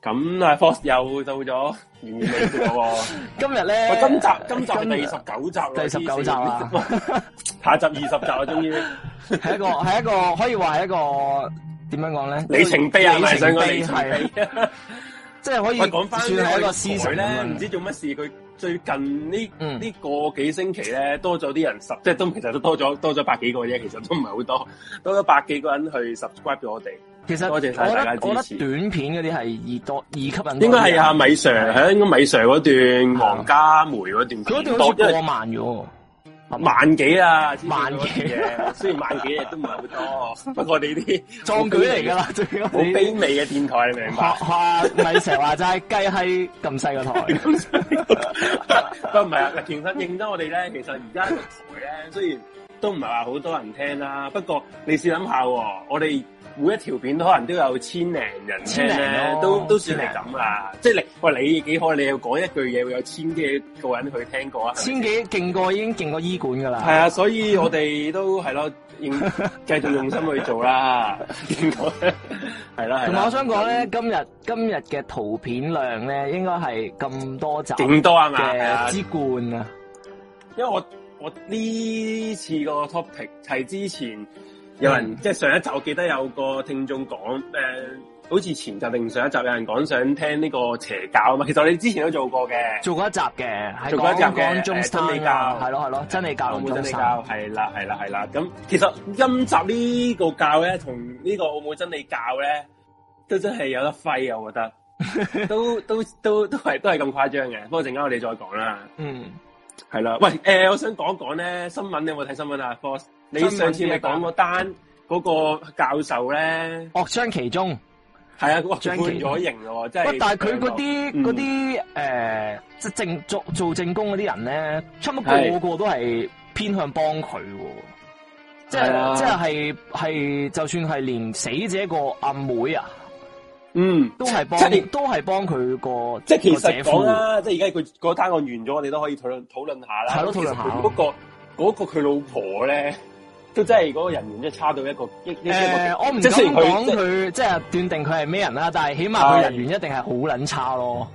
咁啊 Fox 又到咗完尾嘅㗎喎！ 今日咧，今集今集第二十九集啦，第十九集啦， 下集二十集我 呢是是啊！終於係一個係一個可以話係一個點樣講咧？里程碑啊！里程碑係即係可以算係一個試水啦。唔知做乜事，佢最近呢呢個幾星期咧，多咗啲人十，即係都其實都多咗多咗百幾個啫。其實都唔係好多，多咗百幾個人去 subscribe 我哋。嗯其實我覺，謝謝大家支持，我覺得短片嗰啲係二多人，吸應該係阿米 Sir 喺米 Sir 嗰段王家梅嗰段，段，、啊、段。嗰段好似過萬咗，萬幾啊，萬幾嘅，雖然，雖然萬幾嘢都唔係好多， 不過我哋啲壯舉嚟噶啦，好卑微嘅電台，你明白？學、啊、學米 Sir 話齋雞閪咁細個台，不過唔係啊，其實認得我哋咧，其實而家台咧，雖然都唔係話好多人聽啦， 不過你試諗下，我哋。每一條片可能都有千零人聽、哦、都都算係咁啦。即係你，喂，你幾好，你要講一句嘢會有千幾個人去聽過啊！千幾勁過已經勁過醫館噶啦。係啊，所以我哋都係咯，繼 續用心去做啦。勁過係啦。同 埋、啊啊、我想講咧，今日今日嘅圖片量咧，應該係咁多集勁多啊嘛嘅之冠啊！因為我我呢次個 topic 係之前。有人、嗯、即係上一集，我記得有個聽眾講誒、呃，好似前集定上一集，有人講想聽呢個邪教啊嘛。其實我哋之前都做過嘅，做過一集嘅，係講講講做過一集嘅，係啦，係啦，真理教，啊、奧姆真理教，係啦，係啦，係啦。咁其實陰集呢個教咧，同呢個奧姆真理教咧，都真係有得揮啊！我覺得， 都都都都係都係咁誇張嘅。不過陣間我哋再講啦。嗯，係啦。喂，誒、呃，我想講講咧新聞，你有冇睇新聞啊？Fox？你上次你講個單嗰個教授咧，落、哦、張其中，係啊，落傷變咗型咯、嗯呃，即係。但係佢嗰啲嗰啲誒，即係正做做正工嗰啲人咧，差唔多個個都係偏向幫佢喎。即係即係係係，就算係連死者個阿妹啊，嗯，都係幫都係幫佢個即係。其實講啦、那個，即係而家佢個單案完咗，我哋都可以討論討論下啦。係咯，討論下。不過嗰個佢老婆咧。都真係嗰個人緣，即係差到一個極。誒、嗯嗯，我唔想講佢，即係、就是就是、斷定佢係咩人啦。但係起碼佢人緣一定係好撚差咯。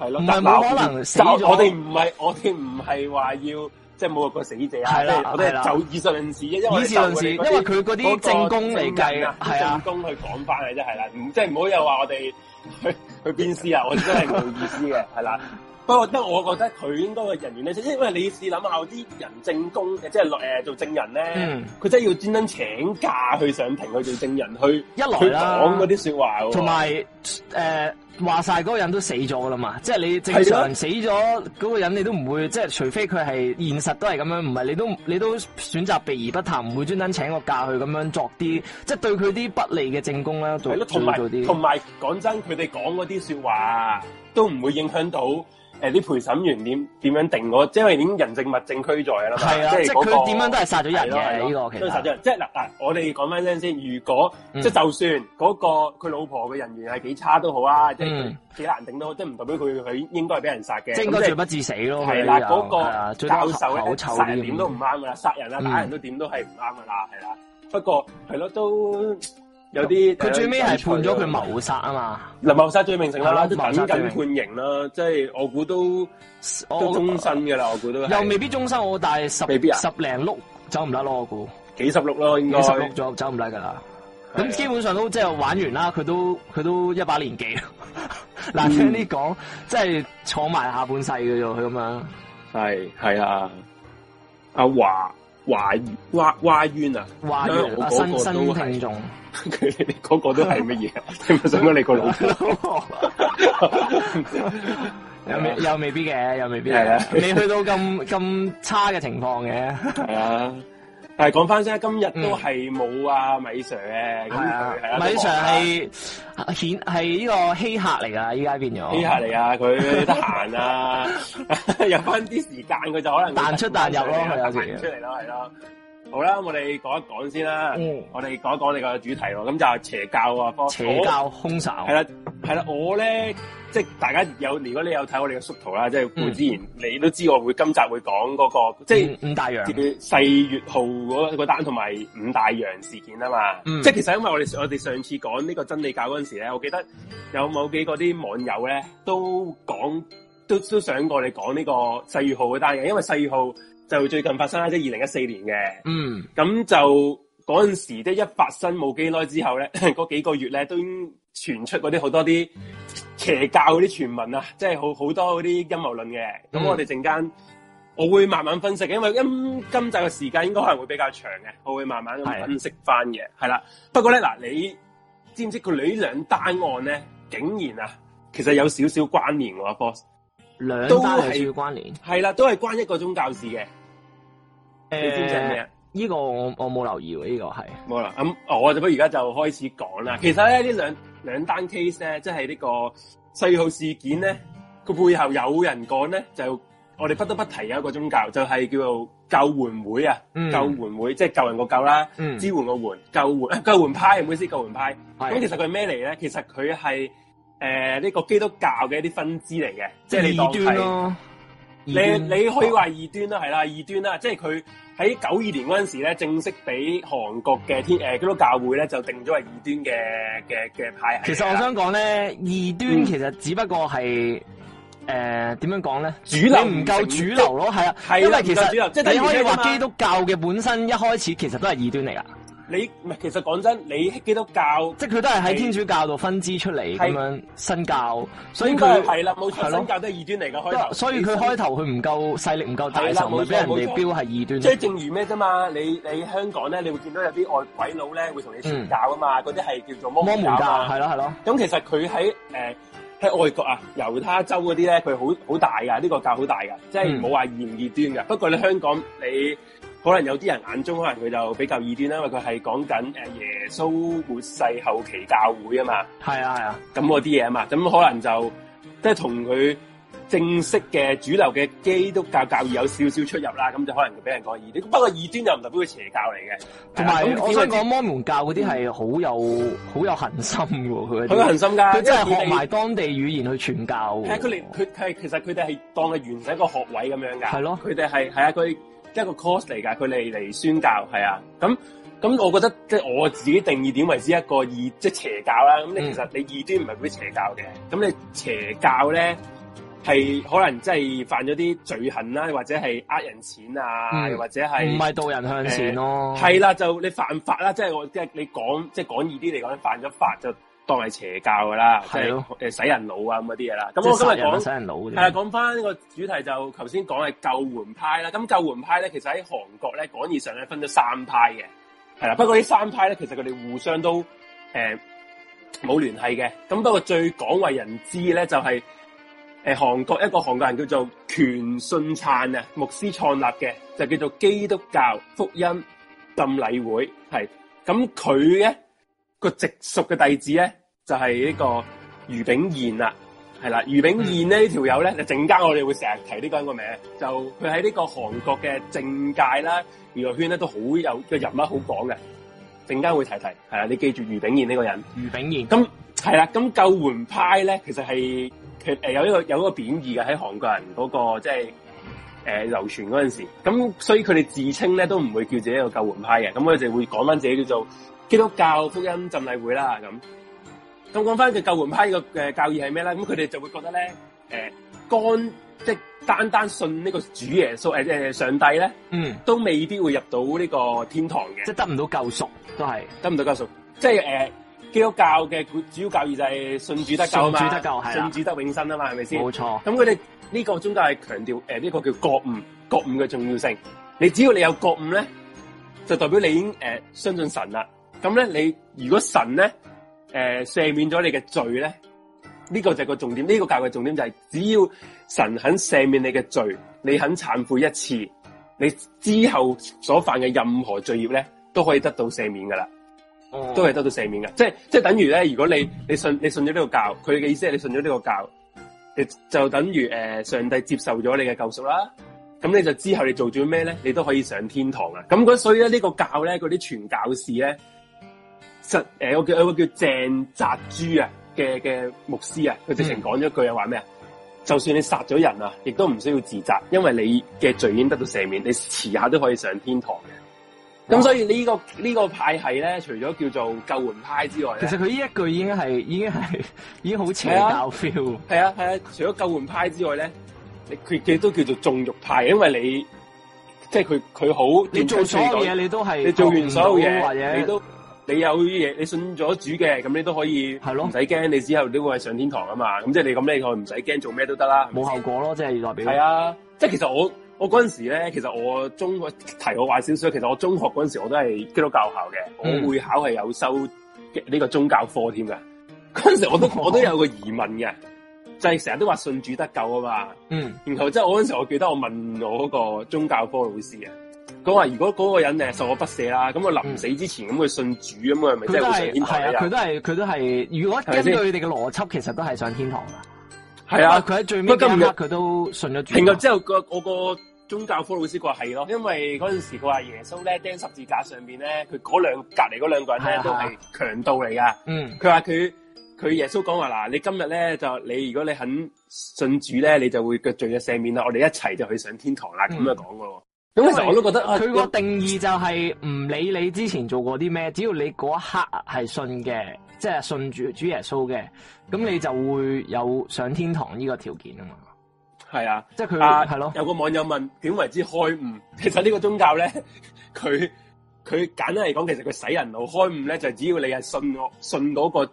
係咯，唔係冇可能死我。我哋唔係，我哋唔係話要即係冇話個死者啊。啦，係啦，就以事論事，因為以事論事，因為佢嗰啲正功嚟計啊，係啊、那個，正功去講翻嘅，即係啦。即係唔好又話我哋去去鞭屍啊！我真係冇意思嘅，係 啦。不過，得我覺得佢應該個人員咧，因為你試諗下啲人證供，即係誒做證人咧，佢、嗯、真係要專登請假去上庭，去做證人去一來啦，講嗰啲説話喎，同埋誒話晒嗰人都死咗啦嘛，即係你正常死咗嗰個人，你都唔會，即係除非佢係現實都係咁樣，唔係你都你都選擇避而不談，唔會專登請個假去咁樣作啲，即係對佢啲不利嘅證供啦，做還有做做啲。同埋講真，佢哋講嗰啲説話都唔會影響到。誒啲陪審員點點樣，樣定我？即係已經人證物證俱在啦，啊，即係佢點樣都係殺咗人嘅呢，這個其人，其實即係嗱，嗯、我哋講返聲先。如果即係，嗯、就算嗰，那個佢老婆嘅人緣係幾差都好啊，嗯，即係幾難定頂到，都唔代表佢佢應該係俾人殺嘅。應該罪不至死囉。係啦，就是，嗰，那個教授呢，啊，殺人點都唔啱噶啦，殺人啦打人都點都係唔啱噶啦，係啦，啊。不過係咯，啊，都。有啲佢最尾係判咗佢謀殺啊嘛，嗱，謀殺罪名成立啦，緊跟判刑啦，即係我估都都終身㗎啦，我估都，終我都又未必終身，我大十、啊、十零碌走唔甩咯，我估幾十碌咯，應該十碌咗走唔甩噶啦，咁基本上都即係、就是、玩完啦，佢都佢都一把年紀，嗱 聽啲講，即、嗯、係坐埋下半世㗎啫，佢咁樣係係啊阿華。懷冤哇哇冤啊！哇新、嗯、我嗰個都係佢哋嗰個都係乜嘢？ 你咪想講你個老婆？有 未？又未必嘅，又未必係啊！未去到咁咁差嘅情況嘅，係啊。係講翻先，今日都係冇阿米 Sir 嘅、嗯。啊，米 Sir 係顯係呢個稀客嚟㗎，依家變咗。稀客嚟啊！佢得閒啊， 有翻啲時間佢就可能彈出彈入咯，彈出嚟囉。係咯。好啦，我哋講一講先啦。我哋講一講你個主題囉。咁就係邪教啊科。邪教兇手。係啦，係啦，我咧。嗯即係大家有，如果你有睇我哋嘅縮圖啦，即係顧之前你都知我會今集會講嗰、那個，即、就、係、是、五,五大洋、世越號嗰個單同埋五大洋事件啊嘛、嗯。即其實因為我哋我哋上次講呢個真理教嗰陣時咧，我記得有某幾個啲網友咧都講，都都，都想過你講呢個世越號嘅單嘅，因為世越號就最近發生啦，即係二零一四年嘅。嗯，咁就嗰陣時即一發生冇幾耐之後咧，嗰 幾個月咧都。傳出嗰啲好多啲邪教嗰啲傳聞啊，即係好好多嗰啲陰謀論嘅。咁、嗯、我哋陣間我會慢慢分析嘅，因為今、嗯、今集嘅時間應該可能會比較長嘅，我會慢慢咁分析翻嘅。係啦，不過咧嗱，你知唔知佢哋呢兩單案咧竟然啊，其實有少少關聯喎、啊，boss。兩單係少關聯，係啦，都係關一個宗教事嘅、呃。你知唔知咩啊？呢、這個我我冇留意喎，呢、這個係冇啦。咁、嗯、我不如而家就開始講啦。其實咧呢兩。這兩兩單 case 咧，即係呢個世越號事件咧，個背後有人講咧，就我哋不得不提有一個宗教，就係、是、叫做救援會啊！嗯、救援會即係救人個救啦，嗯、支援個援，救援救援，救援派唔好意思，救援派。咁其實佢咩嚟咧？其實佢係誒呢個基督教嘅一啲分支嚟嘅，即係、就是、你當端咯。你你可以話二端啦，係啦，二端啦、啊，即係佢。喺九二年嗰陣時咧，正式俾韓國嘅天誒基督教會咧，就定咗係異端嘅嘅嘅派系。其實我想講咧，異端其實只不過係誒點樣講咧，主流唔夠主流咯，係啊，因為其實主流即係你可以話基督教嘅本身一開始其實都係異端嚟㗎。你唔係，其實講真，你基督教，即係佢都係喺天主教度分支出嚟咁樣新教，所以佢係啦，冇錯，新教都係異端嚟㗎，開頭所以佢開頭佢唔夠勢力，唔夠大，所以俾人哋標係異端。即係正如咩啫嘛，你你香港咧，你會見到有啲外鬼佬咧會同你傳教㗎嘛，嗰啲係叫做摩門教，係咯係咯。咁其實佢喺誒喺外國啊，猶他州嗰啲咧，佢好好大噶，呢個教好大噶，即係唔好話異唔異端噶，嗯。不過你香港你。可能有啲人眼中，可能佢就比較異端啦，因為佢係講緊耶穌活世後期教會啊嘛。係啊，係啊。咁嗰啲嘢啊嘛，咁可能就即係同佢正式嘅主流嘅基督教教義有少少出入啦。咁就可能佢俾人講異端。不過異端又唔代表佢邪教嚟嘅。同埋、啊，我想講摩門教嗰啲係好有好有恒心嘅。佢有恒心㗎，佢真係學埋當地語言去傳教。係佢哋佢其實佢哋係當係完成一個學位咁樣㗎。係咯、啊，佢哋係係啊佢。一個 course 嚟噶，佢哋嚟宣教，係啊，咁咁，我覺得即係我自己定義點為之一個異，即係、就是、邪教啦。咁你其實你異端唔係嗰邪教嘅，咁你邪教咧係可能即係犯咗啲罪行啦，或者係呃人錢啊，嗯、或者係唔係導人向前咯、啊？係、呃、啦，就你犯法啦，即、就、係、是、我即係你、就是、講即係講異啲嚟講，犯咗法就。當係邪教噶啦，的即係誒使人腦啊咁嗰啲嘢啦。咁、就是、我今日講係啊，講翻呢個主題就頭先講係救援派啦。咁救援派咧，其實喺韓國咧，廣義上咧分咗三派嘅，係啦。不過呢三派咧，其實佢哋互相都誒冇聯繫嘅。咁、呃、不過最廣為人知咧，就係誒韓國一個韓國人叫做權信燦啊，牧師創立嘅，就叫做基督教福音浸禮會。係咁佢咧個直屬嘅弟子咧。就係、是、呢個俞炳彥啦，係啦，俞炳彥咧呢條友咧，就陣間我哋會成日提呢個人個名，就佢喺呢個韓國嘅政界啦、娛、這、樂、個、圈咧都好有嘅、這個、人物好講嘅，陣間會，會提提，係啦，你記住俞炳彥呢個人。俞炳彥咁係啦，咁救援派咧，其實係佢誒有一個有一個貶義嘅喺韓國人嗰、那個即係誒流傳嗰陣時，咁所以佢哋自稱咧都唔會叫自己一個救援派嘅，咁佢哋會講翻自己叫做基督教福音浸禮會啦咁。咁講翻嘅救援派嘅教義係咩咧？咁佢哋就會覺得咧，誒、呃，干即係單單信呢個主耶穌誒誒上帝咧，嗯，都未必會入到呢個天堂嘅，即係得唔到救贖，都係得唔到救贖。即係誒、呃、基督教嘅主要教義就係信主得救信主得救係、啊、信主得永生啊嘛，係咪先？冇錯。咁佢哋呢個宗教係強調誒呢、呃這個叫覺悟，覺悟嘅重要性。你只要你有覺悟咧，就代表你已經誒、呃、相信神啦。咁咧，你如果神咧，誒、呃，赦免咗你嘅罪咧，呢、這個就係個重點。呢、這個教嘅重點就係，只要神肯赦免你嘅罪，你肯懺悔一次，你之後所犯嘅任何罪業咧，都可以得到赦免噶啦、嗯，都係得到赦免噶。即係即係等於咧，如果你你信你信咗呢個教，佢嘅意思係你信咗呢個教，就等於誒、呃、上帝接受咗你嘅救贖啦。咁你就之後你做咗咩咧，你都可以上天堂啊。咁所以咧呢、這個教咧，嗰啲傳教士咧。實、呃、誒，有個叫有個叫鄭澤珠啊嘅嘅牧師啊，佢直情講咗一句啊，話咩啊？就算你殺咗人啊，亦都唔需要自責，因為你嘅罪已經得到赦免，你遲下都可以上天堂嘅。咁所以呢、這個呢、這個派系咧，除咗叫做救援派之外，其實佢呢一句已經係已經係已經好邪教 feel，啊。係啊係啊，啊，除咗救援派之外咧，佢亦都叫做縱慾派，因為你即係佢佢好你做所有嘢，你都係你做完所有嘢，你都。你有啲嘢，你信咗主嘅，咁你，係咯你，你，你，你都可以，唔使驚，你之後都會上天堂啊嘛。咁即係你咁你佢唔使驚做咩都得啦，冇後果咯，即、就、係、是、代表。係啊，即係其實我我嗰陣時咧，其實我中提我壞少少，其實我中學嗰陣時我都係基督教校嘅，嗯、我會考係有收呢個宗教科添㗎。嗰陣時我都我都有個疑問嘅，就係成日都話信主得救啊嘛。嗯。然後即係我嗰陣時我記得我問我嗰個宗教科老師嘅。話如果嗰個人誒，受過不赦啦，咁佢臨死之前咁佢、嗯、信主咁啊，咪即係上天堂係啊？佢都係佢都係，如果根據佢哋嘅邏輯，其實都係上天堂噶。係啊，佢喺最尾今日佢都信咗主了。然之後個我個宗教科老師話係咯，因為嗰陣時佢話耶穌咧釘十字架上邊咧，佢兩隔籬嗰兩個人咧都係強盜嚟噶。嗯，佢話佢佢耶穌講話嗱，你今日咧就你如果你肯信主咧，你就會腳罪嘅赦免啦，我哋一齊就去上天堂啦，咁、嗯、就講噶。咁其實我都覺得佢個定義就係唔理你之前做過啲咩，只要你嗰一刻係信嘅，即係信主主耶穌嘅，咁你就會有上天堂呢個條件啊嘛。係啊，即係佢係咯。有個網友問點為之開悟？其實呢個宗教咧，佢佢簡單嚟講，其實佢使人路開悟咧，就只要你係信信到嗰個誒、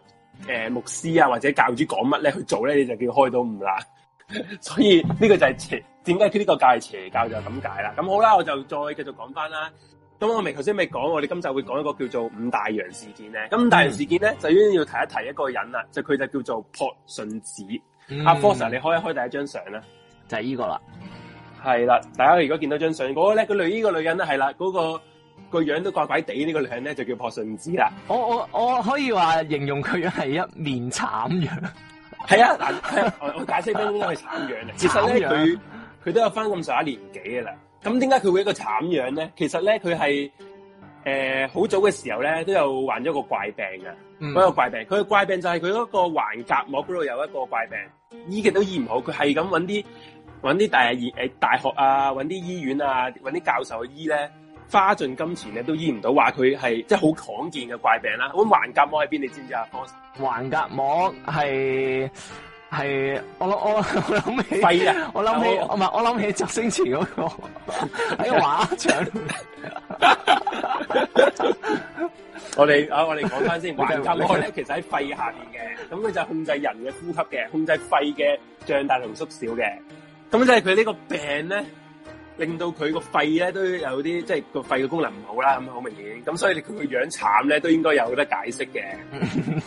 呃，牧師啊或者教主講乜咧去做咧，你就叫開到悟啦。 所以呢個就係、邪點解佢呢個界邪教就係咁解啦？咁好啦，我就再繼續講翻啦。咁我咪頭先咪講我哋今集會講一個叫做五大洋事件咧。咁大洋事件咧、嗯、就已經要提一提一個人啦，就佢就叫做朴順子。阿 Professor 你開一開第一張相啦，就係、是、呢個啦。係啦，大家如果見到張相嗰、那個咧，個女呢個女人咧係啦，嗰、那個、那個樣都怪怪地，呢個、女呢個人咧就叫朴順子啦。我我我可以話形容佢樣係一面慘樣。係啊，嗱，我我解釋邊啲叫慘樣嚟。其實咧，佢。佢都有翻咁上下年紀嘅啦，咁點解佢會一個慘樣咧？其實咧，佢係誒好早嘅時候咧，都有患咗個怪病嘅，嗰、嗯、個怪病，佢嘅怪病就係佢嗰個環甲膜嗰度有一個怪病，醫極都醫唔好，佢係咁搵啲啲大學啊，搵啲醫院啊，搵啲教授去醫咧，花盡金錢咧都醫唔到，話佢係即係好罕見嘅怪病啦。咁環甲膜喺邊？你知唔知啊？環甲膜係。係我諗我諗起肺啊，我諗起唔係我諗起周星馳嗰個喺畫場。我哋啊，我哋講翻先。橫隔開咧，其實喺肺下邊嘅，咁佢就控制人嘅呼吸嘅，控制肺嘅脹大同縮小嘅。咁即係佢呢個病咧，令到佢個肺咧都有啲即係個肺嘅功能唔好啦，咁好明顯。咁所以佢個樣慘咧，都應該有得解釋嘅。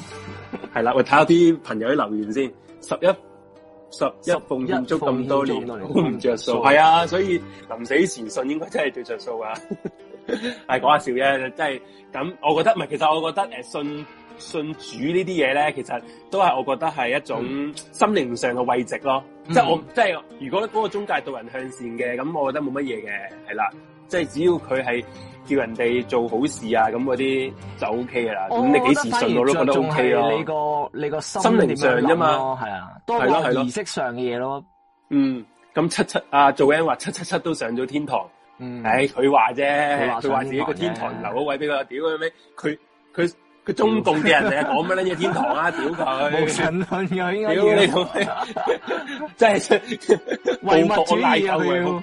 係 啦，我睇下啲朋友啲留言先。十一十一奉獻足咁多年，年都唔着數。係、嗯、啊，所以、嗯、臨死前信應該真係最着數啊！係講下笑啫，真、嗯、係。咁、就是、我覺得，唔係，其實我覺得誒信信主呢啲嘢咧，其實都係我覺得係一種心靈上嘅慰藉咯。即、嗯、係、就是、我，即、就、係、是、如果嗰個中介導人向善嘅，咁我覺得冇乜嘢嘅，係啦。即、就、係、是、只要佢係。叫人哋做好事啊，咁嗰啲就 O K 啦。咁、oh, 你幾時信我都覺得 O K 咯。你個你心，心靈上啫嘛，係啊，多儀式上嘅嘢咯。嗯，咁七七啊，做 N 話七七七都上咗天堂。嗯，唉、哎，佢話啫，佢話自己個天堂留個位俾佢，屌咩？佢佢。中共嘅人成日講乜嘢天堂啊，屌佢！人去，屌屌屌屌屌 真係唯真主義啊！唯物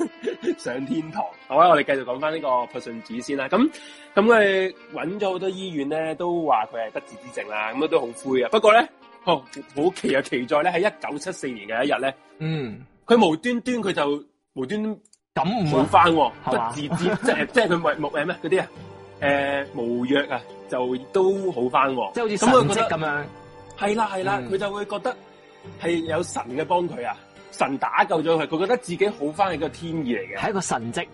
上天堂？ 好啊，我哋繼續講翻呢個柏順先啦。咁咁佢揾咗好多醫院咧，都話佢係不治之症啦。咁都好灰啊。不過咧，嗬， 好奇啊，奇在咧喺一九七四年嘅一日咧，嗯，佢無端端佢就無端咁唔翻，不治 即係即係佢唯物嘅咩嗰啲啊？ 誒、呃，無藥啊，就都好翻，啊，即係好似神蹟咁樣。係啦係啦，佢、嗯、就會覺得係有神嘅幫佢啊，神打救咗佢，佢覺得自己好翻係個天意嚟嘅，係一個神蹟，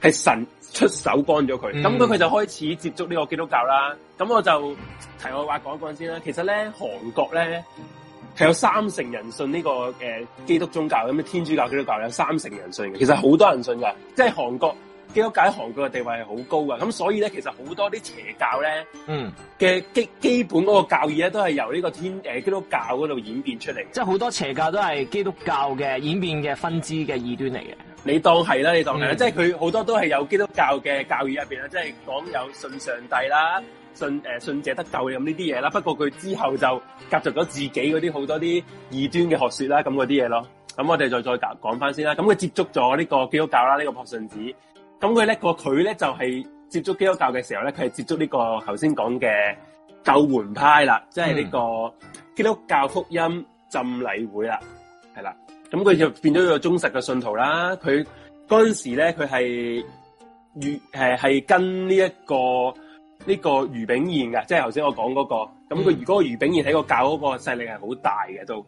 係神出手幫咗佢。咁佢佢就開始接觸呢個基督教啦。咁我就提我話講一講先啦。其實咧，韓國咧係有三成人信呢、這個誒、呃、基督宗教，咁嘅天主教、基督教有三成人信嘅。其實好多人信㗎，即係韓國。基督教喺韓國嘅地位係好高㗎，咁所以咧，其實好多啲邪教咧嘅、嗯、基基本嗰個教義咧，都係由呢個天誒、呃、基督教嗰度演變出嚟，即係好多邪教都係基督教嘅演變嘅分支嘅異端嚟嘅。你當係啦，你當係啦、嗯，即係佢好多都係有基督教嘅教義入邊啦，即係講有信上帝啦、信誒、呃、信者得救咁呢啲嘢啦。不過佢之後就夾雜咗自己嗰啲好多啲異端嘅學説啦，咁嗰啲嘢咯。咁我哋就再，再講講翻先啦。咁佢接觸咗呢個基督教啦，呢、這個朴順子。咁佢呢個佢咧就係接觸基督教嘅時候咧，佢係接觸呢個頭先講嘅救援派啦，即係呢個基督教福音浸禮會啦，係啦。咁佢就變咗一個忠實嘅信徒啦。佢嗰陣時咧，佢係余誒係跟呢一個呢個余炳彥嘅，即係頭先我講嗰個。咁佢如果余炳彥喺個教嗰個勢力係好大嘅都。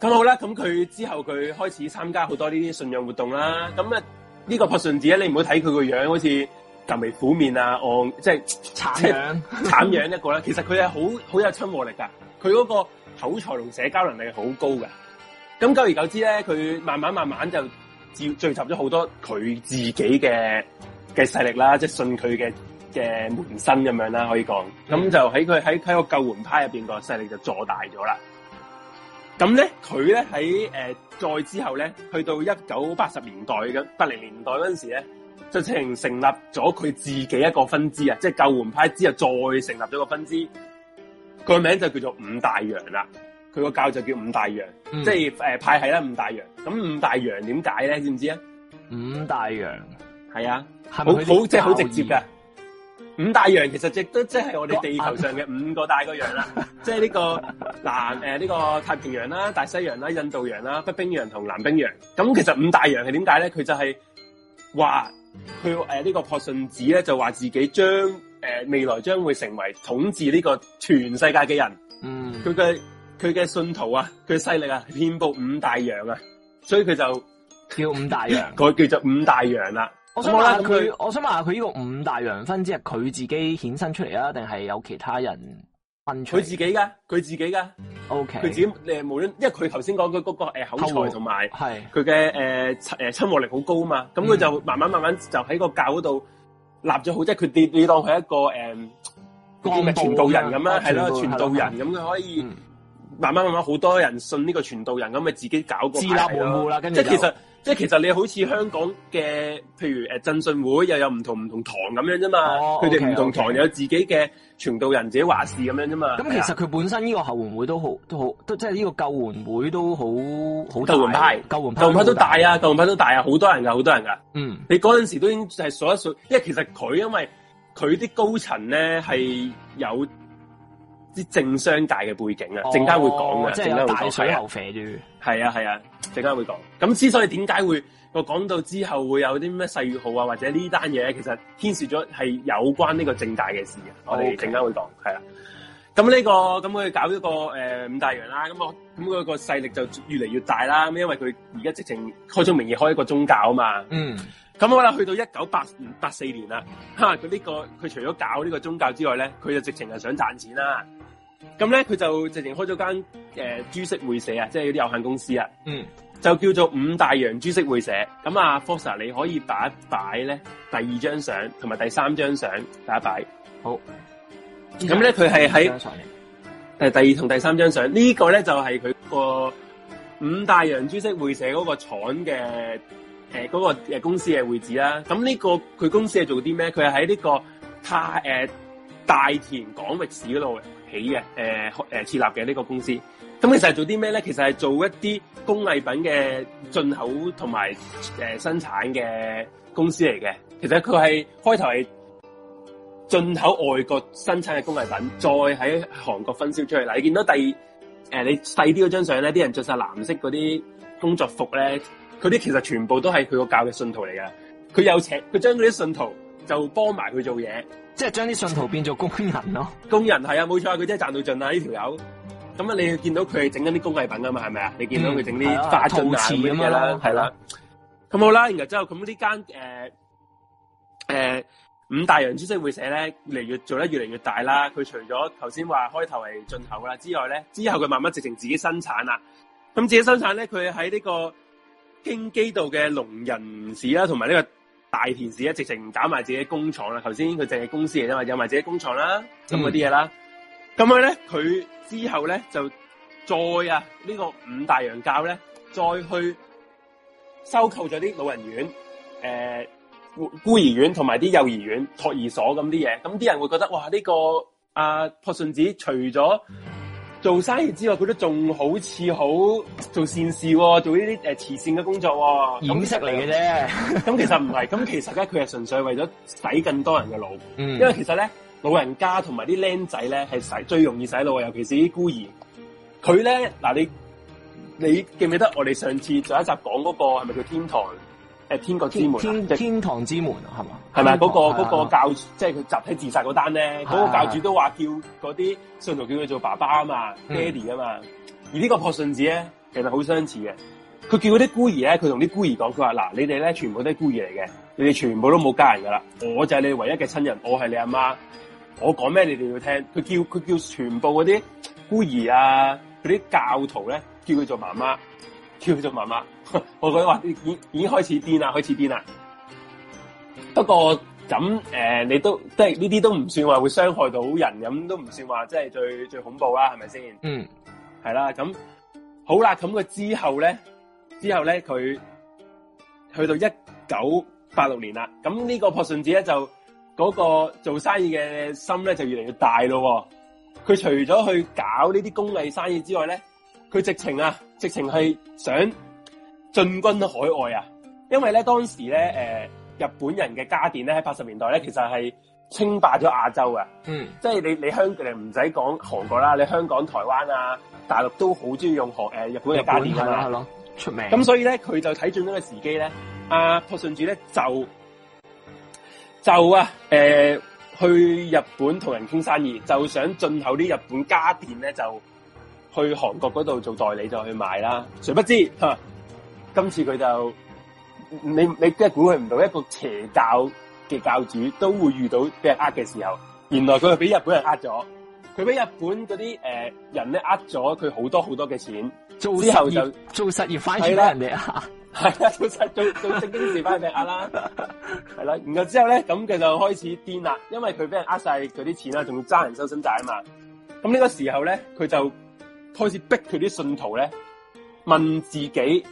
咁好啦，咁佢之後佢開始參加好多呢啲信仰活動啦。咁啊。呢、這個朴順子咧，你唔好睇佢個樣，好似愁眉苦面啊，昂、嗯，即係慘樣，慘樣一個咧。其實佢係好好有親和力㗎，佢嗰個口才同社交能力係好高㗎。咁久而久之咧，佢慢慢慢慢就聚聚集咗好多佢自己嘅嘅勢力啦，即係信佢嘅嘅門生咁樣啦，可以講。咁就喺佢喺喺個救援派入面個勢力就坐大咗啦。咁咧，佢咧喺誒再之後咧，去到一九八十年代咁八零年代嗰陣時咧，就成成立咗佢自己一個分支啊，即係救援派之後再成立咗個分支，個名就叫做五大洋啦。佢個教就叫五大洋，嗯、即係、呃、派系啦，五大洋。咁五大洋點解咧？知唔知啊？五大洋，係啊，好好即係好直接嘅。五大洋其實亦都即係我哋地球上嘅五個大個洋、啊 就是這個洋啦，即係呢個嗱誒呢個太平洋啦、啊、大西洋啦、啊、印度洋啦、啊、北冰洋同南冰洋。咁其實五大洋係點解咧？佢就係話佢誒呢個朴順子咧，就話自己將誒、呃、未來將會成為統治呢個全世界嘅人。嗯，佢嘅佢嘅信徒啊，佢嘅勢力啊，遍布五大洋啊，所以佢就叫五大洋，佢 叫做五大洋啦、啊。我佢，我想問下佢呢個五大洋分，之係佢自己衍生出嚟啊，定係有其他人分出？佢自己噶，佢自己噶。O K，佢自己誒，無論因為佢頭先講嘅嗰個誒口才同埋，係佢嘅誒誒親和力好高啊嘛，咁、嗯、佢就慢慢慢慢就喺個教嗰度立咗好，即係佢跌你當佢一個誒、呃，光嘅傳道人咁啊，係啦傳道人咁，佢、嗯、可以慢慢慢慢好多人信呢個傳道人咁，咪自己搞個自立門戶啦，即係其實。即係其實你好似香港嘅，譬如誒浸信會又有唔同唔同堂咁樣啫嘛，佢哋唔同堂、哦、okay, okay. 有自己嘅傳道人自己話事咁樣啫嘛。咁、嗯、其實佢本身呢個後援會都好都好都即係呢個救援會都好好救援派救援派派都大啊，救援派都大，啊大，啊大，啊、大啊，好多人噶，好多人噶。嗯，你嗰陣時都已經，係數一數，因為其實佢因為佢啲高層咧係有啲政商界嘅背景啊，正、哦、佳會講嘅，即係大水喉肥啲。係啊係啊，陣間、啊、會講。咁之所以點解會我講到之後會有啲咩世越號啊，或者呢單嘢其實牽涉咗係有關呢個正大嘅事、okay. 我啊我哋陣間會講，係啦、這個。咁呢個咁佢搞一個誒、呃、五大洋啦、啊，咁我咁佢個勢力就越嚟越大啦、啊。咁因為佢而家直情開宗明義開一個宗教啊嘛。Mm. 嗯。咁好啦，去到一九八八四年啦，吓佢呢個佢除咗搞呢個宗教之外咧，佢就直情係想賺錢啦、啊。咁咧，佢就直情開咗間誒株式會社啊，即係有啲有限公司啊，嗯，就叫做五大洋株式會社。咁啊，Foster，你可以擺一擺咧，第二張相同埋第三張相擺一擺。好，咁咧佢係喺第二同第三張相、這個、呢個咧就係、是、佢個五大洋株式會社嗰個廠嘅誒嗰個誒公司嘅會址啦。咁呢、這個佢公司係做啲咩？佢係喺呢個太誒、呃、大田廣域市嗰度嘅。起嘅，誒、呃，誒、呃、設立嘅呢、這個公司，咁其實係做啲咩咧？其實係做，做一啲工藝品嘅進口同埋誒生產嘅公司嚟嘅。其實佢係開頭係進口外國生產嘅工藝品，再喺韓國分銷出去啦。你見到第二誒、呃、你細啲嗰張相咧，啲人着晒藍色嗰啲工作服咧，佢啲其實全部都係佢個教嘅信徒嚟嘅。佢有請佢將嗰啲信徒。就幫埋佢做嘢，即係將啲信徒變做工人咯、哦。工人係啊，冇錯啊，佢真係賺到盡啦呢條友。咁、這、啊、個，你見到佢整緊啲工藝品啊嘛，係咪啊？你見到佢整啲花樽咁嘅啦，係啦、啊。咁、啊嗯啊啊、好啦，然後之後咁呢間誒誒五大洋株式會社咧，越嚟越做得越嚟越大啦。佢除咗頭先話開頭係進口啦之外咧，之後佢慢慢直情自己生產啦。咁自己生產咧，佢喺呢個京畿道嘅龍仁市啦，同埋呢個。大田市咧，直情搞埋自己工廠啦！頭先佢淨係公司嚟啫嘛，有埋自己工廠啦，咁嗰啲嘢啦。咁、嗯、樣咧，佢之後咧就再啊，呢、這個五大洋教咧，再去收購咗啲老人院、誒、呃、孤孤兒院同埋啲幼兒園、托兒所咁啲嘢。咁啲人會覺得，哇！呢、這個阿朴信子除咗做生意之外，佢都仲好似好做善事、哦，做呢啲誒慈善嘅工作、哦。掩飾嚟嘅啫。咁 其實唔係。咁其實咧佢係純粹為咗洗更多人嘅腦、嗯。因為其實咧，老人家同埋啲僆仔咧係洗最容易洗腦，啊，尤其是啲孤兒。佢咧嗱，你你記唔記得我哋上次仲有一集講嗰、嗰個係咪叫天堂？誒天國之門，天堂之門啊，係嘛？係咪嗰個嗰、那個嗰個教主，即係佢集體自殺嗰單咧？嗰、嗰個教主都話叫嗰啲信徒叫佢做爸爸啊嘛，爹哋啊嘛。嗯、而呢個呢個朴順子咧，其實好相似嘅。佢叫嗰啲孤兒咧，佢同啲孤兒講，佢話嗱，你哋咧全部都係孤兒嚟嘅，你哋全部都冇家人噶啦，我就係你唯一嘅親人，我係你阿媽，我講咩你哋要聽。佢叫佢叫全部嗰啲孤兒啊，嗰啲教徒咧，叫佢做媽媽。叫做媽媽，我覺得話已已經開始癲啦，開始癲啦。不過咁誒、呃，你都即係呢啲都唔算話會傷害到人，咁都唔算話即係最最恐怖啦，係咪先？嗯，係啦。咁好啦，咁佢之後咧，之後咧佢去到一九八六年啦。咁呢個朴順子咧就嗰、嗰個做生意嘅心咧就越嚟越大咯。佢除咗去搞呢啲工藝生意之外咧。佢直情啊，直情係想進軍海外啊！因為咧，當時咧，誒、呃，日本人嘅家電咧，喺八十年代咧，其實係稱霸咗亞洲啊。嗯，即係你你香港，唔使講韓國啦，你香港、台灣啊、大陸都好中意用韓誒日本嘅家電啦、啊，係咯，出名。咁所以咧，佢就睇準咗個時機咧，阿朴順主咧就就啊，誒、呃，去日本同人傾生意，就想進口啲日本家電咧，就。去韓國嗰度做代理就去買啦。誰不知嚇，今次佢就你你即係估佢唔到，一個邪教嘅教主都會遇到俾人呃嘅時候，原來佢係俾日本人呃咗。佢俾日本嗰啲誒人咧呃咗佢好多好多嘅錢，做之後就做實業返去啦人哋呃。係啊，做實做做，做正經事返去俾人呃啦，係 啦。然後之後咧，咁佢就開始癲啦，因為佢俾人呃晒佢啲錢啦，仲要揸人收身債啊嘛。咁呢個時候咧，佢就。開始逼佢啲信徒咧問自己，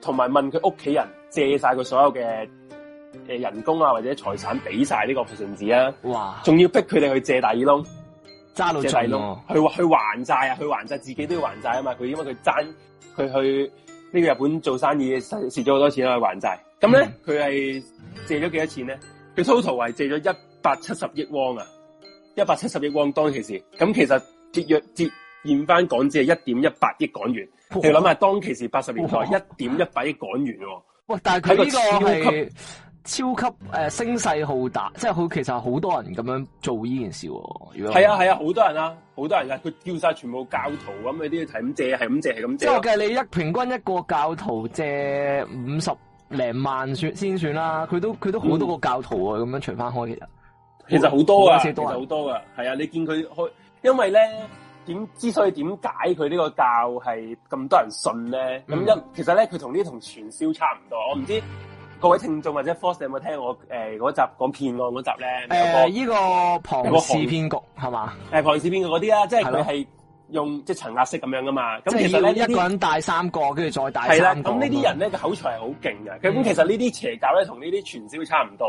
同埋問佢屋企人借晒佢所有嘅人工啊，或者財產俾晒呢個朴順子啊，哇！仲要逼佢哋去借大耳窿，揸到債窿去去還債啊！去還債，自己都要還債啊！嘛，佢因為佢爭佢去呢個日本做生意蝕咗好多錢去還債，咁咧佢係借咗幾多錢咧？佢 total 係借咗一百七十億汪啊！一百七十億汪當其時，咁其實節約節。現翻港紙係一點一八億港元，你諗下當其時八十年代一點一八億港元喎，但係佢呢個超超級誒，聲勢、呃、浩大，即係好，其實好多人咁樣做呢件事。係啊係啊，好、啊、多人啊，好多人啊，佢叫晒全部教徒咁嘅啲嚟，咁借係咁借係咁借。即係計你一平均一個教徒借五十零萬算先算啦、啊，佢都佢都好多個教徒啊，咁、嗯、樣除翻開其實，其實好多啊，好多啊，係啊，你見佢開，因為咧。點之所以點解佢呢個教係咁多人信呢？咁、嗯、一其實呢，佢同呢啲同傳銷差唔多。我唔知各位聽眾或者 four 四有冇聽我嗰、呃、集講片案嗰集咧？誒、呃、呢個旁氏騙局係咪？個《誒旁、呃、氏騙局嗰啲啦，即係佢係用即係層壓式咁樣㗎嘛。咁其實咧，一個人帶三個，跟住再帶三個。係啦，咁呢啲人呢，嘅口才係好勁㗎。咁、嗯、其實呢啲邪教咧，同呢啲傳銷差唔多。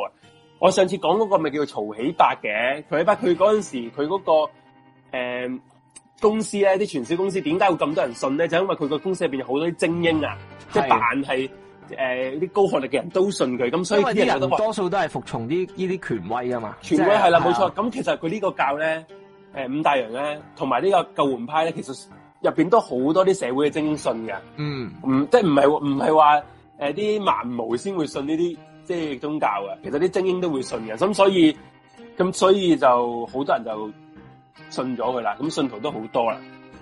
我上次講嗰個咪叫曹喜伯嘅，曹喜伯佢嗰時佢嗰、那個、嗯公司咧，啲傳銷公司點解會咁多人信咧？就係、因為佢個公司入邊有好多啲精英啊、嗯，即係凡係誒啲高學歷嘅人都信佢，咁所以啲人多數都係服從啲呢啲權威噶嘛。權威係啦，冇錯。咁、嗯、其實佢呢個教咧，誒五大洋咧，同埋呢個救援派咧，其實入邊都好多啲社會嘅精英信嘅。嗯，唔即係唔係唔係話誒啲盲毛先會信呢啲即係宗教啊？其實啲精英都會信嘅。咁所以咁所以就好多人就。信咗佢啦，咁信徒都好多啦，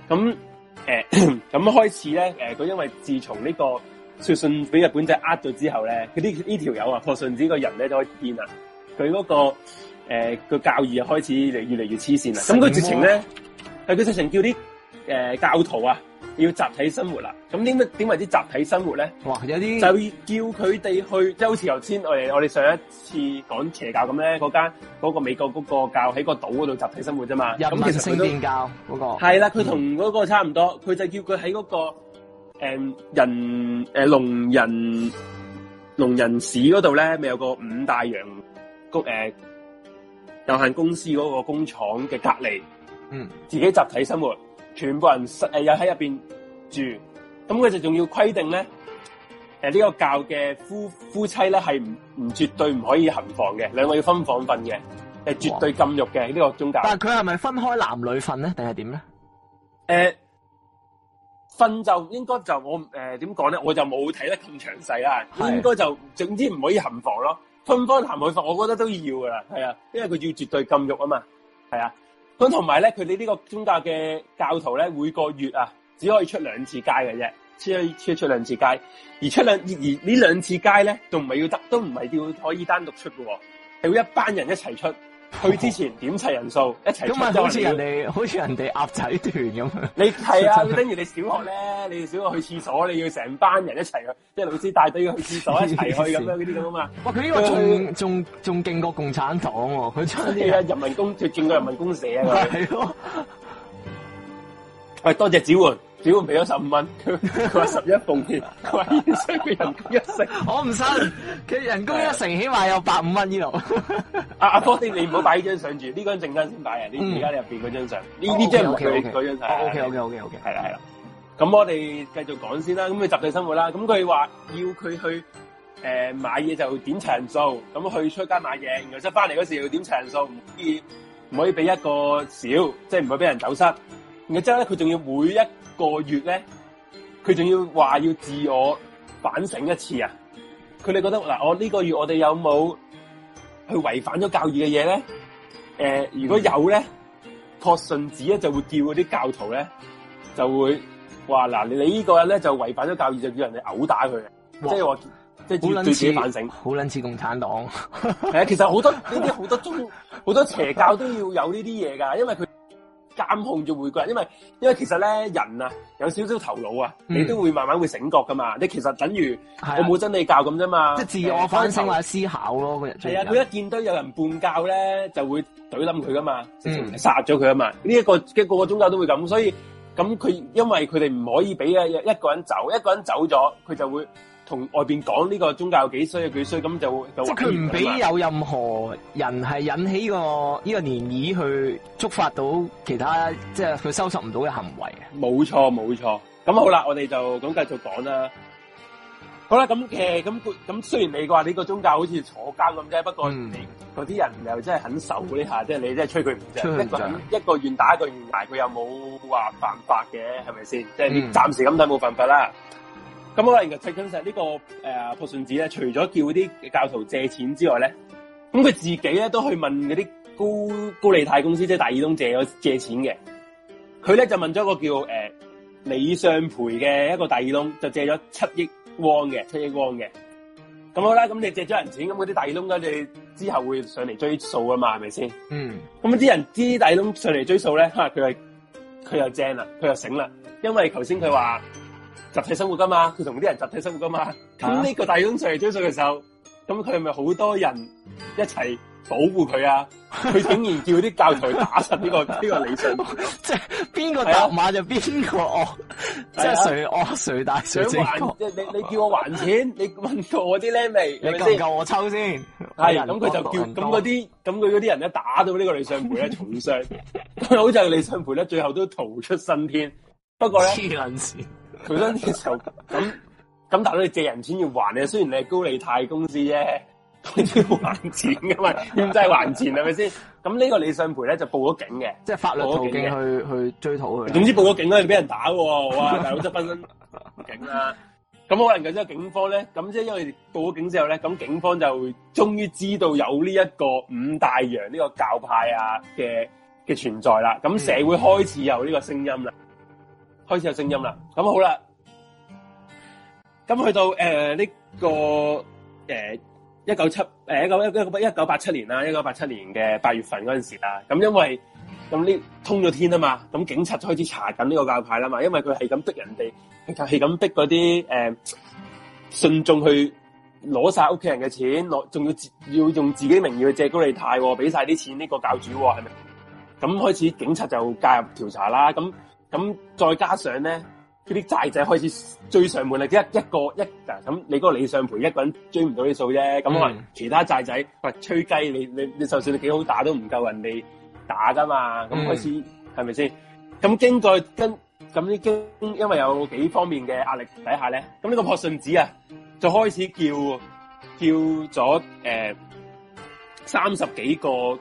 咁誒咁開始咧，誒、呃、佢因為自從呢個說信俾日本仔呃咗之後咧，佢啲呢條友啊破信子個人咧、啊、都可以、那個呃、就開始變啦，佢嗰個誒個教義開始嚟越嚟越黐線啦，咁佢直情咧，係佢直情叫啲誒、呃、教徒啊，要集體生活啦、啊，咁點解點為之集體生活咧？哇，有啲就叫佢哋去，即好似頭先我哋我哋上一次講邪教咁咧，嗰間嗰個美國嗰個教喺個島嗰度集體生活啫嘛。有咩聖殿教嗰、那個？係啦，佢同嗰個差唔多，佢、嗯、就叫佢喺嗰個誒人誒龍人龍人市嗰度咧，咪有個五大洋公誒有限公司嗰個工廠嘅隔籬，嗯，自己集體生活。全部人誒又喺入邊住，咁佢就仲要規定咧，誒、呃、呢、這個教嘅夫夫妻咧係唔唔絕對唔可以行房嘅，兩個要分房瞓嘅，誒、呃、絕對禁欲嘅呢個宗教。但係佢係咪分開男女瞓咧，定係點咧？誒、呃，瞓就應該就我誒點講咧，我就冇睇得咁詳細啊，應該就總之唔可以行房咯，分開男女瞓，我覺得都要噶啦，係啊，因為佢要絕對禁欲啊嘛，係啊。咁同埋咧，佢哋呢個宗教嘅教徒咧，每個月啊，只可以出兩次街嘅啫，只可以只出兩次街，而出兩而呢兩次街咧，仲唔係要得，都唔係要可以單獨出嘅喎，係要一班人一齊出。去之前點齊人數，一齊咁啊！好似人哋，好似人哋鴨仔團咁你係啊， 等於你小學咧，你小學去廁所，你要成班人一齊去，即係老師帶隊去廁所一齊去咁樣嗰啲咁啊嘛！哇！佢呢個仲仲仲勁過共產黨喎，佢差啲人民公，仲勁過人民公社 啊！係咯，喂，多謝支援。只要俾咗十五蚊，佢話十一奉獻，佢話要俾人工一成，我唔信。佢人工一成，起碼有百五蚊呢度。阿阿哥，你你唔好擺呢張相住，呢張正身先擺啊！你而家你入邊嗰張相，呢呢張唔對嗰張相。O K O K O K O K，係啦係啦。咁、okay, okay, okay, okay, okay, okay, okay, okay, 我哋繼續講先啦。咁佢集體生活啦。咁佢話要佢去誒、呃、買嘢就點長數，咁去出街買嘢，然後之後翻嚟嗰時要點長數，唔可以唔可以俾一個少，即係唔會俾人走失。然後之後咧，佢仲要每一。個月咧，佢仲要話要自我反省一次啊！佢哋覺得嗱，我、這、呢個月我哋有冇去違反咗教義嘅嘢咧？誒、呃，如果有咧，托順子咧就會叫嗰啲教徒咧就會話嗱，你呢個人咧就違反咗教義，就叫人哋毆打佢，即係話即係好撚似反省，好撚似共產黨。係 其實好多呢啲好多中好多邪教都要有呢啲嘢噶，因為佢。監控住每個人，因為因為其實咧人啊有少少頭腦啊，嗯、你都會慢慢會醒覺噶嘛。你其實等於我冇真理教咁啫嘛，即、啊、自我反省或者思考咯嗰日。係啊，佢一見到有人叛教咧，就會懟冧佢噶嘛，殺咗佢啊嘛。呢、這、一個嘅個個宗教都會咁，所以咁佢因為佢哋唔可以俾一個人走，一個人走咗，佢就會。同外邊講呢個宗教有幾衰啊，幾衰咁就即係佢唔俾有任何人係引起呢、呢個呢、呢個漣漪去觸發到其他，即係佢收拾唔到嘅行為錯。冇錯，冇錯。咁好啦，我哋就咁繼續講啦。好啦，咁嘅咁咁，雖然你話呢個宗教好似坐監咁啫，不過你嗰啲、嗯、人又真係肯受呢下，即、嗯、係你真係吹佢唔得，一個願打一個願挨，佢又冇話犯法嘅，係咪先？即係你暫時咁睇冇犯法啦。嗯嗯。咁好啦，而家赤根石呢個誒朴順子咧，除咗叫啲教徒借錢之外咧，咁佢自己咧都去問嗰啲高高利貸公司，即係大耳窿借咗借錢嘅。佢咧就問咗個叫、呃、李相培嘅一個大耳窿，就借咗七億汪嘅，七億汪嘅。咁好啦，咁、嗯、你借咗人錢，咁嗰啲大耳窿咧，你之後會上嚟追數啊嘛，係咪先？嗯。咁啲人知大耳窿上嚟追數咧，嚇佢係佢又正啦，佢又醒啦，因為頭先佢話。集體生活噶嘛？佢同啲人集體生活噶嘛？咁、啊、呢個大公上嚟追數嘅時候，咁佢係咪好多人一齊保護佢啊？佢 竟然叫啲教徒打實呢、這個呢 個李理信， 即係邊個打馬就邊個惡， 即係誰惡，誰、 啊、大誰。想即係你你叫我還錢？ 你問到我啲靚未？你夠唔夠我抽先？係咁佢就叫咁嗰啲咁佢嗰啲人咧打到個理呢個李信培咧重傷，好在李信培咧最後都逃出生天。 不過咧黐銀佢想接受，咁咁，但係你借人錢要還嘅，雖然你係高利貸公司啫，都要還錢噶嘛，欠債還錢，係咪先？咁呢個李信培咧就報咗警嘅，即係法律途徑去去追討佢。總之報咗警都係俾人打喎，哇！大佬真係報咗警啦、啊。咁可能咁即係警方咧，咁即係因為報咗警之後咧，咁警方就終於知道有呢一個五大洋呢個教派啊嘅嘅存在啦。咁社會開始有呢個聲音啦。開始有聲音啦，咁好啦，咁去到誒呢、呃這個誒、呃、一九七誒、呃、一九一八一九八七年啦，一九八七年嘅八月份嗰陣時啦，咁因為咁呢通咗天啊嘛，咁警察開始查緊呢個教派啦嘛，因為佢係咁逼人哋，係咁逼嗰啲誒信眾去攞晒屋企人嘅錢，攞仲要要用自己名義去借高利貸、哦，俾晒啲錢呢個教主、哦，係咪？咁開始警察就介入調查啦，咁。咁再加上咧，佢啲債仔開始追上門啦！一一個一，咁你嗰個李尚培一個人追唔到啲數啫。咁我話其他債仔，喂吹雞！你你你，就算你幾好打都唔夠人哋打噶嘛。咁開始係咪先？咁、嗯、經過跟咁呢經，因為有幾方面嘅壓力底下咧，咁呢個朴順子啊，就開始叫叫咗誒三十幾個誒呢、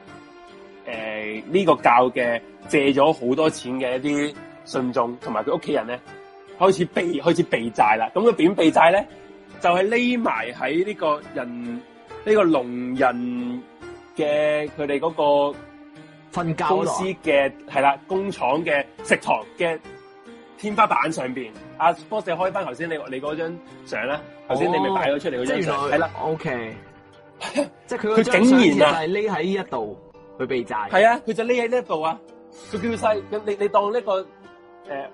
呃呢個教嘅借咗好多錢嘅一啲。信眾同埋佢屋企人咧，開始避開始避債啦。咁佢點避債咧？就係匿埋喺呢個人呢、呢個龍人嘅佢哋嗰個瞓覺公司嘅係啦，工廠嘅食堂嘅天花板上邊。阿、啊、boss 開翻頭先你你嗰張相啦，頭、哦、先你咪擺咗出嚟嗰張相係啦。O K，即係佢佢竟然就係匿喺呢一度去避債。係啊，佢就匿喺呢一度啊。佢叫細咁、嗯，你你當呢、呢個。誒、呃，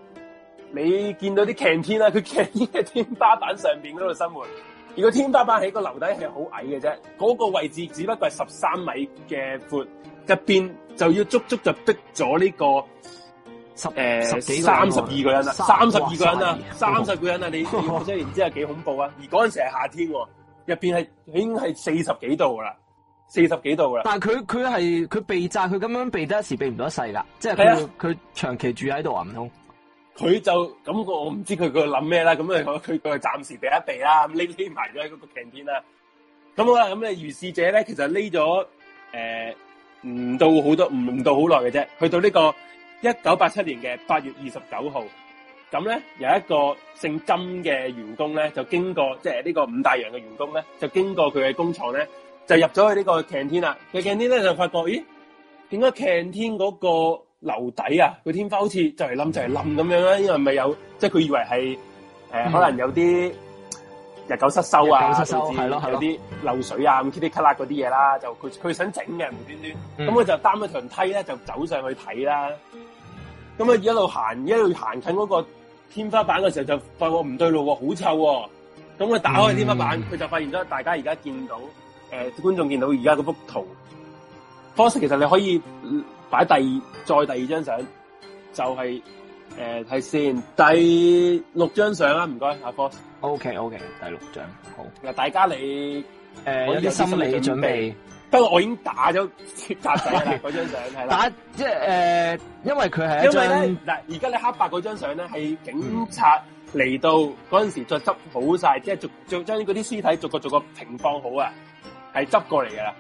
你見到啲擎天啦，佢擎天喺天花板上面嗰度生活，而個天花板喺個樓底係好矮嘅啫，嗰、那個位置只不過係十三米嘅闊，入邊就要足足就逼咗呢個、呃、十誒三十二個人啦，三十二個人啦、啊啊，三十個人啦、啊，你你可想而知係幾恐怖啊！而嗰陣時係夏天喎、啊，入邊係已經係四十幾度啦。四十幾度啦，但係佢佢係佢避債，佢咁樣避得一時，避唔到一世噶，即係佢長期住喺度啊，唔通？佢、嗯嗯、就感覺我唔知佢佢諗咩啦，咁佢佢暫時避一避啦，咁匿匿埋咗喺個個 condo 啦。咁、嗯嗯嗯、好啦，咁你如是者咧，其實匿咗誒唔到好多，唔唔到好耐嘅啫。去到個1987呢個一九八七年嘅八月二十九號，咁咧有一個姓金嘅員工咧，就經過即係呢個五大洋嘅員工咧，就經過佢嘅工廠咧。就入咗去個呢個 canteen 啦。佢 canteen 咧就發覺，咦？點解 canteen 嗰個樓底啊，個天花好似就係冧就係冧咁樣咧？Mm -hmm. 因為咪有，即係佢以為係、呃 mm -hmm. 可能有啲日久失修啊，咯、啊、有啲漏水啊，咁啲啲卡啦嗰啲嘢啦，就佢佢想整嘅無端端。咁、mm、佢 -hmm. 就擔咗條梯咧，就走上去睇啦。咁啊一路行一路行近嗰個天花板嘅時候就，就發覺我唔對路喎、啊，好臭喎、啊。咁佢打開天花板，佢、mm -hmm. 就發現咗大家而家見到。誒、呃、觀眾見到而家嗰幅圖，Fox 其實你可以擺第二再第二張相，就係誒係先第六張相啦，唔該，阿、啊、Fox。O K O K，第六張好。嗱，大家你我、呃、有啲心理準備，準備，不過我已經打咗格仔啦，張相係啦，打即係誒，因為佢係一張，因為咧嗱，而家你黑白嗰張相咧係警察嚟到嗰陣、嗯、時再執好曬，即係逐將嗰啲屍體逐個逐個平放好啊。係執過嚟嘅，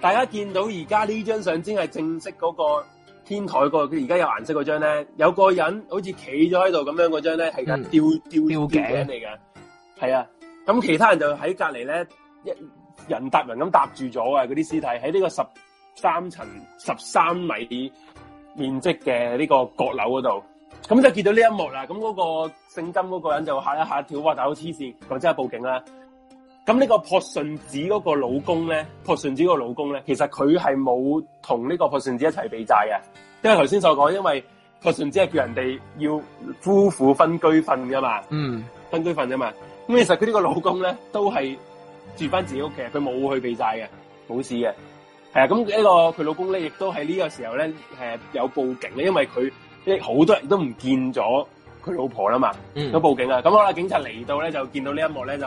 大家見到而家呢張相先係正式嗰個天台嗰、那個，佢而家有顏色嗰張咧，有個人好似企咗喺度咁樣嗰張咧係個吊、嗯、吊吊頸嚟㗎。係啊，咁其他人就喺隔籬咧一人搭人咁搭住咗啊，嗰啲屍體喺呢個十三層十三米面積嘅呢個閣樓嗰度，咁就見到呢一幕啦。咁嗰個姓金嗰個人就吓一吓跳，哇，大佬黐線，咁即刻報警啦。咁呢個朴順子嗰個老公咧，朴順子個老公咧，其實佢係冇同呢個朴順子一齊避債嘅，因為頭先所講，因為朴順子係叫人哋要夫婦分居瞓噶嘛，嗯、mm.，分居瞓㗎嘛，咁其實佢呢個老公咧都係住翻自己屋企，佢冇去避債嘅，冇事嘅，係啊，咁呢個佢老公咧亦都喺呢個時候咧，誒有報警咧，因為佢即好多人都唔見咗佢老婆啦嘛，嗯、mm.，都報警啦，咁好啦，警察嚟到咧就見到呢一幕咧就。.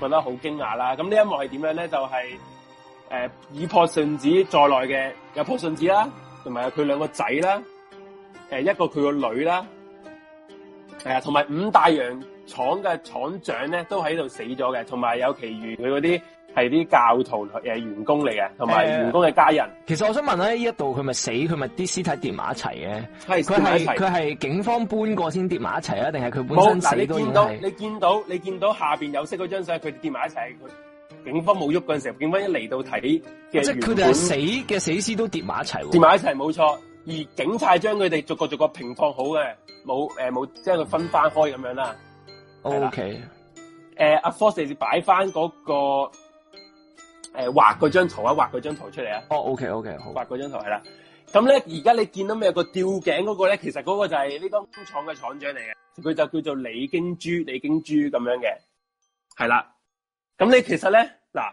覺得好驚訝啦！咁呢一幕係點樣咧？就係、是、誒、呃，以朴順子在內嘅有朴順子啦，同埋佢兩個仔啦，誒，一個佢個女啦，係同埋五大洋廠嘅廠長咧都喺度死咗嘅，同埋有其餘佢嗰啲。係啲教徒誒、呃、員工嚟嘅，同埋員工嘅家人、呃。其實我想問下，呢一度佢咪死，佢咪啲屍體疊埋一齊嘅？係佢係佢係警方搬過先疊埋一齊啊？定係佢本身死？冇，但你見到你見到你見到，到下邊有色嗰張相，佢疊埋一齊。佢警方冇喐嘅時候，警方一嚟到睇嘅。即係佢哋係死嘅死屍都疊埋一齊，疊埋一齊冇錯。而警察將佢哋逐個逐個平放好嘅，冇誒冇，即係佢分翻開咁樣啦。O K，誒，阿 Fox 擺翻嗰個。誒、呃，畫嗰張圖啊，畫嗰張圖出嚟啊！哦，OK，OK，好。畫嗰張圖係啦，咁咧，而家你見到咩有個吊頸嗰個咧，其實嗰個就係呢間廠嘅廠長嚟嘅，佢就叫做李京珠，李京珠咁樣嘅，係啦。咁你其實咧，嗱，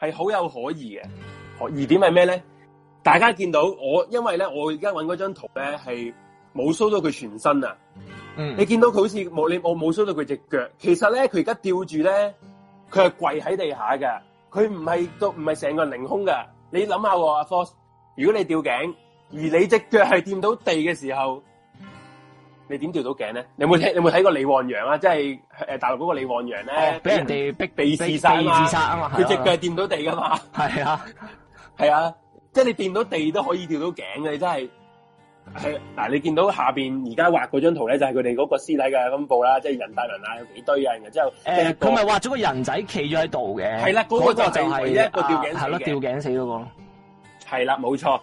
係好有可疑嘅。疑點係咩咧？大家見到我，因為咧，我而家搵嗰張圖咧，係冇 show 到佢全身啊。嗯。你見到佢好似冇你我冇 show 到佢隻腳，其實咧，佢而家吊住咧，佢係跪喺地下嘅。佢唔係都唔係成個人凌空噶你諗下阿 Force，如果你吊頸，而你隻腳係掂到地嘅時候，你點吊到頸咧你有冇聽？你有冇睇過李旺陽啊？即係誒大陸嗰個李旺陽咧，俾人哋逼地自殺啊嘛，佢隻腳係掂到地噶嘛係啊，係啊，即係你掂到地都可以吊到頸嘅，你真係。係嗱，你見到下邊而家畫嗰張圖咧，就係佢哋嗰個屍體嘅分布啦，即係人大人啊，有幾堆人。然之後誒，佢咪畫咗個人仔企咗喺度嘅，係啦，嗰個就係一個吊頸死嘅，係咯，啊，吊頸死嗰個。係啦，冇錯。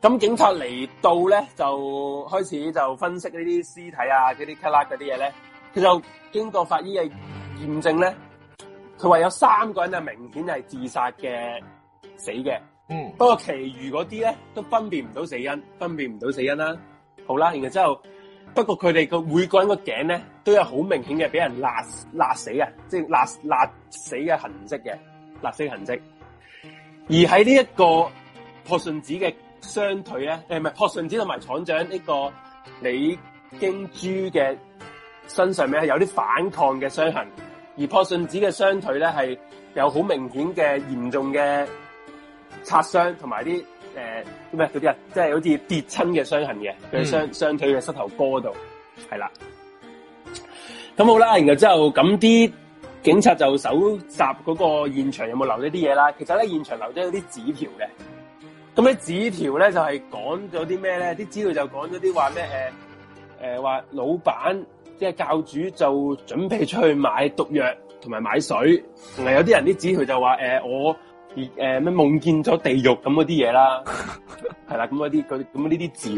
咁警察嚟到咧，就開始就分析呢啲屍體啊，嗰啲卡拉嗰啲嘢咧，佢就經過法醫嘅驗證咧，佢話有三個人係明顯係自殺嘅死嘅。嗯，不過其餘嗰啲咧都分辨唔到死因，分辨唔到死因啦。好啦，然後之後，不過佢哋個每個人個頸咧都有好明顯嘅俾人勒勒死嘅，即係勒勒死嘅痕跡嘅勒死痕跡。而喺呢一個朴信子嘅雙腿咧，誒唔係朴信子同埋廠長呢個李京珠嘅身上面係有啲反抗嘅傷痕，而朴信子嘅雙腿咧係有好明顯嘅嚴重嘅。擦傷同埋啲誒唔係嗰啲啊，即係好似跌親嘅傷痕嘅，佢雙雙腿嘅膝頭哥度係啦。咁好啦，然後之後咁啲警察就搜集嗰個現場有冇留咗啲嘢啦。其實咧，現場留咗有啲紙條嘅。咁啲紙條咧就係講咗啲咩咧？啲資料就講咗啲話咩誒誒話老闆即係、就是、教主就準備出去買毒藥同埋買水，同埋有啲人啲紙條就話誒、呃、我。誒、呃，咩夢見咗地獄咁嗰啲嘢啦？係 啦，咁嗰啲咁呢啲字，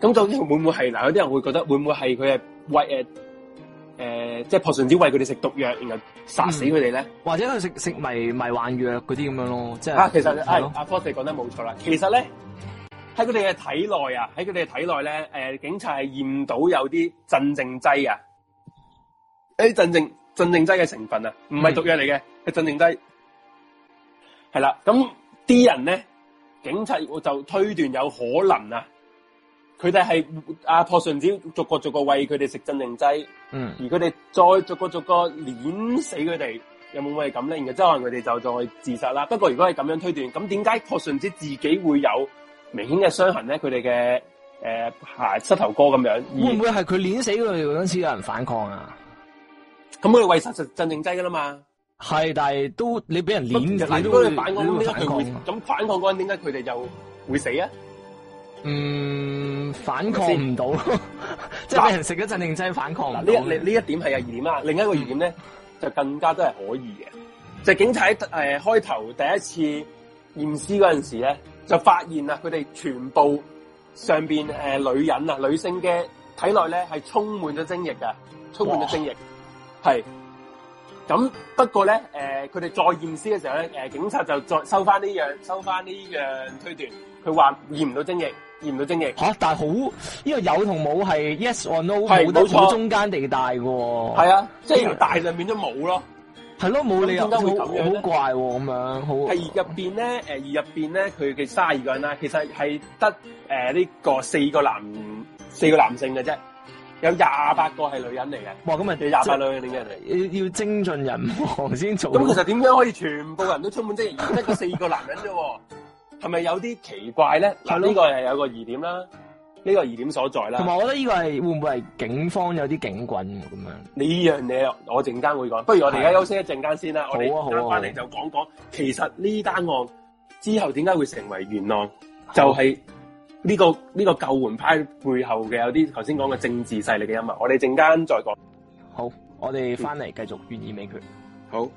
咁究竟會唔會係嗱？有啲人會覺得會唔會係佢係喂，誒、呃、誒，即係朴順子喂佢哋食毒藥，然後殺死佢哋咧？或者佢食食迷迷幻藥嗰啲咁樣咯？即係啊，其實阿 Fox o 講講得冇錯啦。其實咧喺佢哋嘅體內啊，喺佢哋嘅體內咧，誒、呃，警察係驗到有啲鎮靜劑啊，啲鎮靜鎮靜劑嘅成分啊，唔係毒藥嚟嘅，係鎮靜劑。係啦，咁啲人咧，警察就推斷有可能啊，佢哋係阿朴順子逐個逐個餵佢哋食鎮定劑，嗯，而佢哋再逐個逐個碾死佢哋，有冇會咁咧？然之後佢哋就再自殺啦。不過如果係咁樣推斷，咁點解朴順子自己會有明顯嘅傷痕咧？佢哋嘅誒鞋、膝頭哥咁樣，會唔會係佢碾死佢哋嗰陣時有人反抗啊？咁佢哋餵實實鎮定劑噶啦嘛？係，但係都你俾人捏都咁反抗嗰陣咁反抗？嗰陣點解佢哋就會死啊？嗯，反抗唔到，即係俾人食咗陣，令 真反抗唔到。呢一呢呢一點係啊疑點啦，另一個疑點咧、嗯、就更加都係可疑嘅。就係、是、警察誒、呃、開頭第一次驗屍嗰陣時咧，就發現啊佢哋全部上邊誒、呃、女人啊女性嘅體內咧係充滿咗精液嘅，充滿咗精液係。咁不過咧，誒佢哋再驗屍嘅時候咧、呃，警察就再收翻呢樣，收翻呢樣推斷。佢話驗唔到精液，驗唔到精液。吓、啊，但係好呢個有同冇係 yes or no 冇得冇中間地帶嘅喎。係啊，即係、啊、由大上、啊、面都冇咯。係咯，冇理由好好怪喎咁樣，好。係入邊咧，誒入邊咧，佢嘅卅二個人啦，其實係得誒呢個四個男，四個男性嘅啫。有廿八個係女人嚟嘅，哇！咁啊，對廿八女人嚟嘅，要精進人王先做。咁其實點樣可以全部人都充滿即係？得 個四個男人啫，係咪有啲奇怪咧？係、這、呢個係、這個、有個疑點啦，呢、這個疑點所在啦。同埋，我覺得呢個係會唔會係警方有啲警棍咁樣？你呢樣嘢，我陣間會講。不如我哋而家休息一陣間先啦。好好啊。翻嚟就講講，其實呢單案之後點解會成為懸案？就係、是。呢、這個呢、這個救援派背後嘅有啲頭先講嘅政治勢力嘅音樂，我哋陣間再講。好，我哋翻嚟繼續懸疑未決、嗯。好。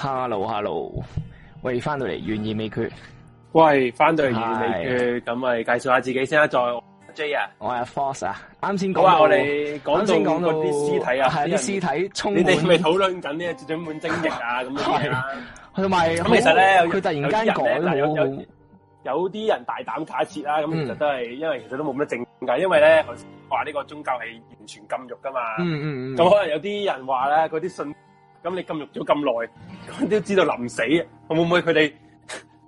哈嘍哈嘍，喂翻到嚟懸疑未決，喂翻到嚟懸疑未決，咁咪介紹下自己先啦，再我 J 我 Fox，啊，我係阿 Fox 啊，啱先講下我哋，講先講到啲屍體啊，啲屍、啊、體冲你哋咪討論緊呢？充滿精液啊咁樣，係，咁其實咧，佢突然間講有啲人，人大膽假設啦，咁其實都係、嗯，因為其實都冇乜證據。因為咧話呢個宗教係完全禁欲噶嘛，咁、嗯嗯嗯嗯、可能有啲人話咧，嗰啲信。咁你禁慾咗咁耐，你都知道臨死，會唔會佢哋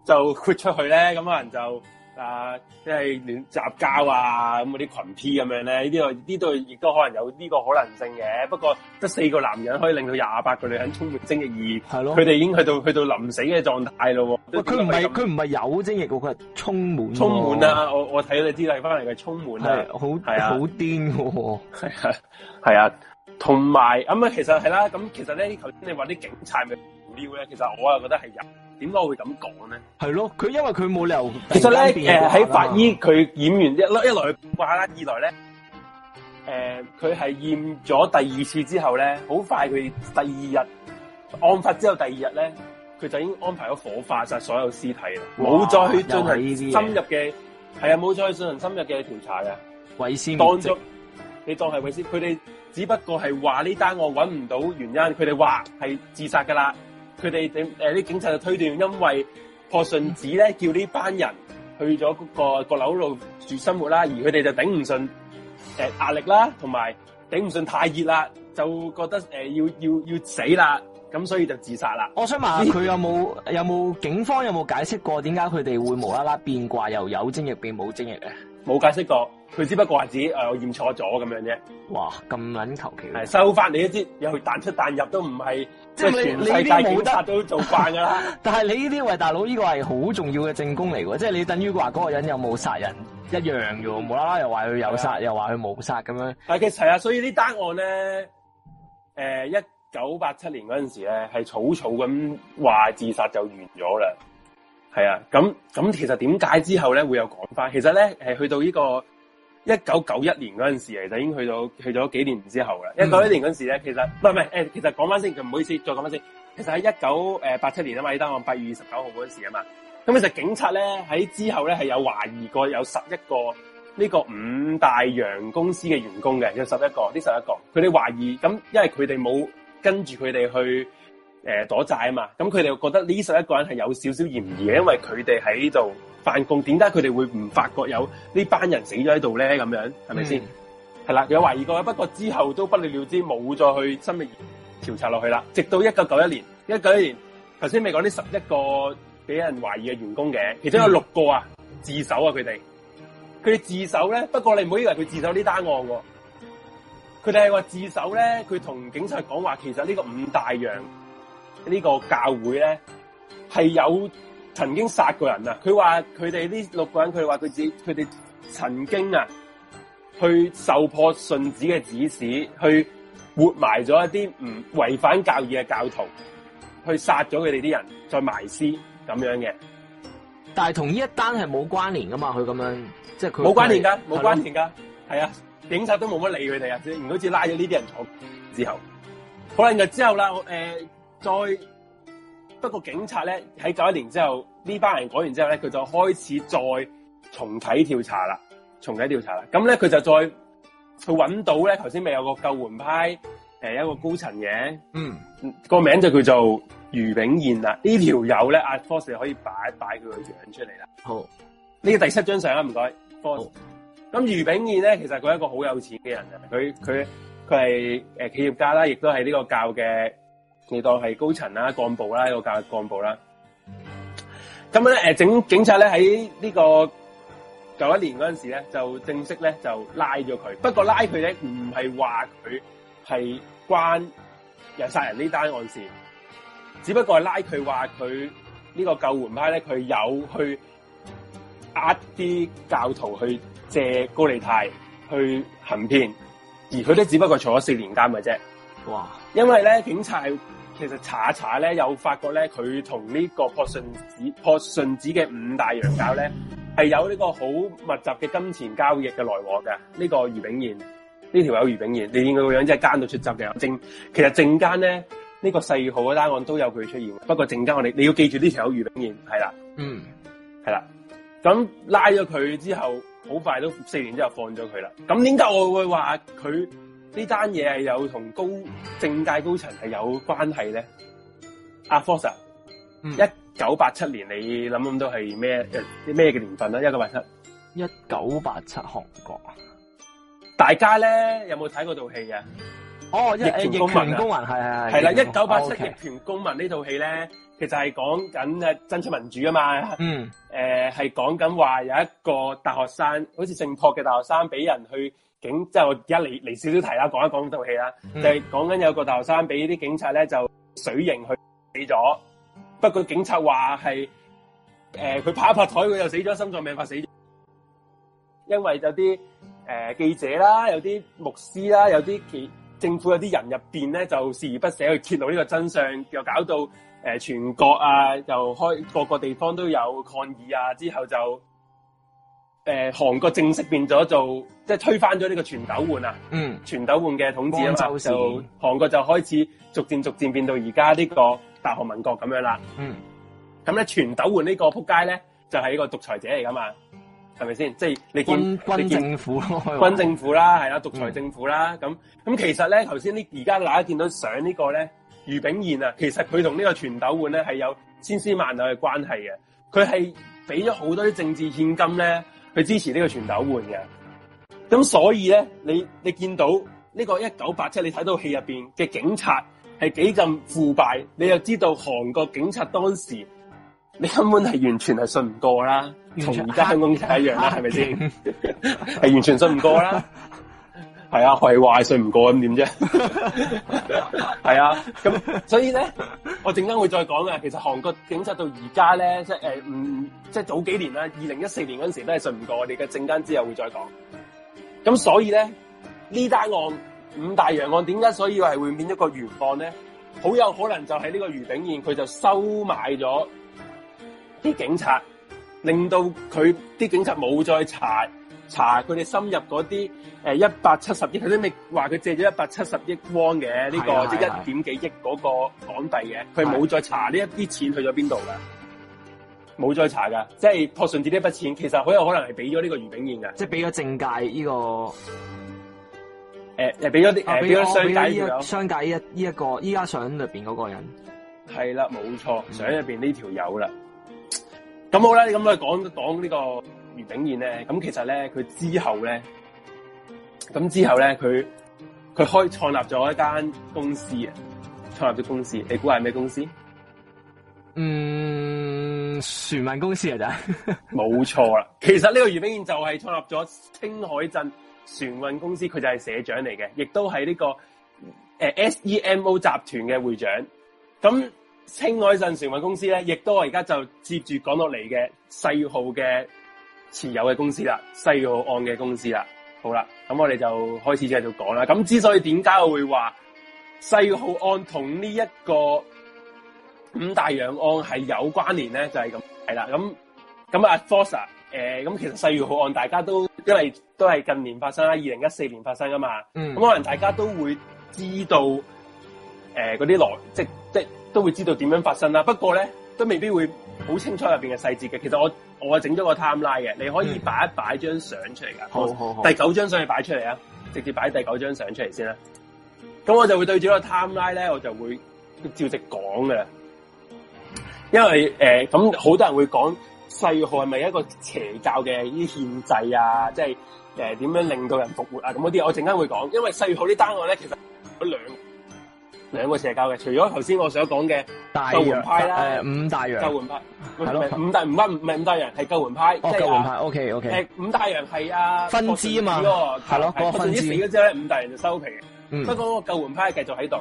就豁出去咧？咁可能就啊，即係亂雜交啊，咁嗰啲群 P 咁樣咧？呢呢度亦都可能有呢個可能性嘅。不過得四個男人可以令到廿八個女人充滿精液2，係咯？佢哋已經去到去到臨死嘅狀態咯。喎。佢唔係佢唔係有精液佢係充滿。充滿啊！我我睇咗啲資料翻嚟，佢充滿啊！好好癲喎！係係係啊！ 同埋咁啊，其實係啦，咁其實咧，頭先你話啲警察咪唔料咧，其實我又覺得係有。點解我會咁講咧？係咯，佢因為佢冇理由。其實咧，誒、呃、喺、呃、法醫佢驗、呃、完一一來去啦，二來咧，誒佢係驗咗第二次之後咧，好快佢第二日案發之後第二日咧，佢就已經安排咗火化晒，就是，所有屍體啦，冇再去進行深入嘅係啊，冇再進行深入嘅調查嘅。毀屍當中，你當係毀屍，佢哋，只不過係話呢單案揾唔到原因，佢哋話係自殺噶啦。佢哋警誒啲警察就推斷，因為朴順子咧叫呢班人去咗嗰、那個閣樓度、那個、住生活啦，而佢哋就頂唔順誒壓力啦，同埋頂唔順太熱啦，就覺得誒、呃、要要要死啦，咁所以就自殺啦。我想問下佢有冇有冇警方有冇解釋過點解佢哋會無啦啦變卦，又有精液變冇精液咧？冇解釋過，佢只不過話自己誒我驗錯咗咁樣啫。哇，咁撚求其！係收翻你一支，又去彈出彈入都唔係即係全世界警察都做慣噶啦。 但係你呢啲，喂大佬，呢、這個係好重要嘅證供嚟喎，即、就、係、是、你等於話嗰個人有冇殺人一樣嘅喎，無啦啦又話佢有殺，啊、又話佢冇殺咁樣。但其實啊，所以案呢單案咧，誒一九八七年嗰陣時咧，係草草咁話自殺就完咗啦。係啊，咁咁其實點解之後咧會有講翻？其實咧係去到呢個一九九一年嗰陣時，其實已經去到去咗幾年之後啦。一九九一年嗰陣時咧，其實唔係唔係誒，其實講翻先，就唔好意思，再講翻先。其實喺一九誒八七年啊嘛，呢單案八月二十九號嗰陣時啊嘛，咁其實警察咧喺之後咧係有懷疑過有十一個呢個五大洋公司嘅員工嘅，有十一個呢十一個，佢哋懷疑，咁因為佢哋冇跟住佢哋去。誒、嗯，躲債啊嘛，咁佢哋又覺得呢十一個人係有少少嫌疑嘅，因為佢哋喺度返工，點解佢哋會唔發覺有呢班人死咗喺度咧？咁樣係咪先？係啦，有、嗯、懷疑過，不過之後都不了了之，冇再去深入調查落去啦。直到一九九一年，一九九一年頭先未講呢十一個俾人懷疑嘅員工嘅，其中有六個啊自首啊佢哋，佢哋自首咧。不過你唔好以為佢自，自首呢單案喎，佢哋係話自首咧，佢同警察講話，其實呢個五大洋。呢、這個教會咧係有曾經殺過人啊！佢話佢哋呢六個人，佢話佢只佢哋曾經啊去受破信子嘅指使，去活埋咗一啲唔違反教義嘅教徒，去殺咗佢哋啲人，再埋屍咁樣嘅。但係同呢一單係冇關聯噶嘛？佢咁樣即係佢冇關聯噶，冇關聯噶，係啊！警察都冇乜理佢哋啊，而好似拉咗呢啲人走之後，好啦就之後啦誒。再不過警察咧喺九一年之後，呢班人改完之後咧，佢就開始再重啟調查啦，重啟調查啦，咁咧佢就再去揾到咧頭先咪有個救援派誒、呃、一個高層嘅嗯，個名就叫做余炳燕啦、嗯這個、呢條友咧阿 Fox 可以擺一擺佢嘅樣出嚟啦，好，呢第七張相啦，唔該 Fox。咁余炳燕咧其實佢係一個好有錢嘅人啊，佢佢佢係誒企業家啦亦都係呢個教嘅。你當係高層啦、幹部啦、一個教育幹部啦，咁呢，咧，誒，警察咧喺呢個九一年嗰陣時咧，就正式咧就拉咗佢。不過拉佢咧，唔係話佢係關殺人殺人呢單案事，只不過係拉佢話佢呢個救援派咧，佢有去呃啲教徒去借高利貸去行騙，而佢都只不過坐咗四年監嘅啫。哇！因為咧，警察其實查查咧，有發覺咧，佢同呢個朴順子、朴順子嘅五大洋教咧，係有呢個好密集嘅金錢交易嘅來往嘅。呢、這個余炳賢，呢條友余炳賢，你見佢個樣真係奸到出汁嘅。正其實陣間咧，呢、這個世越號嘅單案都有佢出現。不過陣間我哋你要記住呢條友余炳賢，係啦，嗯，係啦。咁拉咗佢之後，好快都四年之後放咗佢啦。咁點解我會話佢？呢單嘢係有同高政界高層係有關係咧？阿 Fox sir，一九八七年，你諗唔諗到係咩？咩嘅年份咧、啊？一九八七，一九八七韓國，大家咧有冇睇過套戲、mm. oh, 啊？哦、啊啊，逆逆權公民係係係啦！一九八七逆權公民、啊 okay. 呢套戲咧，其實係講緊誒爭取民主啊嘛。嗯、mm. 呃，誒係講緊話有一個大學生，好似姓朴嘅大學生，俾人去。警，即係我而家嚟嚟少少題啦，講一講呢套戲啦，就係講緊有個大學生，俾啲警察咧就水刑佢死咗，不過警察話係誒佢拍一拍台佢又死咗，心臟病發死。因為有啲誒、呃、記者啦，有啲牧師啦，有啲其政府有啲人入邊咧就鍥而不捨去揭露呢個真相，又搞到誒、呃、全國啊，又開各個地方都有抗議啊，之後就。誒、呃，韓國正式變咗做，即係推翻咗呢個全斗煥啊，嗯，全斗煥嘅統治啊嘛，就韓國就開始逐漸逐漸變到而家呢個大韓民國咁樣啦,嗯，咁咧、嗯嗯、全斗煥呢個仆街咧，就係、是、一個獨裁者嚟噶嘛，係咪先？即係你見你見政府，軍 政府啦，係啦，獨裁政府啦，咁、嗯、咁、嗯、其實咧，頭先呢而家大家見到上個呢個咧，俞炳賢啊，其實佢同呢個全斗煥咧係有千絲萬縷嘅關係嘅，佢係俾咗好多啲政治獻金咧。佢支持呢個全斗煥嘅，咁所以咧，你你見到呢個一九八七，你睇到戲入面嘅警察係幾咁腐敗，你又知道韓國警察當時，你根本係完全係信唔過啦，同而家香港警察一樣啦，係咪先？係 完全信唔過啦。係啊，係壞信唔過咁點啫？係 啊，咁所以咧，我陣間會再講嘅。其實韓國警察到而家咧，即係誒，唔、呃、即係早幾年啦，二零一四年嗰陣時都係信唔過我哋嘅。陣間之後會再講。咁所以咧，呢單案五大洋案點解所以係會免一個懸案咧？好有可能就係呢個余炳彥佢就收買咗啲警察，令到佢啲警察冇再查。查佢哋深入嗰啲，誒一百七十億，佢都未話佢借咗一百七十億汪嘅呢個，即一、啊就是啊、點幾億嗰個港幣嘅，佢冇再查呢一啲錢去咗邊度啦，冇、啊、再查噶，即係破順住呢一筆錢，其實好有可能係俾咗呢個余炳彥噶，即係俾咗政界呢、這個，誒誒俾咗啲誒俾咗商界呢商界一呢一個依家相入邊嗰個人，係啦冇錯，相入邊呢條友啦，咁、嗯嗯、好啦，咁我講講呢、這個。余炳燕咧，咁其實咧佢之後咧，咁之後咧佢佢開創立咗一間公司啊，創立咗公司，你估係咩公司？嗯，船運公司啊，咋？冇錯啦。其實呢個余炳燕就係創立咗青海鎮船運公司，佢就係社長嚟嘅，亦都係呢個誒 SEMO 集團嘅會長。咁青海鎮船運公司咧，亦都我而家就接住講落嚟嘅世越號嘅。持有嘅公司啦，世越號案嘅公司啦，好啦，咁我哋就開始繼續講啦。咁之所以點解我會話世越號案同呢一個五大洋案係有關聯咧，就係咁係啦。咁咁啊 Fox 誒，咁、啊呃、其實世越號案大家都因為都係近年發生啦，二零一四年發生噶嘛，嗯，咁可能大家都會知道誒嗰啲來即即，即都會知道點樣發生啦。不過咧。都未必會好清楚入邊嘅細節嘅。其實我我整咗個 timeline 嘅，你可以擺一擺張相出嚟噶、嗯。好，好，好。擺第九張相你擺出嚟啊，直接擺第九張相出嚟先啦。咁我就會對住個 timeline 咧，我就會照直講嘅。因為誒，咁、呃、好多人會講世越號係咪一個邪教嘅呢啲獻祭啊，即係誒點樣令到人復活啊咁嗰啲，那些我陣間會講。因為世越號呢單案咧，其實有兩個邪教嘅，除咗頭先我想講嘅救援派啦，誒，五大洋救援派係咯、呃，五大唔屈唔係五大洋，係救援派。哦，救援派，OK OK。誒、哦，五大洋係啊分支啊嘛，係咯個分支。死咗之後咧，五大洋就收皮，不過個救援派繼續喺度，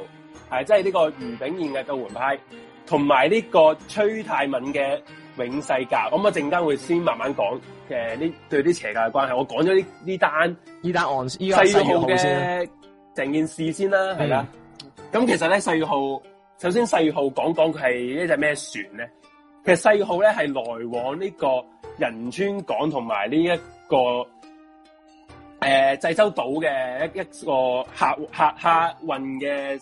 係即係呢個俞炳彥嘅救援派，同埋呢個崔泰敏嘅永世教。咁我陣間會先慢慢講嘅呢對啲邪教嘅關係。我講咗呢呢單呢單案，依家世越號嘅成件事先啦，係、嗯咁其實咧，世越號首先世越號講講佢係一隻咩船咧？其實世越號咧係來往呢個仁川港同埋呢一個誒濟州島嘅一一個客客客運嘅誒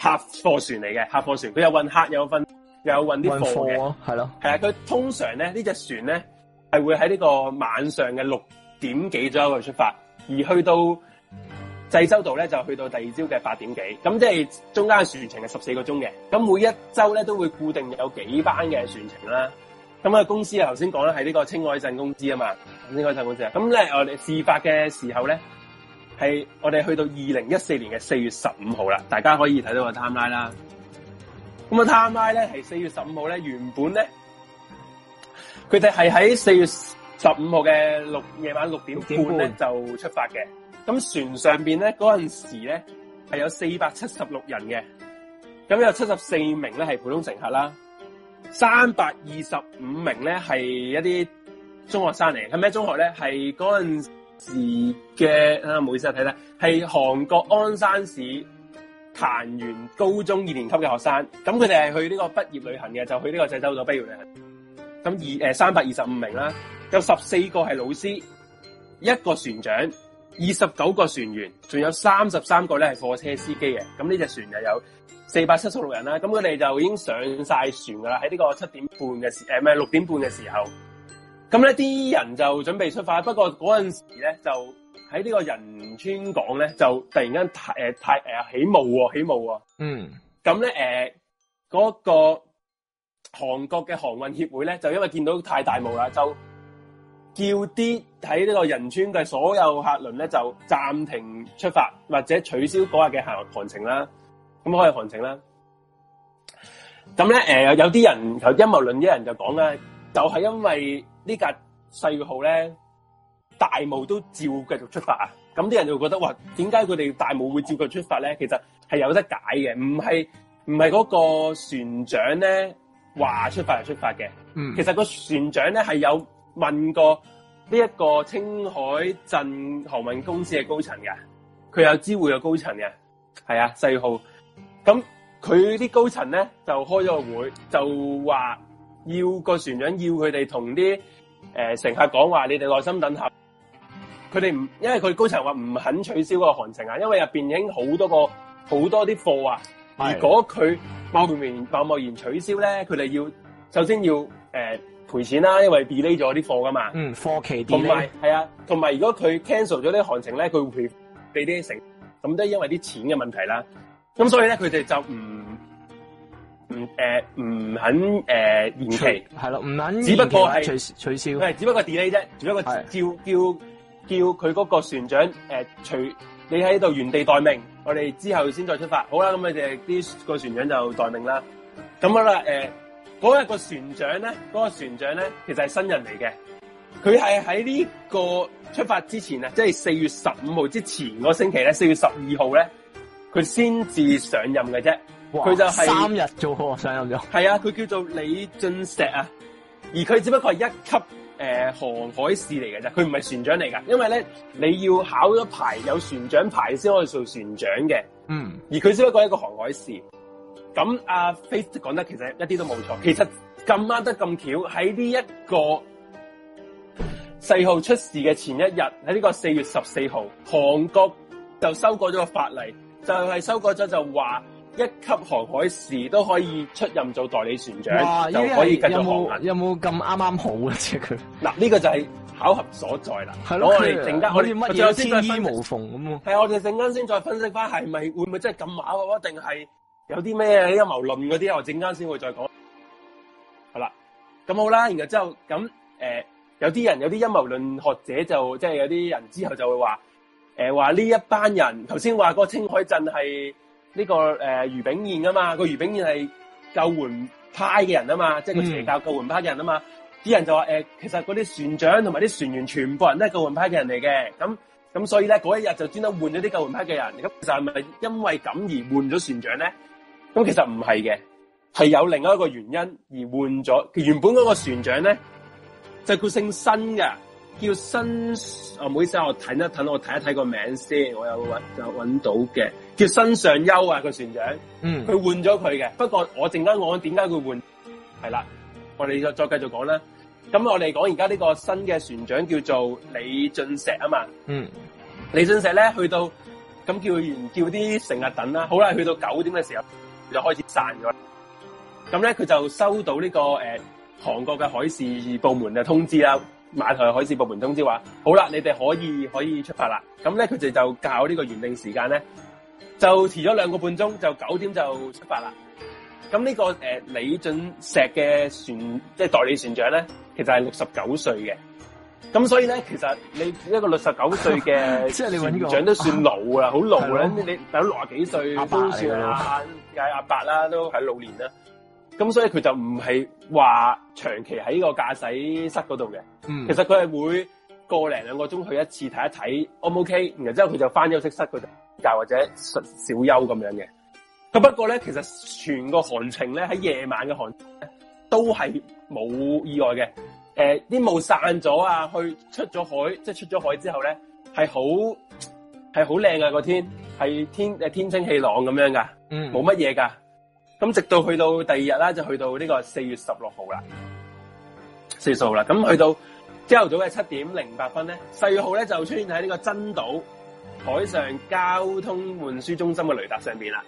客貨船嚟嘅客貨船，佢有運客，有運，又有運啲貨嘅，係咯，係啊。佢通常咧呢隻船咧係會喺呢個晚上嘅六點幾左右出發，而去到。濟州道咧就去到第二朝嘅八點幾，咁即係中間船程係十四個鐘嘅，咁每一周咧都會固定有幾班嘅船程啦。咁啊，公司啊頭先講啦，係呢個青海鎮公司啊嘛，青海鎮公司啊。咁咧我哋事發嘅時候咧，係我哋去到二零一四年嘅四月十五號啦，大家可以睇到個 time line 啦。咁啊 time line 咧係四月十五號咧，原本咧佢哋係喺四月十五號嘅六夜晚六點半咧就出發嘅。咁船上邊咧嗰陣時咧,係有四百七十六人嘅，咁有七十四名咧係普通乘客啦，三百二十五名咧係一啲中學生嚟。係咩中學咧？係嗰陣時嘅啊，唔好意思，睇睇係韓國安山市潭元高中二年級嘅學生，咁佢哋係去呢個畢業旅行嘅，就去呢個濟州島畢業旅行。咁二誒三百二十五名啦，有十四個係老師，一個船長，二十九個船員，仲有三十三個咧係貨車司機嘅，咁呢隻船又有四百七十六人啦，咁佢哋就已經上晒船㗎啦，喺呢個七點半嘅時誒，咩六點半嘅時候，咁咧啲人就準備出發，不過嗰陣時咧就喺呢個仁川港咧就突然間誒太誒起霧喎，起霧喎，嗯，咁咧誒嗰個韓國嘅航運協會咧就因為見到太大霧啦，就。叫啲喺呢個仁川嘅所有客輪咧，就暫停出發或者取消嗰日嘅行行程啦。咁可以行程啦。咁咧，誒、呃，有啲人求陰謀論啲人就講啦，就係、是、因為四呢架世越號咧大霧都照繼續出發啊。咁啲人就覺得，哇，點解佢哋大霧會照繼續出發咧？其實係有得解嘅，唔係唔係嗰個船長咧話出發就出發嘅、嗯。其實個船長咧係有。問過呢一個青海鎮航運公司嘅高層嘅，佢有知會嘅高層嘅，係啊，四號。咁佢啲高層咧就開咗個會，就話要個船長要佢哋同啲誒乘客講話，你哋耐心等候。佢哋唔，因為佢高層話唔肯取消個行程啊，因為入邊已經好多個好多啲貨啊。如果佢貿貿然貿貿然取消咧，佢哋要首先要誒。呃賠錢啦，因為 delay 咗啲貨噶嘛。嗯，貨期 delay。同埋係啊，同埋如果佢 cancel 咗啲行程咧，佢會被啲成，咁都係因為啲錢嘅問題啦。咁所以咧，佢哋就唔唔誒唔肯誒、呃、延期。係喇，唔肯延期。只不過係取消取消。係，只不過 delay 啫，只不過只叫叫叫佢嗰個船長誒、呃，你喺度原地待命，我哋之後先再出發。好啦，咁佢哋啲個船長就待命啦。咁好啦，誒、呃。嗰日個船長咧，嗰個船長咧，其實係新人嚟嘅。佢係喺呢個出發之前啊，即係四月十五號之前個星期咧，四月十二號咧，佢先至上任嘅啫。佢就係三日做我上任咗。係啊，佢叫做李俊錫啊。而佢只不過係一級誒、呃、航海士嚟嘅啫，佢唔係船長嚟噶。因為咧，你要考咗牌有船長牌先可以做船長嘅。嗯。而佢只不過係一個航海士。咁阿 Fox 講得其實一啲都冇錯。其實咁啱得咁巧，喺呢一個四號出事嘅前一日，喺呢個四月十四號，韓國就修改咗個法例，就係、是、修改咗就話一級航海士都可以出任做代理船長，就可以繼續航行，啊。有冇咁啱啱好啊？即係佢嗱呢個就係巧合所在啦。我哋陣間可以乜嘢天衣無縫咁喎，啊？係我哋陣間先再分析翻，係咪會唔會真係咁巧一定係？有啲咩陰謀論嗰啲我陣間先會再講，好啦，咁好啦，然後之後咁誒，有啲人有啲陰謀論學者就即係、就是、有啲人之後就會話，誒話呢一班人頭先話個個青海鎮係呢個誒俞炳彥啊嘛，個俞炳彥係救援派嘅人啊嘛，即係個邪教救援派嘅人啊嘛，啲、嗯、人就話誒、呃，其實嗰啲船長同埋啲船員全部人都係救援派嘅人嚟嘅。咁咁所以咧嗰一日就專登換咗啲救援派嘅人，咁就係咪因為咁而換咗船長咧？咁其實唔係嘅，係有另外一個原因而換咗。原本嗰個船長咧就叫姓申嘅，叫新。啊、哦，唔好意思，我睇一睇，我睇一睇個名先。我有搵，搵到嘅，叫新上優啊個船長。嗯，佢換咗佢嘅。不過我陣間，我點解佢換？係啦，我哋再再繼續講啦。咁我哋講而家呢個新嘅船長叫做李俊石啊嘛。嗯，李俊石咧去到咁叫完叫啲成日等啦。好啦，去到九點嘅時候。就開始散咗，咁咧佢就收到呢、這個誒、呃、韓國嘅海事部門嘅通知啦。馬台海事部門通知話：好啦，你哋可以可以出發啦。咁咧佢就就較呢個原定時間咧，就遲咗兩個半鐘，就九點就出發啦。咁呢、這個誒、呃、李俊錫嘅船即係、就是、代理船長咧，其實係六十九歲嘅。咁所以咧，其實你一個六十九歲嘅船長都算老啊，好老啦。你大六十幾歲都算嗌阿伯啦，都喺老年啦。咁所以佢就唔係話長期喺個駕駛室嗰度嘅。其實佢係會過兩個零兩個鐘去一次睇一睇，o 唔 OK？然之後佢就翻休息室，嗰度，或者小休咁樣嘅。咁不過咧，其實全個行程咧喺夜晚嘅行程呢，都係冇意外嘅。誒、呃，啲霧散咗啊，去出咗海，即係出咗海之後咧，係好係好靚啊，個天係天誒天清氣朗咁樣噶，嗯，冇乜嘢噶。咁直到去到第二日啦，就去到呢個四月十六號啦，世越號啦。咁去到朝頭早嘅七點零八分咧，世越號咧就出現喺呢個珍島海上交通運輸中心嘅雷達上邊啦，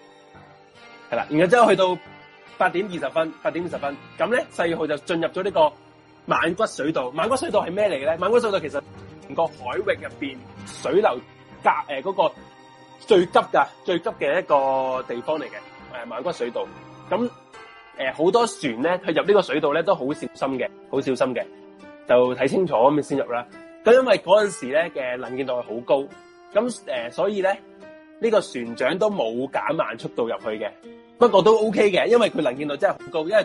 係啦。然後之後去到八點二十分，八點二十分，咁咧世越號就進入咗呢、這個。曼骨水道，曼骨水道係咩嚟咧？曼骨水道其實個海域入邊水流隔誒嗰個最急噶，最急嘅一個地方嚟嘅，誒曼骨水道。咁誒好多船咧去入呢個水道咧都好小心嘅，好小心嘅，就睇清楚咁先入啦。咁因為嗰陣時咧嘅能見度係好高，咁誒、呃、所以咧呢、呢個船長都冇減慢速度入去嘅。不過都 OK 嘅，因為佢能見度真係好高，因為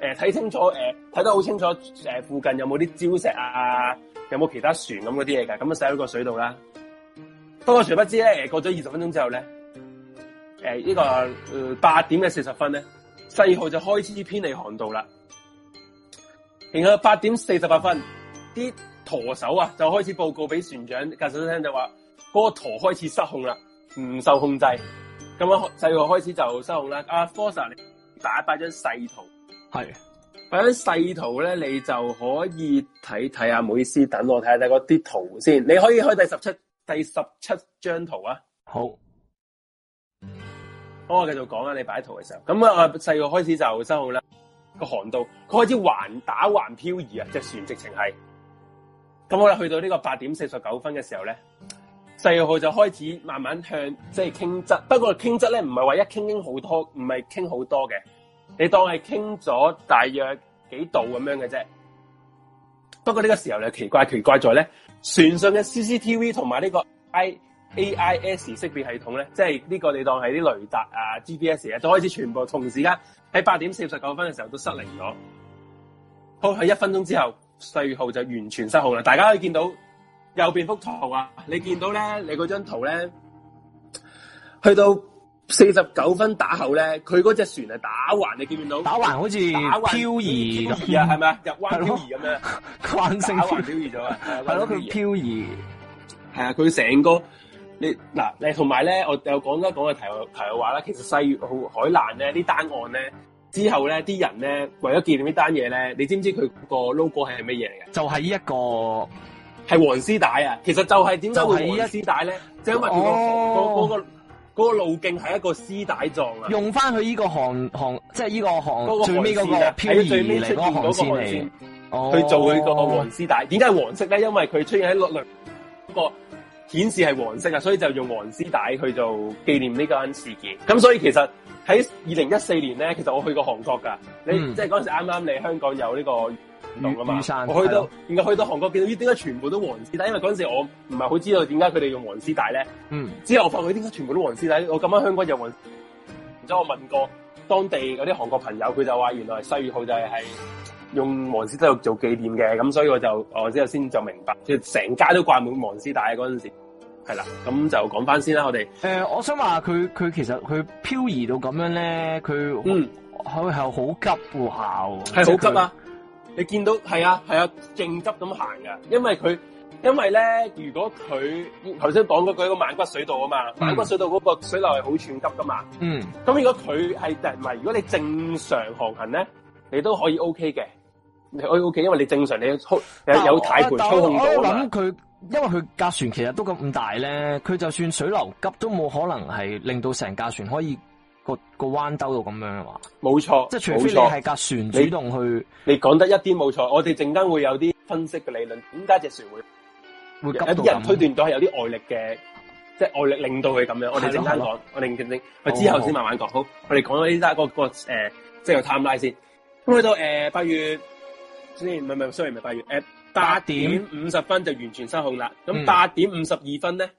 佢誒睇清楚，誒、呃、睇得好清楚，誒、呃、附近有冇啲礁石啊，啊啊有冇其他船咁嗰啲嘢嘅，咁啊駛咗個水度啦。不過殊不知咧，誒、呃、過咗二十分鐘之後咧，誒、呃這個呃、呢個八點嘅四十分咧，世越號就開始偏離航道啦。然後八點四十八分，啲舵手啊就開始報告俾船長駕駛室聽就話嗰個舵開始失控啦，唔受控制。咁啊，細個開始就收好啦。阿科 Sir，你擺一擺張細圖，係擺張細圖咧，你就可以睇睇啊。唔好意思，等我睇下睇嗰啲圖先。你可以開第十七、第十七張圖啊。好，我繼續講啊。你擺圖嘅時候，咁啊，細個開始就收好啦。那個航道，佢開始橫打橫漂移啊，隻船直情係。咁我哋去到呢個八點四十九分嘅時候咧。世越號就開始慢慢向即係傾側，不過傾側咧唔係話一傾傾好多，唔係傾好多嘅，你當係傾咗大約幾度咁樣嘅啫。不過呢個時候咧奇怪，奇怪在咧，船上嘅 CCTV 同埋呢個 AIS 識別系統咧，即係呢個你當係啲雷達啊、GPS 啊，就開始全部同時間喺八點四十九分嘅時候都失靈咗。好，喺一分鐘之後，世越號就完全失控啦，大家可以見到，右邊幅圖啊，你見到咧，你嗰張圖咧，去到四十九分打後咧，佢嗰隻船係打橫，你見唔見到打橫好似漂移，係咪入彎漂移咁樣？慣性漂移咗啊！係、嗯、咯，佢漂移、啊移、啊移、啊、移，係啊，佢成個你嗱，誒，同埋咧，我又講一講嘅題題外話啦。其實世越號海難咧，呢單案咧之後咧，啲人咧為咗紀念呢單嘢咧，你知唔知佢個 logo 係咩嘢嚟嘅？就係、是、呢一個。係黃絲帶啊，其實就係點解會黃絲帶咧？就係、是、因為佢、嗰個、哦、個路徑係一個絲帶狀啊。用翻佢呢個航航，即係呢個航最尾嗰個，喺最尾出現嗰個航線去做佢個黃絲帶。點解係黃色咧？因為佢出現喺落兩個顯示係黃色啊，所以就用黃絲帶去做紀念呢間事件。咁所以其實喺二零一四年咧，其實我去過韓國噶。你、嗯、即係嗰時啱啱嚟香港有呢、呢個。唔同嘛，我去到點解去到韓國見到啲點解全部都黃絲帶？因為嗰陣時我唔係好知道點解佢哋用黃絲帶咧。嗯，之後我發覺點解全部都黃絲帶，我咁樣香港有黃絲帶，然之後我問過當地嗰啲韓國朋友，佢就話原來世越號就係用黃絲帶做紀念嘅，咁所以我就哦之後先就明白，即係成街都掛滿黃絲帶嗰陣時，係啦，咁就講翻先啦，我哋。誒，我想話佢佢其實佢漂移到咁樣咧，佢嗯，佢係好急下喎，係好急啊！你見到係啊係啊，勁急咁行嘅，因為佢因為咧，如果佢頭先講嗰句，一個萬骨水道啊嘛，曼骨水道嗰個水流係好湍急噶嘛。嗯。咁、嗯、如果佢係唔係，如果你正常航行咧，你都可以 O K 嘅，你可以 O、OK, K，因為你正常你有有睇佢。但我諗佢，因為佢架船其實都咁大咧，佢就算水流急都冇可能係令到成架船可以。個個彎兜到咁樣嘅話，冇錯，即係除非你係架船主動去，你講得一啲冇錯。我哋陣間會有啲分析嘅理論，點解隻船會，會到到有一人推斷到係有啲外力嘅，即係外力令到佢咁樣。我哋陣間講，我哋唔令？我，我之後先慢慢講。好，好我哋講咗呢啦，那個、那個誒，即係個 timeline 先。咁去到誒八、呃、月先，唔係唔係，sorry，唔係八月，誒、呃、八點五十分就完全失控啦。咁八點五十二分咧。嗯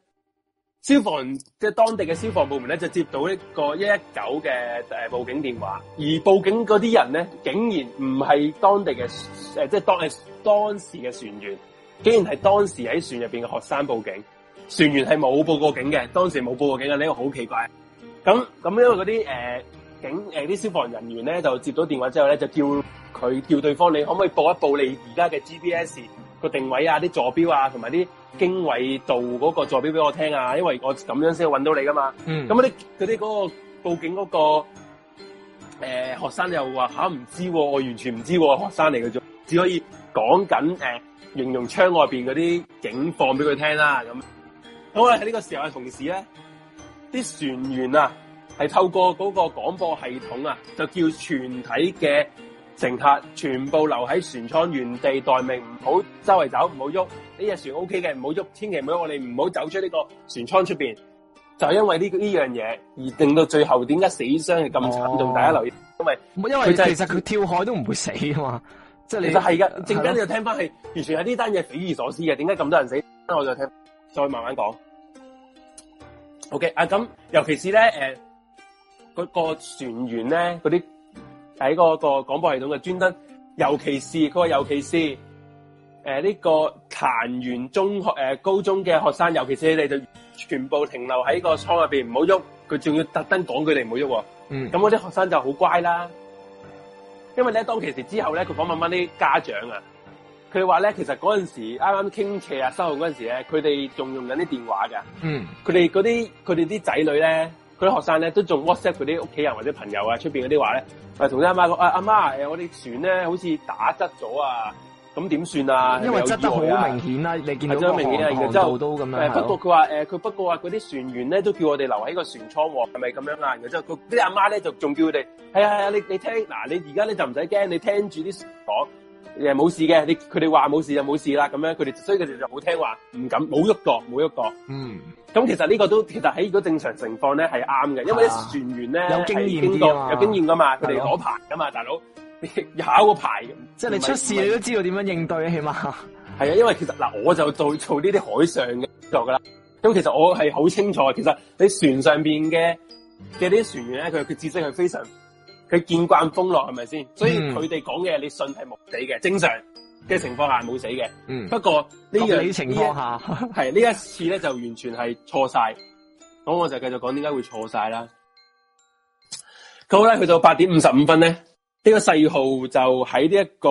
消防，即係當地嘅消防部門咧，就接到一個一一九嘅，誒報警電話，而報警嗰啲人咧，竟然唔係當地嘅誒、呃，即係當係當時嘅船員，竟然係當時喺船入邊嘅學生報警，船員係冇報過警嘅，當時冇報過警嘅，呢個好奇怪。咁咁因為嗰啲誒警、誒啲、呃、消防人員咧，就接到電話之後咧，就叫佢叫，對方，你可唔可以報一報你而家嘅 G P S？個定位啊，啲坐標啊，同埋啲經緯度嗰個坐標俾我聽啊，因為我咁樣先搵到你噶嘛。咁嗰啲嗰啲嗰個報警嗰、嗰個誒、呃、學生又話吓唔知、啊，我完全唔知、啊，學生嚟嘅啫，只可以講緊誒形容窗外邊嗰啲景況俾佢聽啦、啊。咁咁我喺呢個時候嘅同時咧，啲船員啊，係透過嗰個廣播系統啊，就叫全體嘅。乘客全部留喺船艙原地待命，唔好周圍走，唔好喐。呢隻船 OK 嘅，唔好喐。千祈唔好我哋唔好走出呢個船艙出邊。就係因為呢呢樣嘢而令到最後點解死傷係咁慘重？哦、大家留意，因為因為、就係、其實佢跳海都唔會死啊嘛，即係其實係噶。你正你就聽翻係，完全係呢單嘢匪夷所思嘅。點解咁多人死？我就聽，再慢慢講。OK 啊，咁尤其是咧誒，嗰個船員咧嗰啲。喺嗰個廣播系統嘅專登，尤其是佢話尤其是，誒、呃、呢、這個潭源中學誒、呃、高中嘅學生，尤其是你哋就全部停留喺個倉入邊唔好喐，佢仲要特登講佢哋唔好喐。嗯，咁嗰啲學生就好乖啦。因為咧，當其時之後咧，佢講問返啲家長啊，佢話咧其實嗰陣時啱啱傾斜啊收學嗰陣時咧，佢哋仲用緊啲電話㗎。嗯，佢哋嗰啲佢哋啲仔女咧，佢啲學生咧都仲 WhatsApp 佢啲屋企人或者朋友啊，出邊嗰啲話咧。同你阿媽講，誒阿媽，誒我哋船咧好似打質咗啊，咁點算啊？因為側得好明顯啊，你見到明顯啊，然之後都咁樣。誒、呃、不過佢話，誒佢不過話嗰啲船員咧都叫我哋留喺個船艙喎，係咪咁樣啊？然之後佢啲阿媽咧就仲叫佢哋，係啊係啊，你你聽，嗱你而家咧就唔使驚，你聽住啲講。誒，冇事嘅，你佢哋話冇事就冇事啦，咁樣佢哋，所以佢哋就好聽話，唔敢冇喐過，冇喐過。嗯，咁其實呢個都其實喺個正常情況咧係啱嘅，因為啲船員咧有經驗啲，有經驗噶嘛，嘛，佢哋攞牌噶嘛，大佬你考 個牌，即係你出事你都知道點樣應對起碼。係 啊，因為其實嗱，我就做做呢啲海上嘅工作㗎啦，咁其實我係好清楚，其實你船上邊嘅嘅啲船員咧，佢佢知識係非常。佢見慣風浪係咪先？所以佢哋講嘅你信係冇死嘅，正常嘅情況下冇、嗯、死嘅、嗯。不過呢樣情況下係呢一,一次咧就完全係錯晒，咁 我就繼續講點解會錯晒啦。咁咧去到八點五十五分咧，呢、呢個世越號就喺呢一個，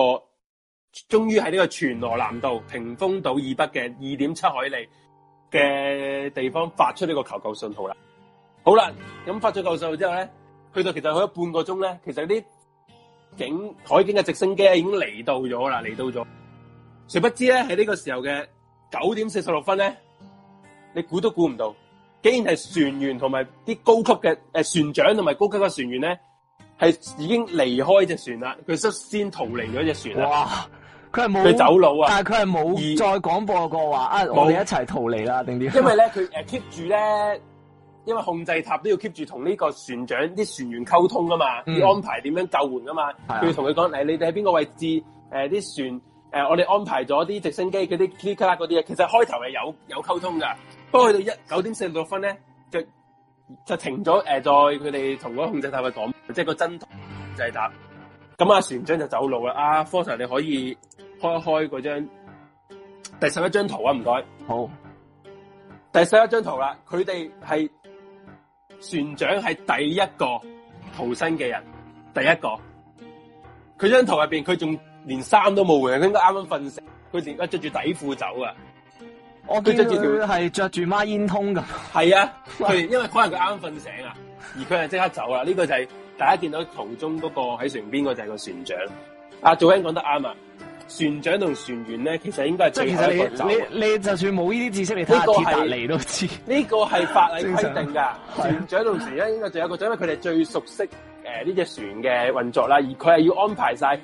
終於喺呢個全羅南道屏風島以北嘅二點七海里嘅地方發出呢個求救信號啦。好啦，咁發咗求救信號之後咧。去到其實去咗半個鐘咧，其實啲警海警嘅直升機咧已經嚟到咗啦，嚟到咗。誰不知咧喺呢個時候嘅九點四十六分咧，你估都估唔到，竟然係船員同埋啲高級嘅誒船長同埋高級嘅船員咧，係已經離開隻船啦，佢率先逃離咗隻船啦。哇！佢係冇佢走佬啊！但係佢係冇再廣播過話啊，我哋一齊逃離啦，定點？因為咧，佢 keep 住咧。呃因為控制塔都要 keep 住同呢個船長啲船員溝通啊嘛、嗯，要安排點樣救援啊嘛，佢要同佢講你哋喺邊個位置？誒、呃，啲船誒、呃，我哋安排咗啲直升機嗰啲 click 嗰啲其實開頭係有有溝通噶，不過去到一九點四十六分咧就就停咗，誒、呃，再佢哋同個控制塔去講，即係個真控制塔咁阿船長就走路啦。啊，科長你可以開一開嗰張第十一張圖啊，唔該。好，第十一張圖啦，佢哋係。船長係第一個逃生嘅人，第一個。佢張圖入邊，佢仲連衫都冇換，佢應該啱啱瞓醒，佢仲着住底褲走噶。我見佢係着住孖煙通噶。係 啊，佢因為可能佢啱瞓醒啊，而佢係即刻走啦。呢、呢個就係、係、大家見到圖中嗰、嗰個喺船邊嗰就係個船長。阿祖欣講得啱啊！船長同船員咧，其實應該係最，其實你你就算冇呢啲知識你睇，鐵達尼都知呢個係法例規定㗎。船長同船員應該仲有一個，因為佢哋最熟悉誒呢隻船嘅運作啦，而佢係要安排晒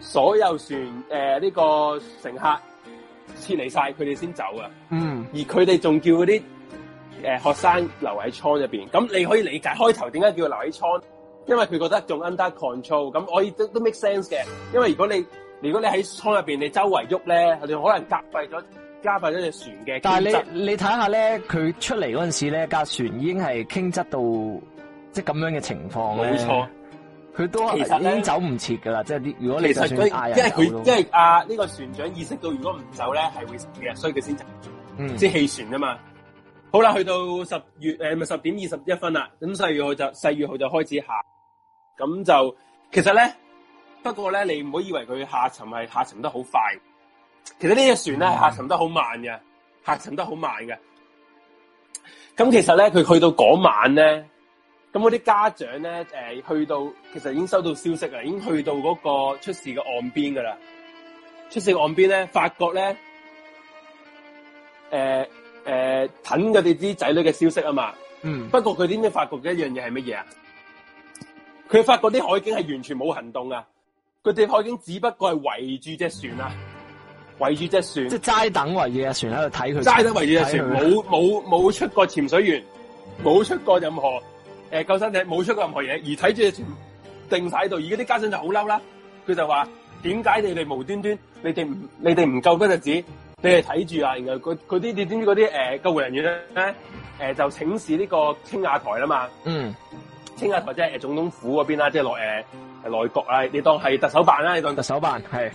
所有船誒呢、呃呢個乘客撤離晒佢哋先走嘅。嗯，而佢哋仲叫嗰啲誒學生留喺艙入邊。咁你可以理解開頭點解叫留喺艙，因為佢覺得仲 under control。咁我亦都都 make sense 嘅，因為如果你如果你喺倉入邊，你周圍喐咧，你可能夾閉咗加閉咗隻船嘅。但係你你睇下咧，佢出嚟嗰陣時咧，架船已經係傾側到即係咁樣嘅情況冇錯，佢都其實已經走唔切噶啦，即係如果你就算嗌人走因為佢因為啊呢、呢個船長意識到如果唔走咧係會死嘅，所以佢先走。嗯，即係棄船啊嘛。好啦，去到十月誒咪十點二十一分啦。咁世越號就世越號就開始行。咁就其實咧。不過咧，你唔好以為佢下沉係下沉得好快，其實呢隻船咧，下沉得好慢嘅，下沉得好慢嘅。咁其實咧，佢去到嗰晚咧，咁嗰啲家長咧，誒、呃，去到其實已經收到消息啦，已經去到嗰個出事嘅岸邊噶啦。出事岸邊咧，發覺咧，誒、呃、誒、呃，等佢哋啲仔女嘅消息啊嘛。嗯。不過佢點解發覺一樣嘢係乜嘢啊？佢發覺啲海警係完全冇行動啊！佢哋已經只不過係圍住隻船啦，圍住隻船，即係齋等圍住隻船喺度睇佢，齋等圍住隻船，冇冇冇出過潛水員，冇出過任何誒救生艇，冇出過任何嘢，而睇住隻船定晒度。而家啲家長就好嬲啦，佢就話點解你哋無端端，你哋唔你哋唔救嗰子，你哋睇住啊，然後佢佢啲你點知嗰啲誒救護人員咧，誒就請示呢個青瓦台啦嘛，嗯。青瓦台即係總統府嗰邊啦，即係內誒內閣啦，你當係特首辦啦，你當你特首辦係。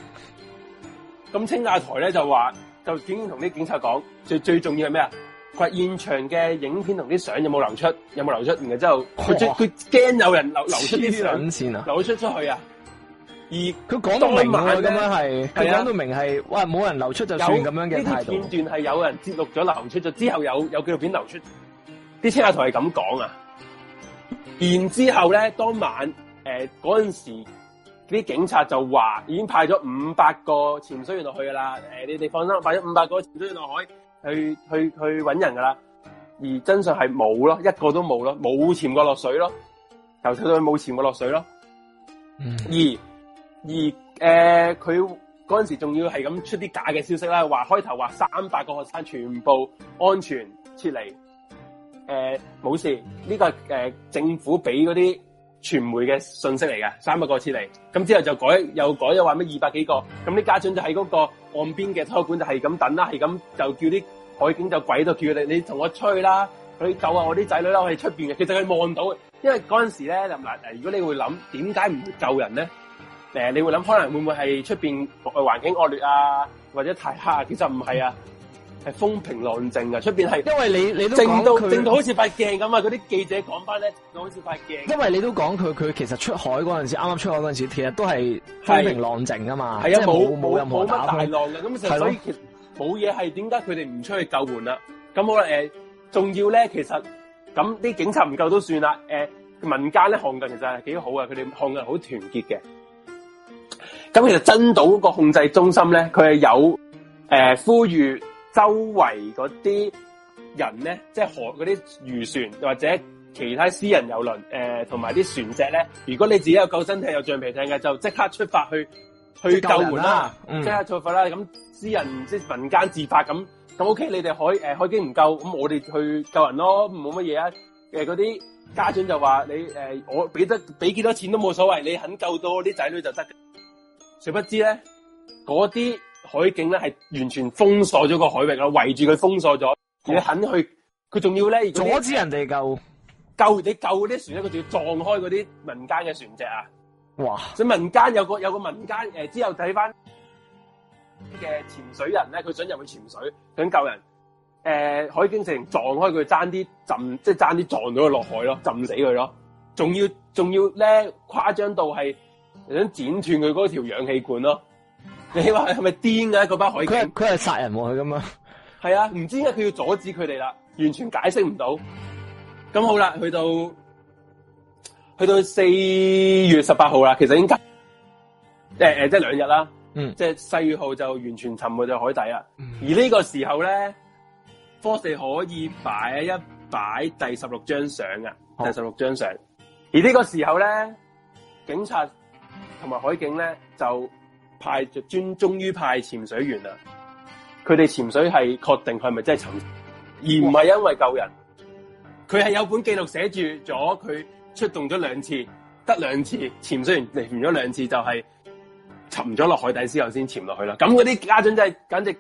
咁青瓦台咧就話就究竟同啲警察講最最重要係咩啊？話現場嘅影片同啲相有冇流出？有冇流出？然後之後佢驚佢驚有人流流出啲相線啊！流出出去啊！而佢講到明喎，咁樣係佢講到明係哇，冇人流出就算咁樣嘅態度。呢條片段係有人接錄咗流出咗之後有有紀錄片流出，啲青瓦台係咁講啊！然之後咧，當晚誒嗰陣時，啲警察就話已經派咗五百個潛水員落去噶啦。誒、呃，你哋放心，派咗五百個潛水員落海去去去揾人噶啦。而真相係冇咯，一個都冇咯，冇潛過落水咯，由始到終冇潛過落水咯、嗯。而而誒，佢嗰陣時仲要係咁出啲假嘅消息啦，話開頭話三百個學生全部安全撤離。誒、呃，冇事，呢個誒政府俾嗰啲傳媒嘅信息嚟嘅，三百個撤離，咁之後就改又改又話咩二百幾個，咁啲家長就喺嗰個岸邊嘅體育館就係咁等啦，係咁就叫啲海警就鬼到叫佢哋，你同我吹啦，佢救下我啲仔女啦，我哋出邊嘅，其實佢望唔到，因為嗰陣時咧，嗱，如果你會諗，點解唔救人咧？誒，你會諗可能會唔會係出邊環境惡劣啊，或者太黑啊？其實唔係啊。係風平浪靜嘅，出邊係，因為你你都淨到淨到好似塊鏡咁啊！嗰啲記者講翻咧，到好似塊鏡。因為你都講佢佢其實出海嗰陣時，啱啱出海嗰陣時，其實都係風平浪靜㗎嘛，係啊，即係，冇冇冇乜大浪嘅。咁所以其實冇嘢係點解佢哋唔出去救援啦？咁好啦，誒、呃，仲要咧，其實咁啲警察唔夠都算啦。誒、呃，民間咧控嘅其實係幾好啊，佢哋控嘅好團結嘅。咁、嗯、其實珍島個控制中心咧，佢係有誒、呃、呼籲。周圍嗰啲人咧，即係河嗰啲漁船或者其他私人遊輪，同埋啲船隻咧。如果你自己有救生艇、有橡皮艇嘅，就即刻出發去去救援啦、嗯！即刻出發啦！咁私人即民間自發咁咁 OK，你哋海誒、呃、海警唔夠，咁我哋去救人咯，冇乜嘢啊！嗰啲家長就話你、呃、我俾得俾幾多錢都冇所謂，你肯救到啲仔女就得。誰不知咧，嗰啲。海警咧係完全封鎖咗個海域啦，圍住佢封鎖咗，你肯去，佢仲要咧阻止人哋救救你救嗰啲船咧，佢仲要撞開嗰啲民間嘅船隻啊！哇！所以民間有個有個民間誒、呃，之後睇翻嘅潛水人咧，佢想入去潛水想救人，誒、呃，海警成撞開佢，爭啲浸即係爭啲撞到佢落海咯，浸死佢咯，仲要仲要咧誇張到係想剪斷佢嗰條氧氣管咯。你話係咪癲嘅一個班海警？佢係佢係殺人喎，佢咁啊！係啊，唔知點解佢要阻止佢哋啦，完全解釋唔到。咁好啦，去到去到四月十八號啦，其實已經隔誒誒，即係兩日啦。嗯，即係四月號就完全沉沒咗海底啦。而呢個時候咧，Fox 可以擺一擺第十六張相啊，第十六張相。而呢個時候咧，警察同埋海警咧就。派就專終於派潛水員啦，佢哋潛水係確定佢係咪真係沉，而唔係因為救人。佢係有本記錄寫住咗，佢出動咗兩次，得兩次潛水員嚟完咗兩次，就係、是、沉咗落海底之後先潛落去啦。咁嗰啲家長真係簡直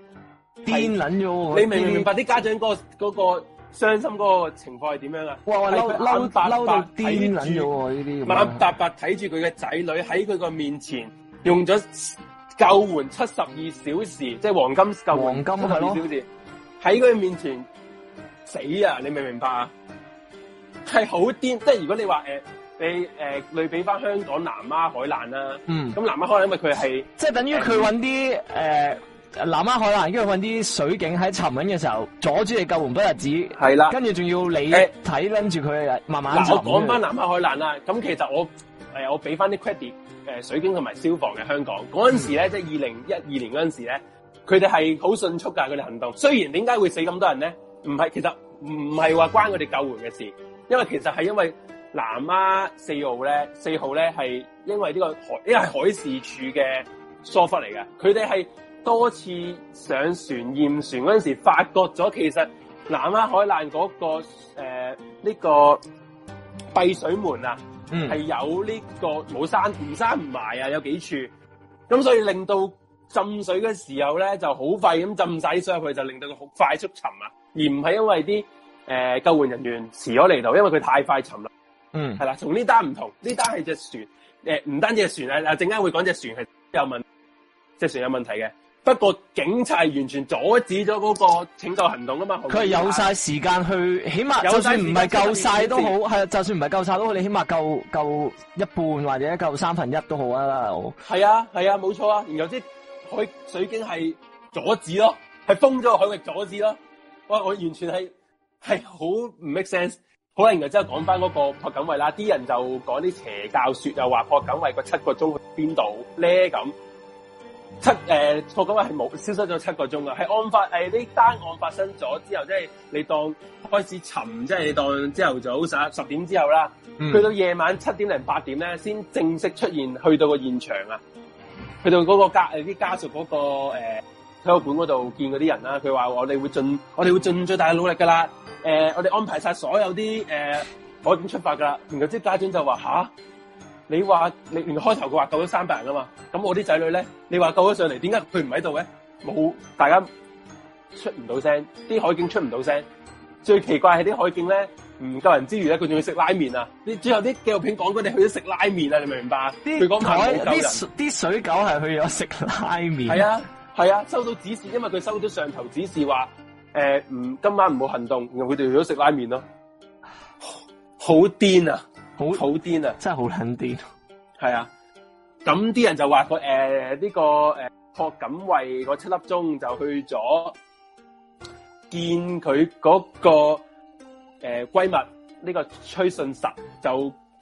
癲撚咗喎！你明唔明，明白啲家長嗰、嗰個嗯嗰個傷心嗰個情況係點樣啊？哇！嬲嬲到癲撚咗喎！呢啲，白、啊、白睇住佢嘅仔女喺佢個面前用咗，救援七十二小時，即係黃金救援七十二小時，喺佢面前死啊！你明唔明白啊？係好癲，即係如果你話誒、呃，你誒，你類比翻香港南丫海難啦，嗯，咁南丫海難因為佢係即係等於佢搵啲誒南丫海難，跟住搵啲水警喺尋緊嘅時候，阻止你救援不日子，係啦，跟住仲要你睇拎住佢慢慢尋。我講翻南丫海難啦，咁其實我誒、呃，我俾翻啲 credit。誒水警同埋消防嘅香港嗰陣時咧，即係二零一二年嗰陣時咧，佢哋係好迅速㗎，佢哋行動。雖然點解會死咁多人咧？唔係其實唔係話關佢哋救援嘅事，因為其實係因為南丫四號咧，四號咧係因為呢、這個海因為個係海事處嘅疏忽嚟嘅。佢哋係多次上船驗船嗰陣時候，發覺咗其實南丫海難嗰、嗰個呢、呃呢個閉水門啊。嗯，係有呢、這個冇閂，唔閂唔埋啊，有幾處，咁所以令到浸水嘅時候咧，就好快咁浸晒上去，就令到佢好快速沉啊，而唔係因為啲誒、呃、救援人員遲咗嚟到因為佢太快沉啦。嗯，係啦，同呢單唔同，呢單係隻船，誒、呃，唔單止係船啊，啊，陣間會講隻船係有問，隻船有問題嘅。不過警察完全阻止咗嗰個拯救行動啊嘛，佢係有晒時間去，起碼就算唔係夠晒都好，係就算唔係夠晒都好，好，你起碼夠夠一半或者夠三分一都好啊！係啊係啊，冇錯啊！然後啲海水警係阻止咯，係封咗個海域阻止咯，哇！我完全係係好唔 make sense，好啦，然後之後講翻嗰個朴槿惠啦，啲人就講啲邪教說，又話朴槿惠個七個鐘去邊度咧咁。七誒，錯，講話係冇，消失咗七個鐘啊！係案發誒呢單案發生咗之後，即係你當開始沉，即係你當朝頭早十十點之後啦，嗯，去到夜晚七點零八點咧，先正式出現去到個現場啊！去到嗰個家誒啲、呃、家屬嗰，那個誒、呃、體育館嗰度見嗰啲人啦，佢話我哋會盡我哋會盡最大嘅努力噶啦，誒、呃、我哋安排晒所有啲誒，我、呃、點出發噶啦？然後即係家長就話吓。你話你連開頭佢話救咗三百人啊嘛，咁我啲仔女咧，你話救咗上嚟，點解佢唔喺度咧？冇大家出唔到聲，啲海警出唔到聲。最奇怪係啲海警咧，唔救人之餘咧，佢仲要食拉麵啊！你最後啲紀錄片講佢哋去咗食拉麵啊，你明唔明白？佢講係冇救人。啲水狗係去咗食拉麵。係啊，係啊，收到指示，因為佢收到上頭指示話，誒、呃，唔今晚唔好行動，然後佢哋去咗食拉麵咯。好癲啊！好好癲啊！真係好撚癲，係啊！咁啲人就話、呃呢個誒呢個誒朴槿惠七粒鐘就去咗見佢嗰、嗰個誒閨蜜呢個崔順實，就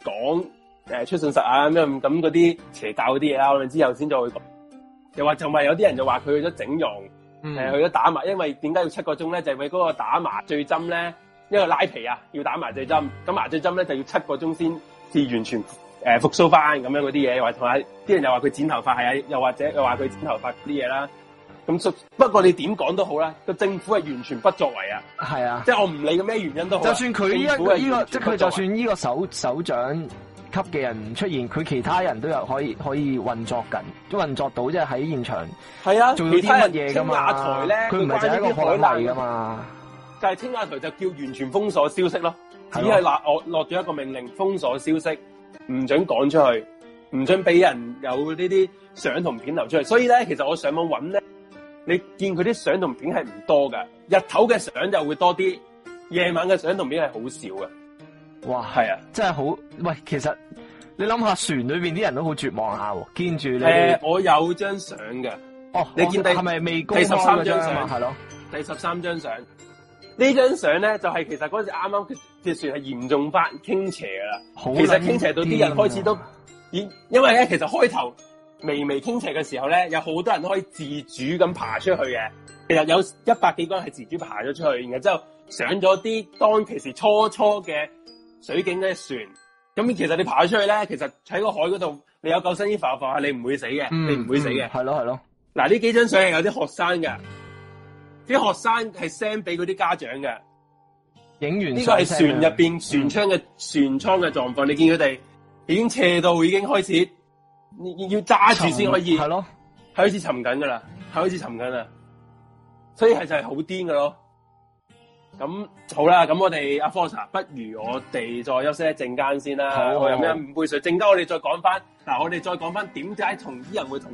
講誒、呃、崔順實啊咩咁嗰啲邪教嗰啲嘢啦。我哋之後先再去講，又話就咪有啲人就話佢去咗整容，誒、嗯、去咗打麻，因為點解要七個鐘咧？就係，為嗰個打麻醉針咧。一個拉皮啊，要打麻醉針，咁麻醉針咧就要七個鐘先至完全誒復甦翻咁樣嗰啲嘢，又同埋啲人又話佢剪頭髮，係啊，又或者又話佢剪頭髮啲嘢啦。咁不過你點講都好啦，個政府係完全不作為啊。係啊，即係我唔理咩原因都好。就算佢依、這個，呢、這個、這個、即係佢就算呢個首首長級嘅人唔出現，佢其他人都有可以可以運作緊，都運作到即係喺現場。係啊，仲要啲乜嘢噶嘛？青瓦台咧，佢唔係就係啲海難噶嘛？但係青瓦台就叫完全封鎖消息咯，是只係，嗱我落咗一個命令，封鎖消息，唔准講出去，唔准俾人有呢啲相同片流出嚟。所以咧，其實我上網搵咧，你見佢啲相同片係唔多噶，日頭嘅相就會多啲，夜晚嘅相同片係好少噶。哇，係啊，真係好。喂，其實你諗下船裏邊啲人都好絕望下、啊，見住誒、呃，我有張相嘅、哦，哦，你見係咪、哦哦、未公開？第十三張係咯，第十三張相。張呢張相咧就係、是、其實嗰陣時啱啱條船係嚴重翻傾斜噶啦，其實傾斜到啲人開始都，因因為咧其實開頭微微傾斜嘅時候咧，有好多人都可以自主咁爬出去嘅。其實有一百幾個人係自主爬咗出去，然後之後上咗啲當其時初初嘅水警嘅船。咁其實你爬出去咧，其實喺個海嗰度，你有救生衣浮浮吓，你唔會死嘅、嗯，你唔會死嘅、嗯。係咯係咯。嗱呢幾張相係有啲學生㗎。啲學生係 send 俾嗰啲家長嘅，影完呢個係船入邊船窗嘅船艙嘅狀況，你見佢哋已經斜到已經開始，要要揸住先可以，係咯，係開始沉緊噶啦，係開始沉緊啦，所以係就係好癲噶咯。咁好啦，咁我哋阿 Fox，Forsa，不如我哋再休息一陣間先啦、哦，我飲一杯午杯水，陣間我哋再講翻。嗱，我哋再講翻點解同啲人會同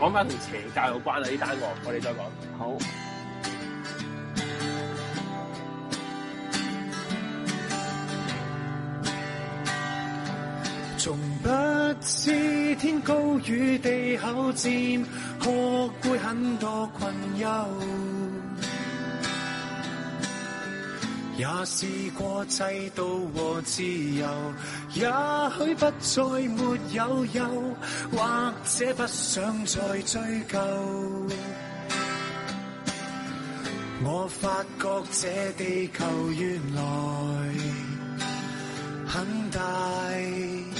講翻同邪教有關啊？呢單案，我我哋再講好。不知天高與地厚，漸何故很多困憂。也試過制度和自由，也許不再沒有憂，或者不想再追究。我發覺這地球原來很大。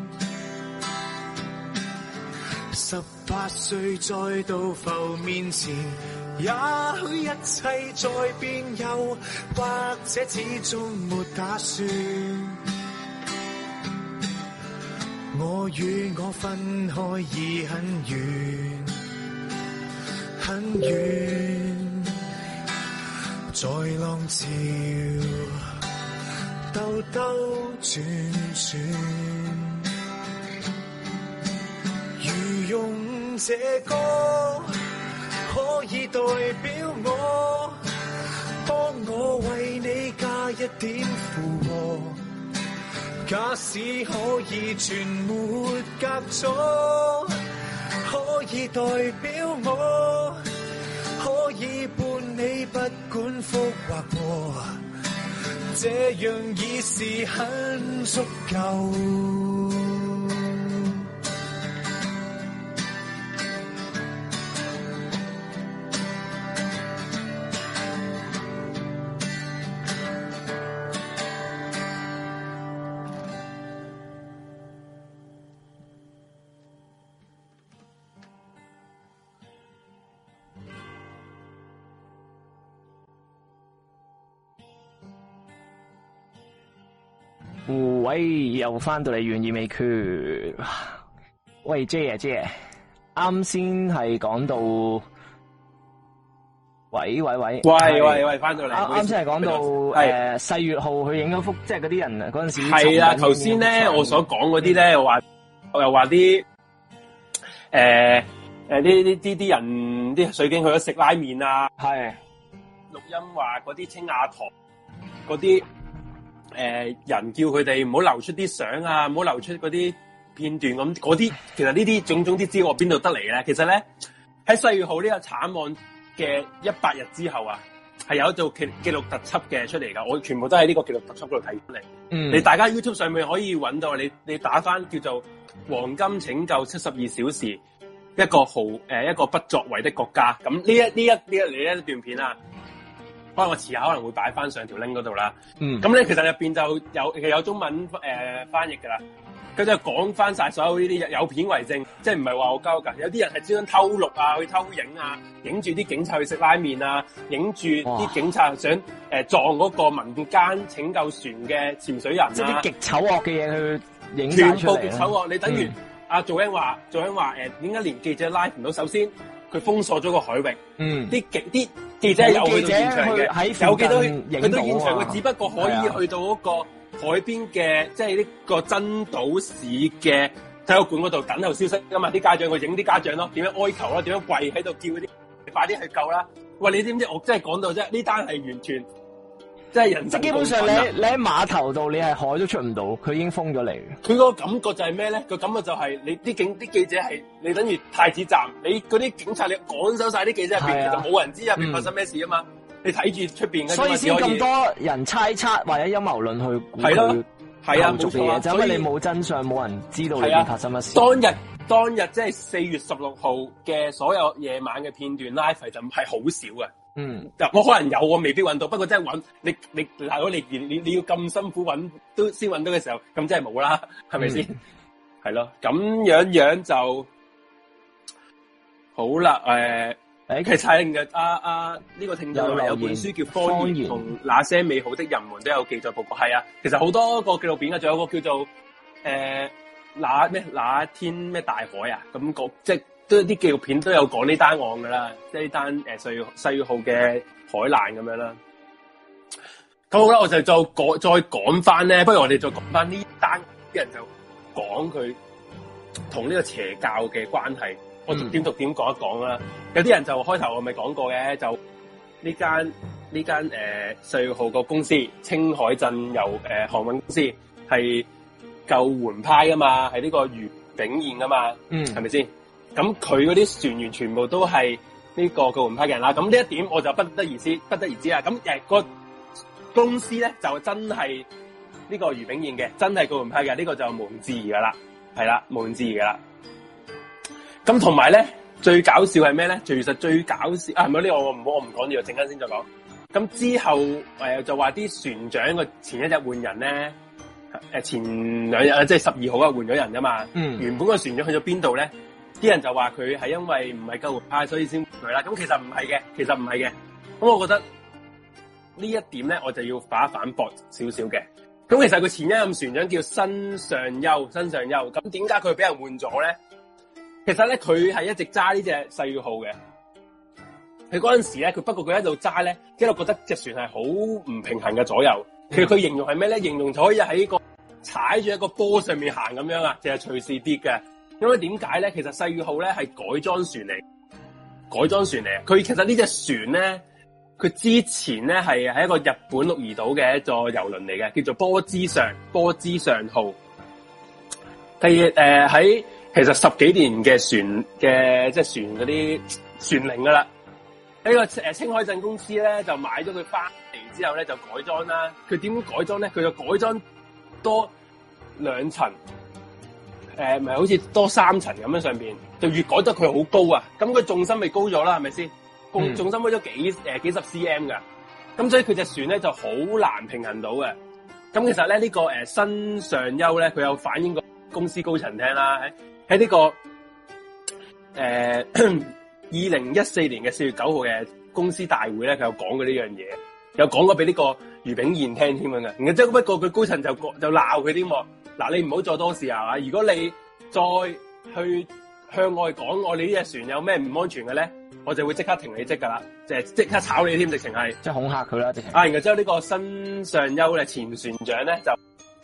八歲再度浮面前，也許一切在變悠，或者始終沒打算。我與我分開已很遠，很遠，在浪潮兜兜轉轉，如用。這歌可以代表我，幫我為你加一點負荷。假使可以全沒隔阻，可以代表我，可以伴你不管福或禍，這樣已是很足夠。喂，又翻到嚟，懸疑未決？喂，J 啊，J，啱先係講到，喂喂喂，喂喂喂，翻到嚟。啱先係講到，誒，世、呃、越號去影咗幅，即係嗰啲人嗰陣時係啦。頭先咧，我所講嗰啲咧，又話，我又話啲，誒，誒、呃，呢呢呢啲人，啲水兵去咗食拉麵啊。係，錄音話嗰啲清雅堂，嗰啲。誒、呃、人叫佢哋唔好流出啲相啊，唔好流出嗰啲片段咁、啊，嗰啲其，其實呢啲種種啲資料我邊度得嚟咧？其實咧喺世越號呢個慘案嘅一百日之後啊，係有一套記錄特輯嘅出嚟噶，我全部都喺呢個記錄特輯嗰度睇出嚟。嗯，你大家 YouTube 上面可以揾到你，你你打翻叫做《黃金拯救七十二小時一個好誒、呃、一個不作為的國家。咁呢一呢一呢一呢一段片啊！可能我遲下可能會擺翻上條 link 嗰度啦。嗯，咁咧其實入邊就有有中文、呃、翻譯噶啦，跟住講翻曬所有呢啲有片為證，即係唔係話好鳩噶。有啲人係專登偷錄啊，去偷影啊，影住啲警察去食拉麵啊，影住啲警察想誒、呃、撞嗰個民間拯救船嘅潛水人、啊，即係啲極醜惡嘅嘢去影全部極醜惡。嗯、你等於阿做英話，做英話誒、點解連記者拉唔到？首先。佢封鎖咗個海域，啲記啲記者有記者去，有幾多佢都現場，佢、啊、只不過可以去到嗰個海邊嘅，即係呢個真島市嘅體育館嗰度等候消息噶嘛，啲家長我影啲家長咯，點樣哀求啦，點樣跪喺度叫嗰啲你快啲去救啦，喂，你知唔知我真係講到啫，呢單係完全。即係人，即係基本上你，啊、你喺碼頭度，你係海都出唔到，佢已經封咗嚟。佢嗰個感覺就係咩咧？個感覺就係、是、你啲警、啲記者係你等於太子站，你嗰啲警察你趕走晒啲記者入邊，啊、就冇人知入邊發生咩事啊嘛！嗯、你睇住出邊。所以先咁多人猜測或者陰謀論去估係咯，係啊，做嘅嘢，因為你冇真相，冇人知道你發生乜事、啊當。當日當日即係四月十六號嘅所有夜晚嘅片段，live 就係好少嘅。嗯，就我可能有，我未必揾到。不過真係揾，你你嗱，果你你你要咁辛苦揾都先揾到嘅時候，咁真係冇啦，係咪先？係、嗯、咯，咁 樣樣就好啦。誒、呃、誒、嗯，其實其實阿阿呢個聽眾有，有，有本書叫《科研》同那些美好的人們都有記載報告。係啊，其實好多個紀錄片嘅，仲有個叫做誒那咩那天咩大海啊，咁、那、國、個、即。都啲紀錄片都有講呢單案噶啦，即係呢單誒世越號嘅海難咁樣啦。咁好啦，我就再講再講翻咧，不如我哋再講翻呢單啲人就講佢同呢個邪教嘅關係，我逐點逐點講一講啦。嗯。有啲人就開頭我咪講過嘅，就呢間呢間誒世越號個公司清海鎮由誒航運公司係救援派啊嘛，係呢個袁炳燕啊嘛，嗯，係咪先？咁佢嗰啲船員全部都係呢個救援派嘅人啦，咁呢一點我就不得而知，不得而知啦。咁誒個公司咧就真係呢個俞炳彥嘅，真係救援派嘅，呢、這個就毋置疑噶啦，係啦，毋置疑噶啦。咁同埋咧，最搞笑係咩咧？其實最搞笑啊，係咪呢個我唔好，我唔講呢個，陣間先再講。咁之後誒、呃、就話啲船長個前一日換人咧，誒前兩日即係十二號啊換咗人咋嘛，嗯，原本個船長去咗邊度咧？啲人就話佢係因為唔係救活派，所以先佢啦。咁其實唔係嘅，其實唔係嘅。咁我覺得呢一點咧，我就要反反駁少少嘅。咁其實佢前一任船長叫新上優，新上優。咁點解佢俾人換咗咧？其實咧，佢係一直揸呢隻世越號嘅。佢嗰陣時咧，佢不過佢喺度揸咧，喺我覺得隻船係好唔平衡嘅左右。其實佢形容係咩咧？形容就可以喺個踩住一個波上面行咁樣啊，淨係隨時跌嘅。因為點解咧？其實世越號咧係改裝船嚟，改裝船嚟。佢其實這呢隻船咧，佢之前咧係喺一個日本鹿兒島嘅一座遊輪嚟嘅，叫做波之上波之上號。第二誒喺其實十幾年嘅船嘅，即係船嗰啲船齡㗎喇。呢、這個誒清海鎮公司咧就買咗佢返嚟之後咧就改裝啦。佢點改裝咧？佢就改裝多兩層。誒、呃，咪好似多三層咁樣上邊，就越改得佢好高啊！咁佢重心咪高咗啦，係咪先？重重心高咗幾誒、呃、幾十 cm 噶，咁所以佢隻船咧就好難平衡到嘅。咁其實咧呢、這個誒、呃、新上優咧，佢有反映過公司高層聽啦，喺呢、這個誒二零一四年嘅四月九號嘅公司大會咧，佢有講過呢樣嘢，有講過俾呢個余炳賢聽添嘅。然之後不過佢高層就講就鬧佢添。嗱，你唔好再多事啊！如果你再去向外講我哋呢隻船有咩唔安全嘅咧，我就會即刻停你職噶啦，就係即刻炒你添，直情係。即係恐嚇佢啦，啊，然後之後呢個新上優嘅前船長咧就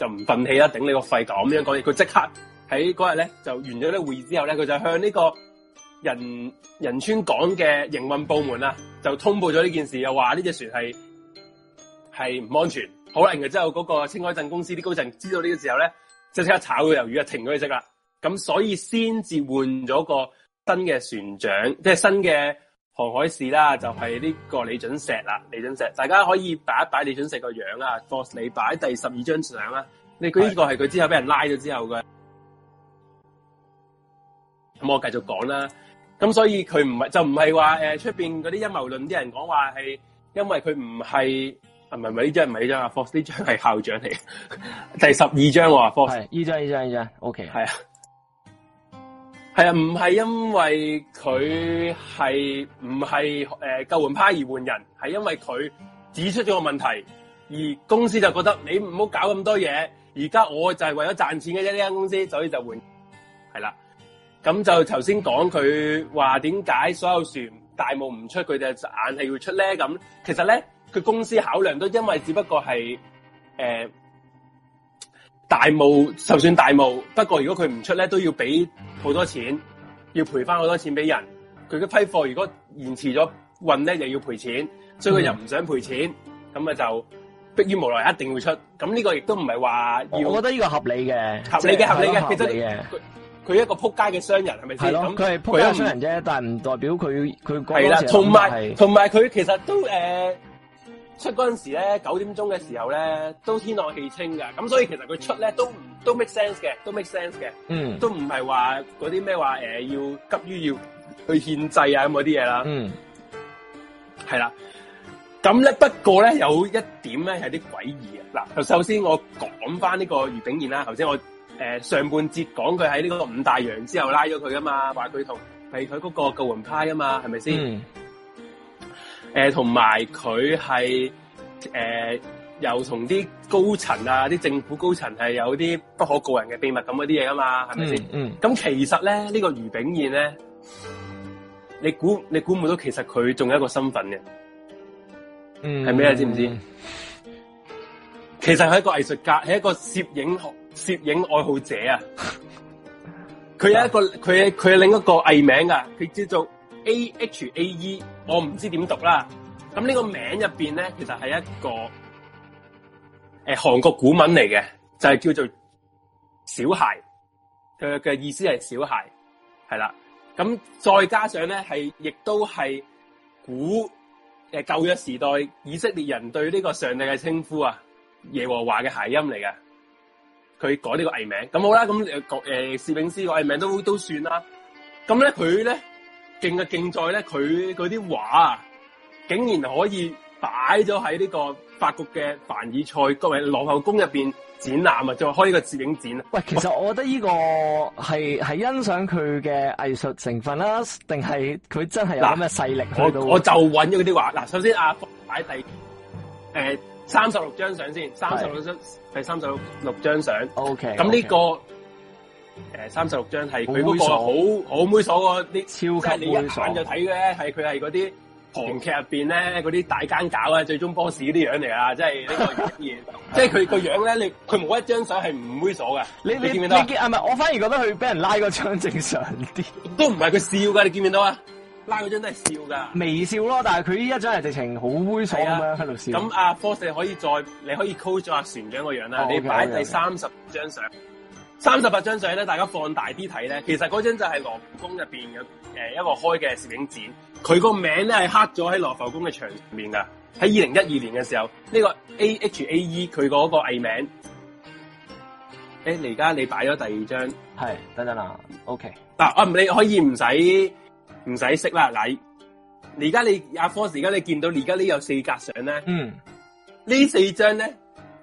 就唔忿氣啦，頂你個肺咁樣講嘢。佢即刻喺嗰日咧就完咗啲會議之後咧，佢就向呢個仁仁川港嘅營運部門啊就通報咗呢件事，又話呢隻船係係唔安全。好啦，然之後嗰個清海鎮公司啲高層知道呢個時候咧，即係即刻炒佢魷魚啊，停咗佢食啦。咁所以先至換咗個新嘅船長，即係新嘅航海士啦，就係、是、呢個李準石啦，李準石。大家可以擺一擺李準石個樣啊，放你擺第十二張相啦。你佢呢個係佢之後俾人拉咗之後嘅。咁我繼續講啦。咁所以佢唔就唔係話誒出面嗰啲陰謀論啲人講話係因為佢唔係。啊，咪咪呢張，唔係呢張啊，Fox 呢張係校長嚟嘅。第十二張喎，Fox，依張依張依張，OK，係啊，係啊，唔係因為佢係唔係誒救援派而換人，係因為佢指出咗個問題，而公司就覺得你唔好搞咁多嘢，而家我就係為咗賺錢嘅啫呢間公司，所以就換，係啦，咁就頭先講佢話點解所有船大霧唔出，佢哋硬係要出咧，咁其實咧。佢公司考量都，因為只不過係，誒、呃，大霧，就算大霧，不過如果佢唔出咧，都要俾好多錢，要賠翻好多錢俾人。佢嘅批貨如果延遲咗運咧，又要賠錢，所以佢又唔想賠錢，咁、嗯、啊就迫於無奈，一定會出。咁呢個亦都唔係話，我我覺得呢個合理嘅，合理嘅、就是，合理嘅，其實佢一個撲街嘅商人係咪先？係咯，佢係撲街商人啫，但唔代表佢佢。係啦，同埋同埋佢其實都誒。呃出嗰陣時咧，九點鐘嘅時候咧，都天朗氣清嘅，咁所以其實佢出咧都都 make sense 嘅，都 make sense 嘅，嗯，都唔係話嗰啲咩話誒要急於要去獻祭啊咁嗰啲嘢啦，嗯，係啦，咁咧不過咧有一點咧係啲詭異嘅，嗱，首先我講翻呢個余炳賢啦，頭先我誒、呃、上半節講佢喺呢個五大洋之後拉咗佢噶嘛，話佢同係佢嗰個救援派啊嘛，係咪先？嗯誒、呃，同埋佢係誒，又同啲高層啊，啲政府高層係有啲不可告人嘅秘密咁嗰啲嘢噶嘛，係咪先？嗯，咁、嗯、其實咧，呢、這個余炳燕咧，你估你估唔到，其實佢仲有一個身份嘅，嗯，係咩啊？知唔知、嗯？其實係一個藝術家，係一個攝影學攝影愛好者啊！佢 有一個佢佢 係另一個藝名噶，佢叫做。A H A E，我唔知點讀啦。咁呢個名入邊咧，其實係一個誒、呃、韓國古文嚟嘅，就係、是、叫做小孩嘅嘅意思，係小孩，係啦。咁再加上咧，係亦都係古誒舊約時代以色列人對呢個上帝嘅稱呼啊，耶和華嘅諧音嚟嘅。佢改呢個藝名，咁好啦。咁誒、誒、呃，攝影師個藝名都都算啦。咁咧，佢咧。勁嘅競賽咧，佢嗰啲畫啊，竟然可以擺咗喺呢個法國嘅凡爾賽，各位羅浮宮入邊展覽啊，再開呢個攝影展啊。喂，其實我覺得呢個係係欣賞佢嘅藝術成分啦，定係佢真係有咁嘅勢力度？我就揾咗啲畫。嗱，首先阿福、啊、擺第誒三十六張相先，三十六張，第三十六六張相。OK，咁呢、這個。Okay. 誒，三十六張係佢嗰個好好猥瑣，嗰啲超級猥瑣，就睇嘅係佢係嗰啲韓劇入邊咧嗰啲大奸搞啊，最終 boss 嗰啲樣嚟啊，即係呢個嘢。即係佢個樣咧，你佢冇一張相係唔猥瑣㗎。你見到你你見？唔係，我反而覺得佢俾人拉嗰張正常啲。 都唔係佢笑噶，你見面到見唔見到啊？拉嗰張都係笑噶，微笑咯。但係佢呢一張係直情好猥瑣啊喺度笑。咁阿 Fox 可以再你可以 call 咗阿船長個樣啦，你擺第三十張相。三十八張相咧，大家放大啲睇咧，其實嗰張就係羅浮宮入邊嘅誒一個開嘅攝影展，佢個名咧係刻咗喺羅浮宮嘅牆面噶。喺二零一二年嘅時候，呢個 A H A E 佢嗰個藝名，誒，而家你擺咗第二張，係等等啦，OK，嗱啊，唔你可以唔使唔使識啦，禮，你而家你阿 Fox 而家你見到你而家呢有四格相咧，嗯，呢四張咧。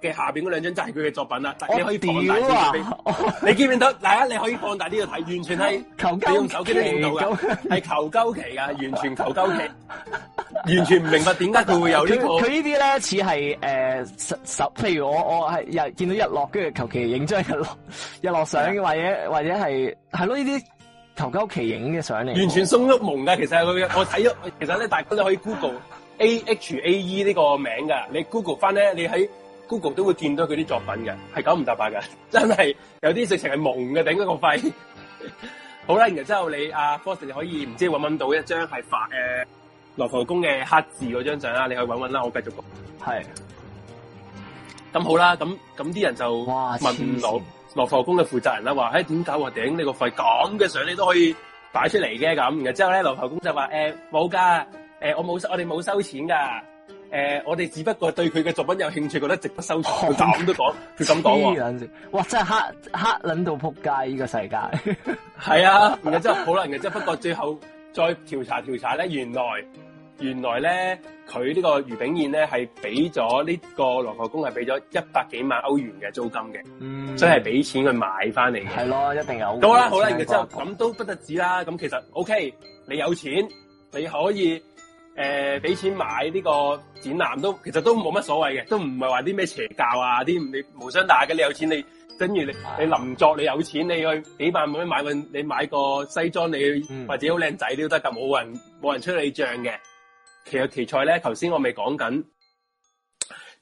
嘅下邊嗰兩張就係佢嘅作品啦，你可以放大呢度，你見唔見到。第一、啊，你看 可以放大啲度睇，完全係你用手機都見到噶，係 求鳩期噶，完全求鳩期。 完全唔明白點解佢會有呢、呢個。佢 呢啲咧似係誒譬如我我係日見到日落，跟住求其影張日落日落相，嘅， 或者或者係係咯呢啲求鳩期影嘅相嚟。完全鬆碌蒙噶， 其實佢我睇咗。其實咧，大家都可以 Google A H A E 呢個名噶，你 Google 翻咧，你喺。Google 都會見到佢啲作品嘅，係九唔搭八嘅，真係有啲直情係蒙嘅頂一個肺。 好啦，然之後你阿、啊、Fox 可以唔知揾唔揾到一張係發誒羅浮宮嘅黑字嗰張相啦，你可以揾揾啦，我繼續講。係。咁好啦，咁咁啲人就問哇羅羅浮宮嘅負責人啦，話、哎：，誒點解我頂這個肺這你個肺？咁嘅相你都可以擺出嚟嘅咁。然後之後咧，羅浮宮就話：誒冇噶，我冇我哋冇收錢噶。誒、呃，我哋只不過對佢嘅作品有興趣，覺得值得收藏。佢、嗯、咁都講，佢咁講喎。哇，真係黑黑卵到仆街呢、這個世界。係 啊，然之後好難、啊、嘅，即係不過最後再調查調查咧，原來原來咧，佢呢個俞炳彥咧係俾咗呢個羅浮宮係俾咗一百幾萬歐元嘅租金嘅。嗯，即係俾錢去買翻嚟。係咯，一定有，有。好啦，好啦、啊，然之後咁、嗯、都不得止啦。咁其實 O、okay, K，你有錢你可以。誒、呃、俾錢買呢個展覽都其實都冇乜所謂嘅，都唔係話啲咩邪教啊，啲你無相打嘅。你有錢你跟住你你林作你有錢，你去幾萬蚊買個你買個西裝你或者好靚仔都得㗎，冇人冇人出你帳嘅。其實奇材咧，頭先我未講緊，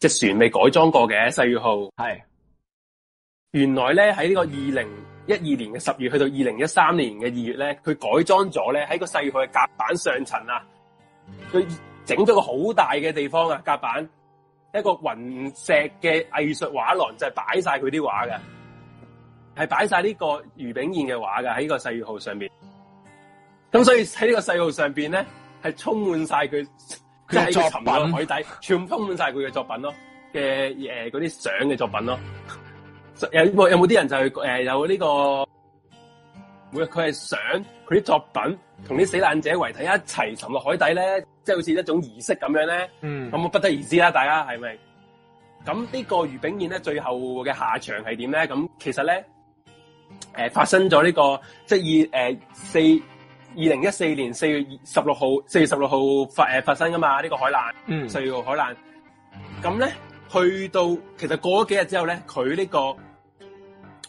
隻船未改裝過嘅世越號係原來咧，喺呢個二零一二年嘅十月去到二零一三年嘅二月咧，佢改裝咗咧，喺個世越號嘅甲板上層啊。佢整咗個好大嘅地方啊，甲板一個雲石嘅藝術畫廊就係、是、擺晒佢啲畫嘅，係擺晒呢個余炳彥嘅畫嘅喺個世越號上邊。咁所以喺呢個世越號上邊咧，係充滿晒佢，即係喺個沉咗海底，全部充滿晒佢嘅作品咯，嘅誒嗰啲相嘅作品咯。有冇有冇啲人就係誒、呃、有呢、這個？佢佢係想佢啲作品同啲死難者遺體一齊沉落海底咧，即係好似一種儀式咁樣咧。咁、嗯、我不得而知啦，大家係咪？咁呢個余炳燕咧最後嘅下場係點咧？咁其實咧，誒、呃、發生咗呢、這個即係二四二零一四年四月十六號四月十六號發，、呃、發生噶嘛？呢、這個海難，嗯，世越號海難。咁咧去到其實過咗幾日之後咧，佢呢個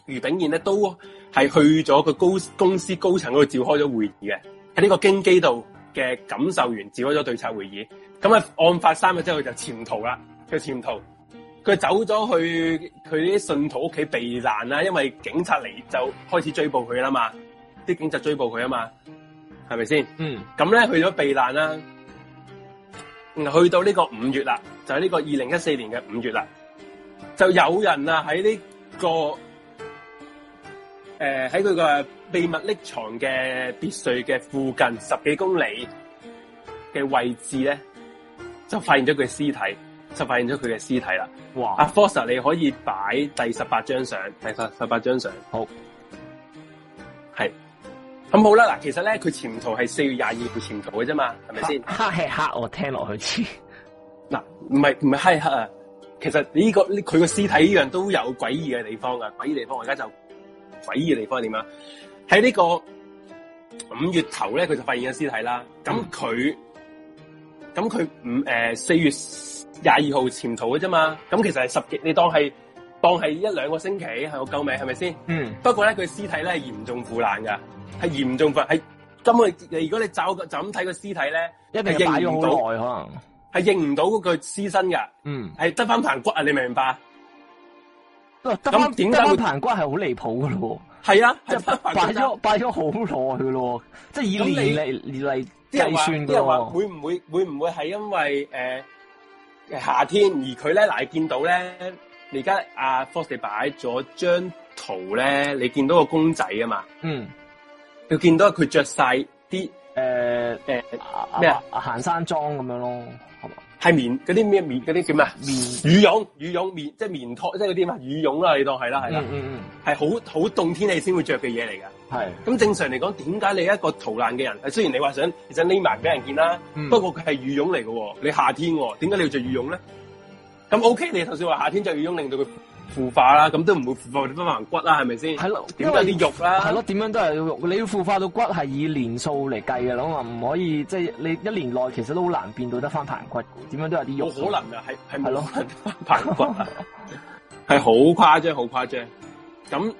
余炳燕咧都。係去咗個高公司高層嗰度召開咗會議嘅，喺呢個京基度嘅感受員召開咗對策會議。咁啊，案發三日之後就潛逃啦，佢潛逃，佢走咗去佢啲信徒屋企避難啦，因為警察嚟，就開始追捕佢啦嘛，啲警察追捕佢啊嘛，係咪先？嗯呢，咁咧去咗避難啦，去到呢個五月啦，就係呢個二零一四年嘅五月啦，就有人啊喺呢個。誒，喺佢個秘密匿藏嘅別墅嘅附近十幾公里嘅位置咧，就發現咗佢嘅屍體，就發現咗佢嘅屍體啦。哇！阿 Fox，你可以擺第十八張相，第十十八張相。好，係咁好啦。嗱、啊，其實咧、這個，佢潛逃係四月廿二號潛逃嘅啫嘛，係咪先？黑黑，我聽落去似嗱，唔係唔係黑黑啊。其實呢個佢個屍體呢樣都有詭異嘅地方啊，詭異地方我而家就。詭異嘅地方係點啊？喺呢個五月頭咧，佢就發現咗屍體啦。咁佢咁佢五誒四月廿二號潛逃嘅啫嘛。咁其實係十幾，你當係當係一兩個星期係救命，係咪先？嗯。不過咧，佢屍體咧嚴重腐爛噶，係嚴重腐爛，係根本如果你就就咁睇個屍體咧，定認唔到，係認唔到嗰個屍身噶。嗯。係得翻盤骨啊！你明唔明白？咁點解？得翻，平衡關係好離譜噶咯係啊，即係擺咗擺咗好耐噶咯即係以年嚟嚟計算嘅。又話會唔會會唔會係因為誒、呃、夏天而佢咧嗱，你見到咧，而家阿 Fox 擺咗張圖咧，你見到個公仔啊嘛，嗯，你見到佢着晒啲誒誒咩啊，啊行山裝咁樣咯，係嘛。係棉嗰啲咩，棉嗰啲叫咩？棉，棉羽絨羽絨棉，即係棉托，即係嗰啲咩羽絨啦，你當係啦係啦，係好好凍天氣先會着嘅嘢嚟㗎。係咁正常嚟講，點解你是一個逃難嘅人？雖然你話想，其實匿埋俾人見啦，嗯。不過佢係羽絨嚟嘅，你夏天點解你要着羽絨咧？咁 OK，你就算話夏天着羽絨，令到佢。腐化啦，咁都唔會腐化到翻排骨啦，係咪先？係咯，點解啲肉啦。係咯，點樣都係肉。你要腐化到骨，係以年數嚟計嘅，我唔可以，即係你一年內其實都好難變到得翻排骨嘅。點樣都有啲肉。冇可能啊，係係冇可能翻排骨，係好誇張，好誇張。咁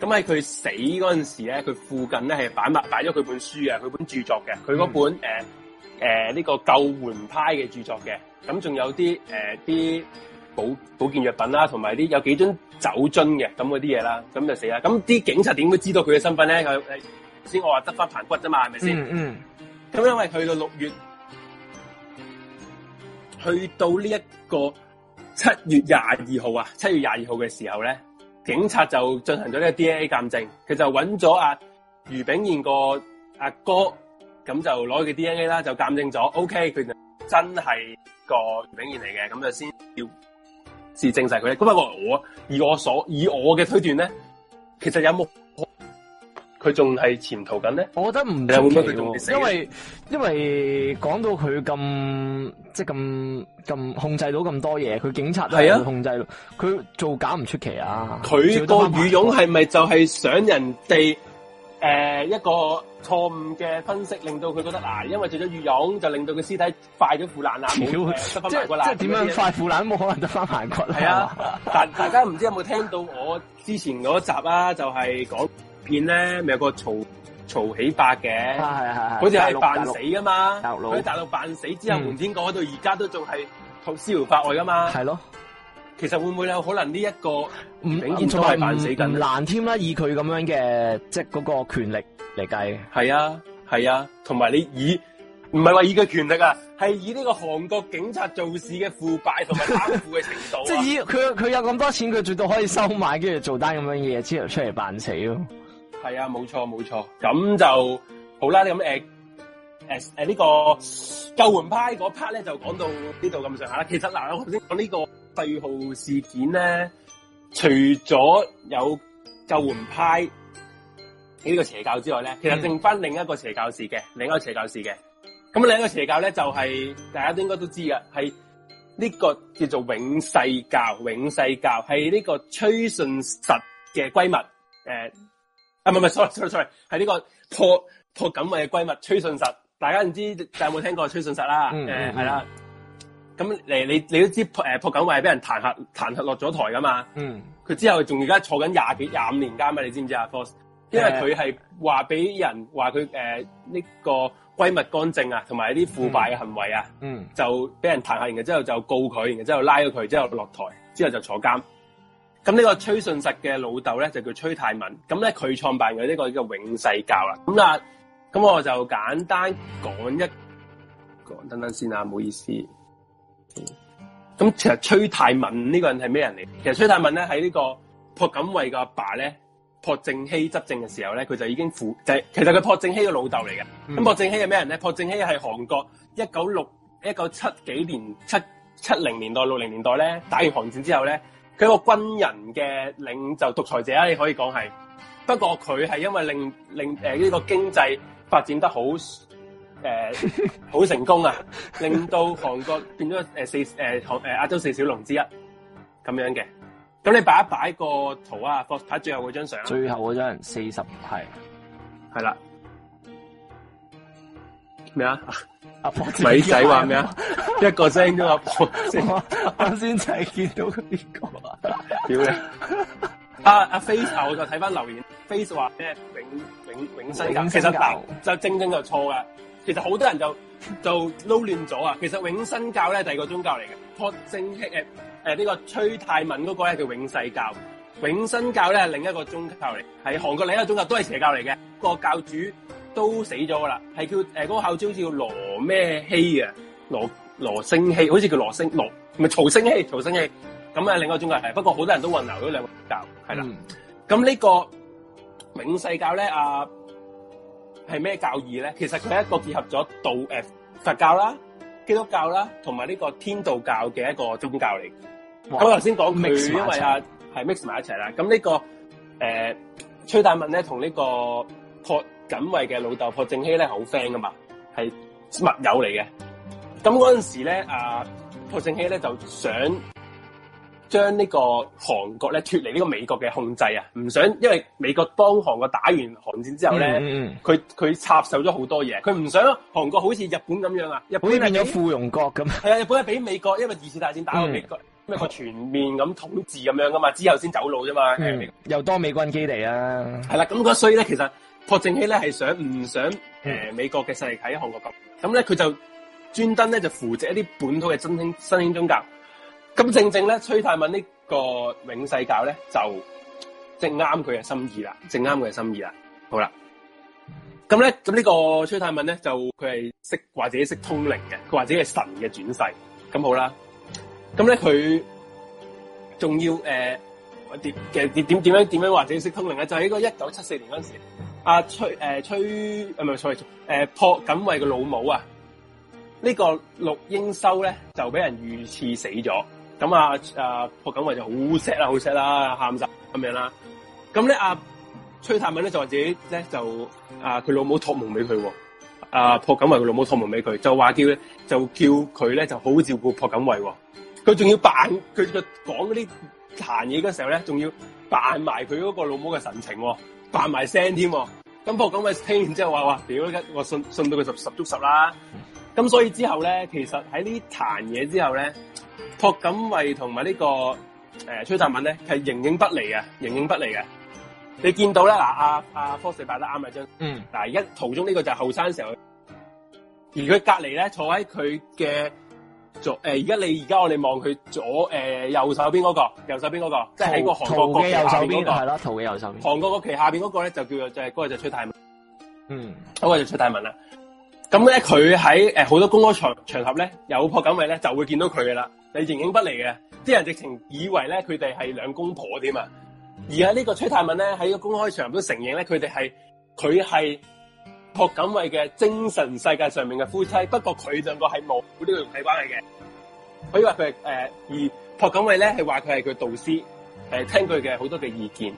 咁喺佢死嗰陣時咧，佢附近咧係擺埋擺咗佢本書啊，佢本著作嘅，佢嗰本誒誒呢個救援派嘅著作嘅，咁仲有啲誒啲。呃保保健藥品啦，同埋啲有幾樽酒樽嘅咁嗰啲嘢啦，咁就死啦！咁啲警察點會知道佢嘅身份咧？佢先我話得翻殘骨啫嘛，係咪先？嗯、嗯、咁因為去到六月，去到呢一個七月廿二號啊，七月廿二號嘅時候咧，警察就進行咗呢個 DNA 鑑證，佢就揾咗阿余炳彥個阿哥，咁就攞佢 DNA 啦，就鑑證咗 OK，佢就真係個余炳彥嚟嘅，咁就先要。是證實佢咧，咁啊我，我，以我所，以我嘅推斷咧，其實有冇佢仲係潛逃緊咧？我覺得唔奇會會，因為因為講到佢咁即係咁咁控制到咁多嘢，佢警察都控制佢，啊、做假唔出奇啊！佢個羽絨係咪就係想人哋？誒、呃、一個錯誤嘅分析，令到佢覺得嗱、啊，因為著咗羽絨，就令到佢屍體快咗腐爛啦。屌、啊，即即點樣快腐爛冇可能得翻排骨啦？ 啊，大大家唔知有冇聽到我之前嗰集啊？就係、是、講片咧，咪有一個曹曹起伯嘅，啊係係好似係扮死噶嘛，佢喺大陸扮死之後，從天講到而家都仲係逍遙法外噶嘛，係、嗯、咯。其實會唔會有可能呢一個？頂天出嚟扮死緊難添啦！以佢咁樣嘅即係嗰個權力嚟計，係啊係啊，同埋、啊、你以唔係話以佢權力啊，係以呢個韓國警察做事嘅腐敗同埋貪腐嘅程度、啊，即 係以佢佢有咁多錢，佢絕對可以收買，跟住做單咁樣嘅嘢之後出嚟扮死咯。係啊，冇錯冇錯，咁就好啦。咁誒誒誒呢個救援派嗰 part 咧，就講到呢度咁上下啦。其實嗱、啊，我頭先講呢個。世越號事件咧，除咗有救援派呢個邪教之外咧、嗯，其實剩翻另一個邪教事嘅，另一個邪教事嘅。咁另一個邪教咧、就是，就係大家都應該都知噶，係呢個叫做永世教，永世教係呢個崔順實嘅閨蜜，誒、呃，啊唔係唔係，sorry sorry sorry，係呢個朴朴槿惠嘅閨蜜崔順實，大家唔知大家有冇聽過崔順實啦，誒係啦。呃咁你你你都知，誒朴槿惠俾人彈劾、彈劾落咗台噶嘛？嗯，佢之後仲而家坐緊廿幾廿五年監嘛？你知唔知啊？Fox，因為佢係話俾人話佢誒呢個閨蜜干政啊，同埋啲腐敗嘅行為啊，嗯，嗯就俾人彈劾完嘅之後就告佢，然之後拉咗佢，之後落台，之後就坐監。咁呢個崔信實嘅老豆咧就叫崔泰民，咁咧佢創辦嘅呢、呢個叫、呢個、永世教啦。咁啊，咁我就簡單講一講，等等先啊，唔好意思。咁其實崔泰敏呢個人係咩人嚟？其實崔泰敏咧喺呢個朴槿惠個阿爸咧，朴正熙執政嘅時候咧，佢就已經負就係，其實佢朴正熙嘅老豆嚟嘅。咁朴正熙係咩人咧？朴正熙係韓國一九六一九七幾年七七零年代六零年代咧打完韓戰之後咧，佢一個軍人嘅領袖獨裁者啊，你可以講係。不過佢係因為令令誒呢個經濟發展得好。誒、 啊，好成功啊！令到韓國變咗誒、呃、四誒阿誒亞洲四小龍之一咁樣嘅。咁你擺一擺個圖啊，拍最後嗰張相。最後嗰張人四十，係係啦。咩啊？阿波仔話咩啊？啊 啊 Mei, 一個聲都阿婆波 我、啊 啊啊。我先睇見到邊個？屌你！阿阿 face，我就睇翻留言，face 話咩永永永生嘅，其實就正正就錯嘅。其實好多人就就撈亂咗啊。其實永新教咧，第二個宗教嚟嘅，朴正熙誒誒呢個崔泰敏嗰個咧叫永世教，永新教咧係另一個宗教嚟，係韓國另一個宗教，都係邪教嚟嘅，那個教主都死咗噶啦，係叫誒嗰，呃那個校招好似叫羅咩熙嘅，羅羅星熙，好似叫羅星羅，唔係曹星熙，曹星熙，咁啊另一個宗教係，不過好多人都混淆咗兩個教，係啦，咁、嗯、呢個永世教咧啊係咩教義咧？其實佢係一個結合咗道誒佛教啦、基督教啦，同埋呢個天道教嘅一個宗教嚟。咁頭先講佢，因為啊，係 mix 埋一齊啦。咁、這個呃、呢個誒崔大文咧，同呢個朴槿惠嘅老豆朴正熙咧，好 friend 噶嘛，係密友嚟嘅。咁嗰陣時咧，阿朴正熙咧就想。將呢個韓國咧脫離呢個美國嘅控制啊，唔想，因為美國幫韓國打完韓戰之後咧，佢、嗯、佢插手咗好多嘢，佢唔想韓國好似日本咁樣啊，日本變咗附庸國咁，係啊，日本係俾美國因為二次大戰打過美國，美、嗯、全面咁統治咁樣噶嘛，之後先走佬啫嘛，又多美軍基地啊，係啦，咁所以咧，其實朴正熙咧係想唔想、呃、美國嘅勢力喺韓國咁，咁咧佢就專登咧就扶植一啲本土嘅新興新興宗教。咁正正咧，崔泰敏呢個永世教咧，就正啱佢嘅心意啦，正啱佢嘅心意啦。好啦，咁咧咁呢個崔泰敏咧，就佢係識或者識通靈嘅，佢或者係神嘅轉世。咁好啦，咁咧佢仲要誒點嘅點點樣點樣或者識通靈咧？就喺個一九七四年嗰陣時，阿、啊、崔誒、呃、崔啊唔係崔誒朴槿惠嘅老母啊，呢、呢個陸英修咧就俾人遇刺死咗。咁啊！阿朴槿惠就好錫啦，好錫啦，喊晒，咁樣啦、啊。咁咧、啊，阿崔太敏咧就話自己咧就啊，佢老母托夢俾佢、啊。阿朴槿惠佢老母托夢俾佢，就話叫就叫佢咧就好照顧朴槿惠喎、啊。佢仲要扮佢就講嗰啲談嘢嘅時候咧，仲要扮埋佢嗰個老母嘅神情、啊，扮埋聲添、啊。咁朴槿惠聽完之後話話，屌，我信信到佢十十足十啦。咁所以之後咧，其實喺呢談嘢之後咧。朴槿惠同埋呢個誒、呃、崔泰文咧，係形影不離嘅，形影不離嘅。你見到咧，嗱阿阿科四伯得阿米嗯嗱而家途中呢個就係後生時候，而佢隔籬咧坐喺佢嘅左誒，而家你而家我哋望佢左誒右手邊嗰、那個，右手邊嗰、那個，即係喺個韓國國旗右手邊係咯，韓國國旗下邊嗰、那個咧國國就叫做就係嗰個就，是那個、就崔泰文。嗯，嗰、那個就崔泰文啦。咁咧佢喺誒好多公開場場合咧，有朴槿惠咧就會見到佢噶啦。你形影不離嘅，啲人直情以為咧，佢哋係兩公婆添啊！而家呢個崔太敏咧喺一個公開場合都承認咧，佢哋係佢係朴槿惠嘅精神世界上面嘅夫妻。不過佢兩個係冇呢個肉體關係嘅。可以話佢係誒，而朴槿惠咧係話佢係佢導師，誒聽佢嘅好多嘅意見。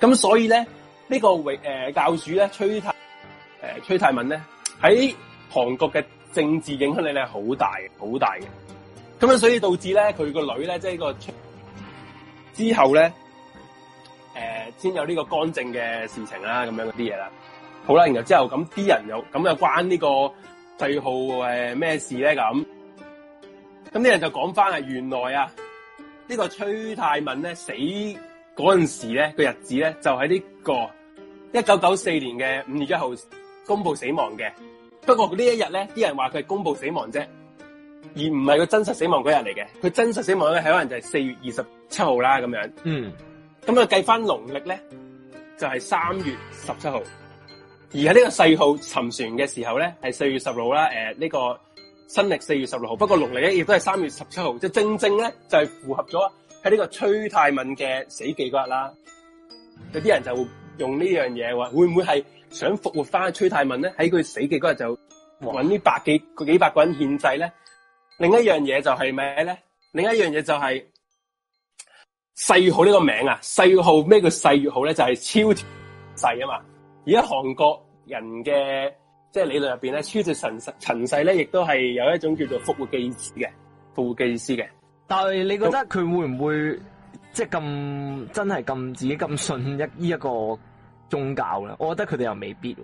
咁所以咧呢個誒教主咧崔太誒崔太敏咧喺韓國嘅政治影響力咧係好大好大嘅。咁樣所以導致咧，佢個女咧，即係呢、這個出之後咧，誒、呃，先有呢個乾淨嘅事情啦、啊，咁樣嗰啲嘢啦。好啦，然後之後咁啲人又咁又關這個、呃、什麼事呢個世越號誒咩事咧？咁咁啲人就講翻係原來啊，呢、這個崔泰敏咧死嗰陣時咧個日子咧就喺呢、這個一九九四年嘅五月一號公布死亡嘅。不過這一天呢一日咧，啲人話佢係公布死亡啫。而唔係佢真實死亡嗰日嚟嘅，佢真實死亡咧係可能就係四月二十七號啦，咁樣。嗯，咁啊計翻農曆咧，就係、是、三月十七號。而喺呢個世號沉船嘅時候咧，係四月十六啦，誒、呃、呢、這個新曆四月十六號，不過農曆咧亦都係三月十七號，即係正正咧就係、是、符合咗喺呢個崔泰敏嘅死忌嗰日啦。有啲人就用呢樣嘢話，會唔會係想復活翻崔泰敏咧？喺佢死忌嗰日就搵呢百幾個幾百個人獻祭咧？另一樣嘢就係咩咧？另一樣嘢就係世越號呢個名啊！世越號咩叫世越號咧？就係、是、超世啊嘛！而家韓國人嘅即係理論入邊咧，超脱神世塵世咧，亦都係有一種叫做復活祭司嘅復活祭司嘅。但係你覺得佢會唔會即係咁真係咁自己咁信一呢一個宗教咧？我覺得佢哋又未必。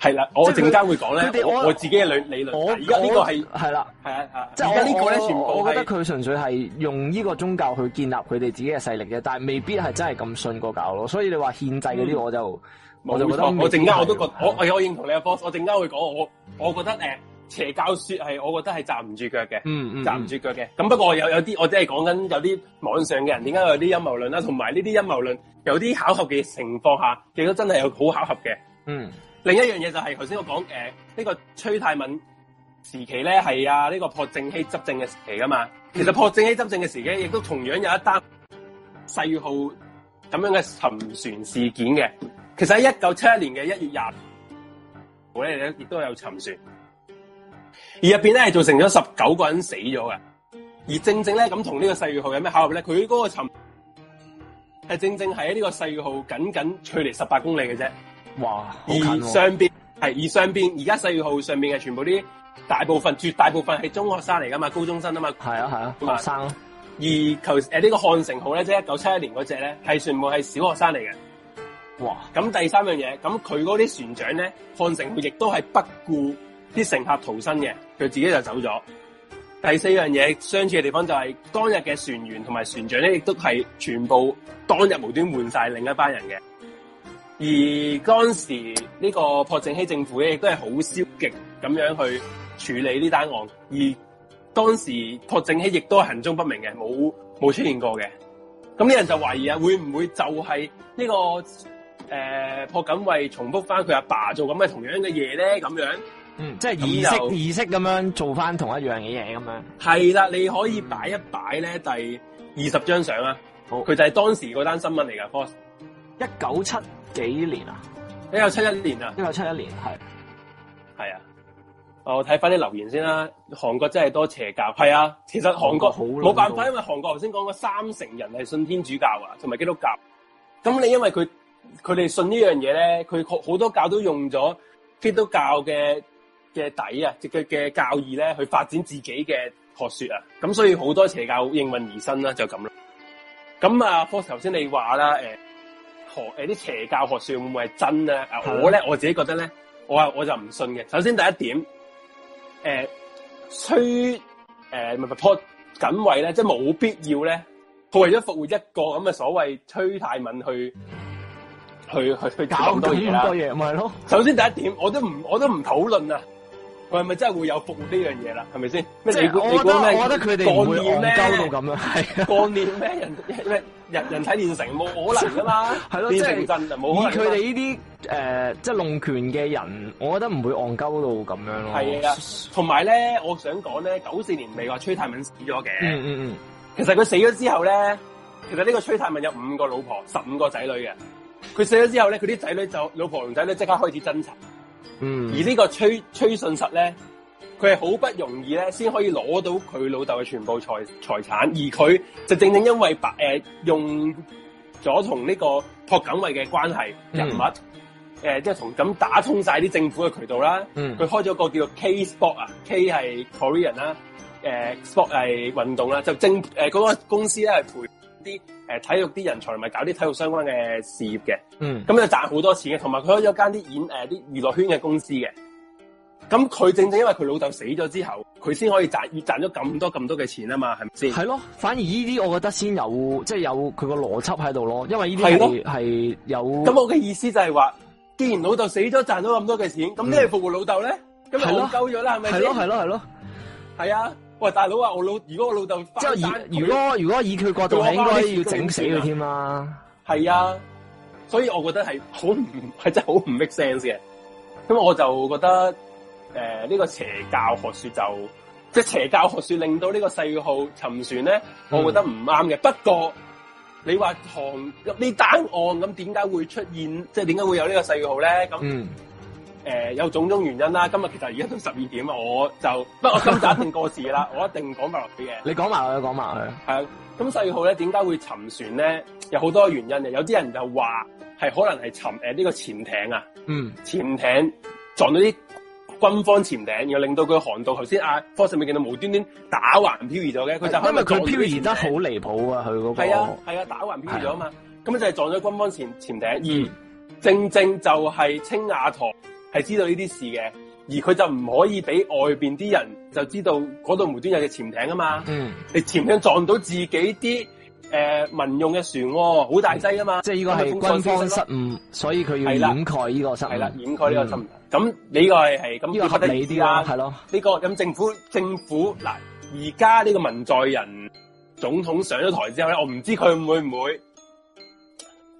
係啦，我陣間會講咧，我自己嘅理理論，而家呢個係係啦，係啊，即係而家呢個咧，全部我覺得佢純粹係用呢個宗教去建立佢哋自己嘅勢力嘅，但係未必係真係咁信個教咯。所以你話憲制嗰啲，我就、嗯、我就覺得我陣間我都覺得我我我認同你嘅 boss 我陣間會講我我覺得誒邪教說係我覺得係站唔住腳嘅，嗯站唔住腳嘅。咁不過有有啲我只係講緊有啲網上嘅人，點解有啲陰謀論啦，同埋呢啲陰謀論有啲巧合嘅情況下，亦都真係有好巧合嘅，嗯。嗯另一樣嘢就係頭先我講誒，呃，呢個崔泰敏時期咧係啊，呢個朴正熙執政嘅時期噶嘛。其實朴正熙執政嘅時期，亦都同樣有一單世越號咁樣嘅沉船事件嘅。其實喺一九七一年嘅一月廿號咧，亦都有沉船，而入邊咧係造成咗十九個人死咗嘅。而正正咧咁同呢個世越號有咩巧合咧？佢嗰個沉係正正喺呢個世越號僅僅距離十八公里嘅啫。哇！而、哦、上邊係而上邊，而家世越號上面嘅全部啲大部分絕大部分係中學生嚟噶嘛，高中生啊嘛。係啊，係啊，學生，啊。而求誒呢個漢城號咧，即係一九七一年嗰隻咧，係全部係小學生嚟嘅。哇！咁第三樣嘢，咁佢嗰啲船長咧，漢城號亦都係不顧啲乘客逃生嘅，佢自己就走咗。第四樣嘢相似嘅地方就係當日嘅船員同埋船長咧，亦都係全部當日無端換晒另一班人嘅。而當時呢個朴正熙政府嘅亦都係好消極咁樣去處理呢單案，而當時朴正熙亦都行蹤不明嘅，冇冇出現過嘅。咁啲人就懷疑啊，會唔會就係呢個誒朴槿惠重複翻佢阿爸做咁嘅同樣嘅嘢咧？咁樣，嗯，即係意識意識咁樣做翻同一樣嘅嘢咁樣。係啦，你可以擺一擺咧，第二十張相啊，好，佢就係當時嗰單新聞嚟噶，一九七。幾年啊？一九七一年啊，一九七一年係係啊。我睇翻啲留言先啦，啊。韓國真係多邪教，係啊。其實韓國好冇辦法，因為韓國頭先講過三成人係信天主教啊，同埋基督教。咁你因為佢佢哋信呢樣嘢咧，佢好好多教都用咗基督教嘅嘅底啊，即佢嘅教義咧去發展自己嘅學說啊。咁所以好多邪教應運而生啦，就咁啦。咁啊，科頭先你話啦，誒、欸。學誒啲邪教學說會唔會係真咧，啊嗯？我咧我自己覺得咧，我啊我就唔信嘅。首先第一點，誒、呃，誒唔唔朴槿惠咧，即係冇必要咧，為咗復活一個咁嘅所謂崔太敏去去去去搞咁多嘢，唔係咯。首先第一點，我都唔我都唔討論啊。我係咪真係會有服呢樣嘢啦？係咪先？即係我覺得佢哋唔會戇鳩到咁樣，係啊！過年咩人 人，人？人體煉成冇可能噶嘛？係 咯、啊，即係以佢哋呢啲誒即係弄權嘅人，我覺得唔會戇鳩到咁樣咯。係啊，同埋咧，我想講咧，九四年未話崔太敏死咗嘅。嗯嗯嗯。其實佢死咗之後咧，其實呢個崔太敏有五個老婆，十五個仔女嘅。佢死咗之後咧，佢啲仔女就老婆同仔女即刻開始爭產。嗯，而呢個崔崔信實咧，佢係好不容易咧，先可以攞到佢老豆嘅全部財財產，而佢就正正因為白誒、呃、用咗同呢個朴槿惠嘅關係、嗯、人物，誒即係同咁打通晒啲政府嘅渠道啦。嗯，佢開咗個叫做 K Sport 啊，K 係 Korean 啦、呃，誒 Sport 係運動啦，就正誒嗰、呃那個公司咧係賠。啲誒體育啲人才咪搞啲體育相關嘅事業嘅，嗯，咁就賺好多錢嘅，同埋佢可以有間啲演誒啲娛樂圈嘅公司嘅，咁佢正正因為佢老豆死咗之後，佢先可以賺賺咗咁多咁多嘅錢啊嘛，係咪先？係咯，反而呢啲我覺得先有即係、就是、有佢個邏輯喺度咯，因為呢啲係係有。咁我嘅意思就係話，既然老豆死咗賺咗咁多嘅錢，咁咩服務老豆咧？咁係咯，夠咗啦，係咪先？係咯，係咯，係咯，係啊。喂，大佬啊！我老如果我老豆，即係以如果如果以佢角度，係應該要整死佢添啦。係啊，所以我覺得係好唔係真係好唔 make sense 嘅。咁我就覺得誒，呢、呃這個邪教學說就即係、就是、邪教學說，令到呢個世越號沉船咧，嗯、我覺得唔啱嘅。不過你話唐，入你單案咁，點解會出現？即係點解會有個小呢個世越號咧？咁嗯。誒、呃，有種種原因啦。今日其實而家都十二點，我就 不我今集一定過時啦。我一定講埋落去嘅。你講埋佢，講埋佢。係啊，世越號咧，點解會沉船咧？有好多原因嘅。有啲人就話係可能係沉誒呢、呃這個潛艇啊。嗯。潛艇撞到啲軍方潛艇，又令到佢寒到頭先啊，Fox 咪見到無端端打橫漂移咗嘅，佢就因為佢漂移得好離譜啊，佢嗰，那個係啊係啊，打橫漂移咗啊嘛。咁、哎、就係撞咗軍方潛潛艇，而正正就係青瓦台。係知道呢啲事嘅，而佢就唔可以俾外邊啲人就知道嗰度無端有隻潛艇啊嘛。嗯，你潛艇撞到自己啲誒、呃、民用嘅船、哦，好大劑啊嘛。即係呢個係軍方失誤，所以佢要掩蓋呢個失誤。係啦，掩蓋呢個失誤。咁、嗯、呢、這個係係咁，呢個合理啲啦、啊。係咯，呢、這個咁政府政府嗱，而家呢個文在寅總統上咗台之後咧，我唔知佢會唔會。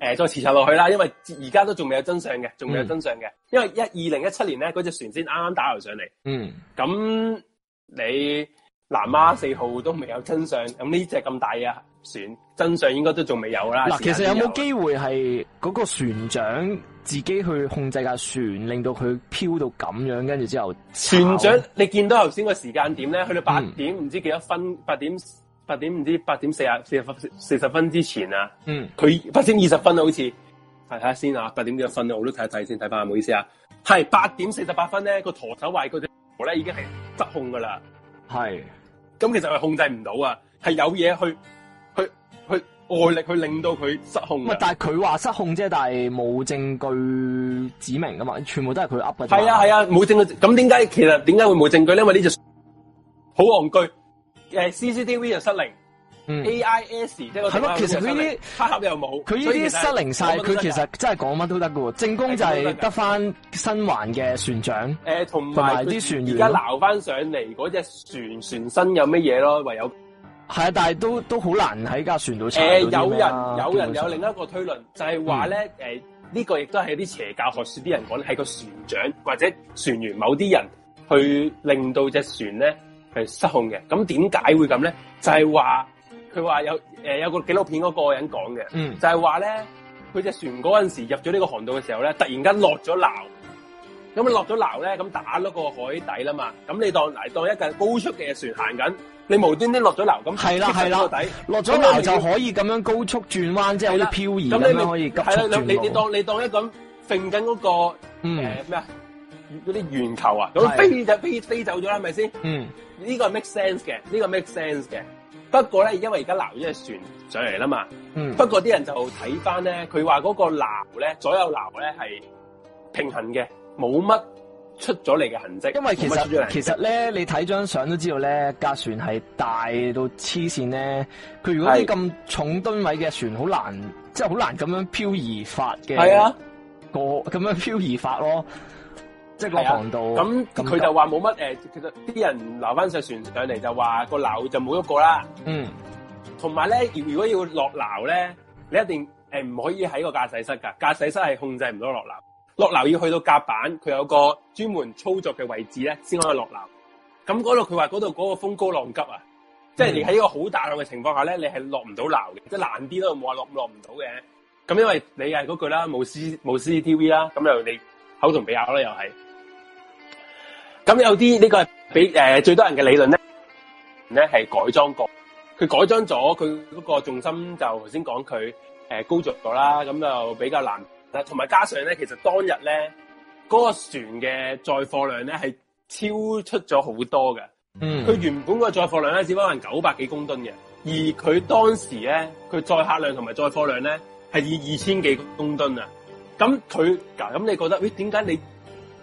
誒、呃，再持續落去啦，因為而家都仲未有真相嘅，仲未有真相嘅、嗯。因為一二零一七年咧，嗰隻船先啱啱打撈上嚟。嗯。咁你南丫四號都未有真相，咁呢隻咁大嘅船真相應該都仲未有啦。嗱，其實有冇機會係嗰個船長自己去控制架船，令到佢漂到咁樣，跟住之後，船長，你見到頭先個時間點咧，去到八點唔、嗯、知幾多分？八點。八點唔知八點四啊，四十分，四十分之前啊，嗯，佢八點二十分啊，好似，係睇下先啊，八點幾多分啊，我都睇一睇先，睇返，唔好意思啊，係八點四十八分咧，個舵手壞個陀咧已經係失控㗎喇，係，咁其實係控制唔到啊，係有嘢，去去去外力去令到佢失，失控，但係佢話失控啫，但係冇證據指明㗎嘛，全部都係佢噏嘅，係啊係啊，冇、啊、證據。咁點解其實點解會冇證據咧？因為呢就好戇居。誒、呃、，CCTV 又失靈、嗯、，AIS 即係，係咯。其實呢啲黑盒又冇，佢呢啲失靈晒，佢其實真係講乜都得噶喎。證供就係得翻生還嘅船長，誒、啊，同埋啲船員而家撈翻上嚟，嗰隻船船身有乜嘢咯？唯有係啊，但係都都好難喺架船度、啊。誒、啊，有人有人有另一個推論，就係話咧，誒、嗯、呢、呃這個亦都係啲邪教學說啲人講，係個船長或者船員某啲人去令到隻船咧。係失控嘅，咁點解會咁咧？就係話佢話有誒、呃、有個紀錄片嗰個人講嘅、嗯，就係話咧，佢隻船嗰陣時入咗呢個航道嘅時候咧，突然間落咗流，咁落咗流咧，咁打落個海底啦嘛。咁你當嚟當一架高速嘅船行緊，你無端端落咗流，咁係啦係啦，落咗流就可以咁樣高速轉彎，即係好似漂移咁、嗯、樣可以急速轉彎，係啦，你你當你當一咁揈緊嗰個誒咩啊？呃嗰啲圓球啊，咁飛就飛，飛，飛走咗啦，係咪先？嗯，呢個 make sense 嘅，呢、這個 make sense 嘅。不過咧，因為而家撈咗隻船上嚟啦嘛。嗯。不過啲人就睇翻咧，佢話嗰個撈咧，左右撈咧係平衡嘅，冇乜出咗嚟嘅痕跡。因為其實其實咧，你睇張相都知道咧，架船係大到黐線咧。佢如果啲咁重噸位嘅船，好難即係好難咁樣漂移法嘅。係啊。個咁樣漂移法咯。即係航道，咁 佢樂、啊、就話冇乜誒，其實啲人留翻隻船上嚟就話個樓就冇一個啦。嗯，同埋咧，如果要落樓咧，你一定誒唔可以喺個駕駛室噶，駕駛室係控制唔到落樓。落樓要去到甲板，佢有個專門操作嘅位置咧，先可以落樓。咁嗰度佢話嗰度嗰個風高浪急啊，嗯、即係你喺個好大浪嘅情況下咧，你係落唔到樓嘅，即係難啲都冇話落落唔到嘅。咁因為你係嗰句啦，冇 C 冇 C T V 啦，咁又 你口同鼻拗啦，又係。咁有啲呢、這個俾誒、呃、最多人嘅理論咧，咧係改裝過，佢改裝咗佢嗰個重心就頭先講佢誒高咗咗啦，咁就比較難。嗱，同埋加上咧，其實當日咧嗰、那個船嘅載貨量咧係超出咗好多嘅。嗯，佢原本個載貨量咧只可能九百幾公噸嘅，而佢當時咧佢載客量同埋載貨量咧係以二千幾公噸啊。咁佢，咁你覺得，喂，點解你？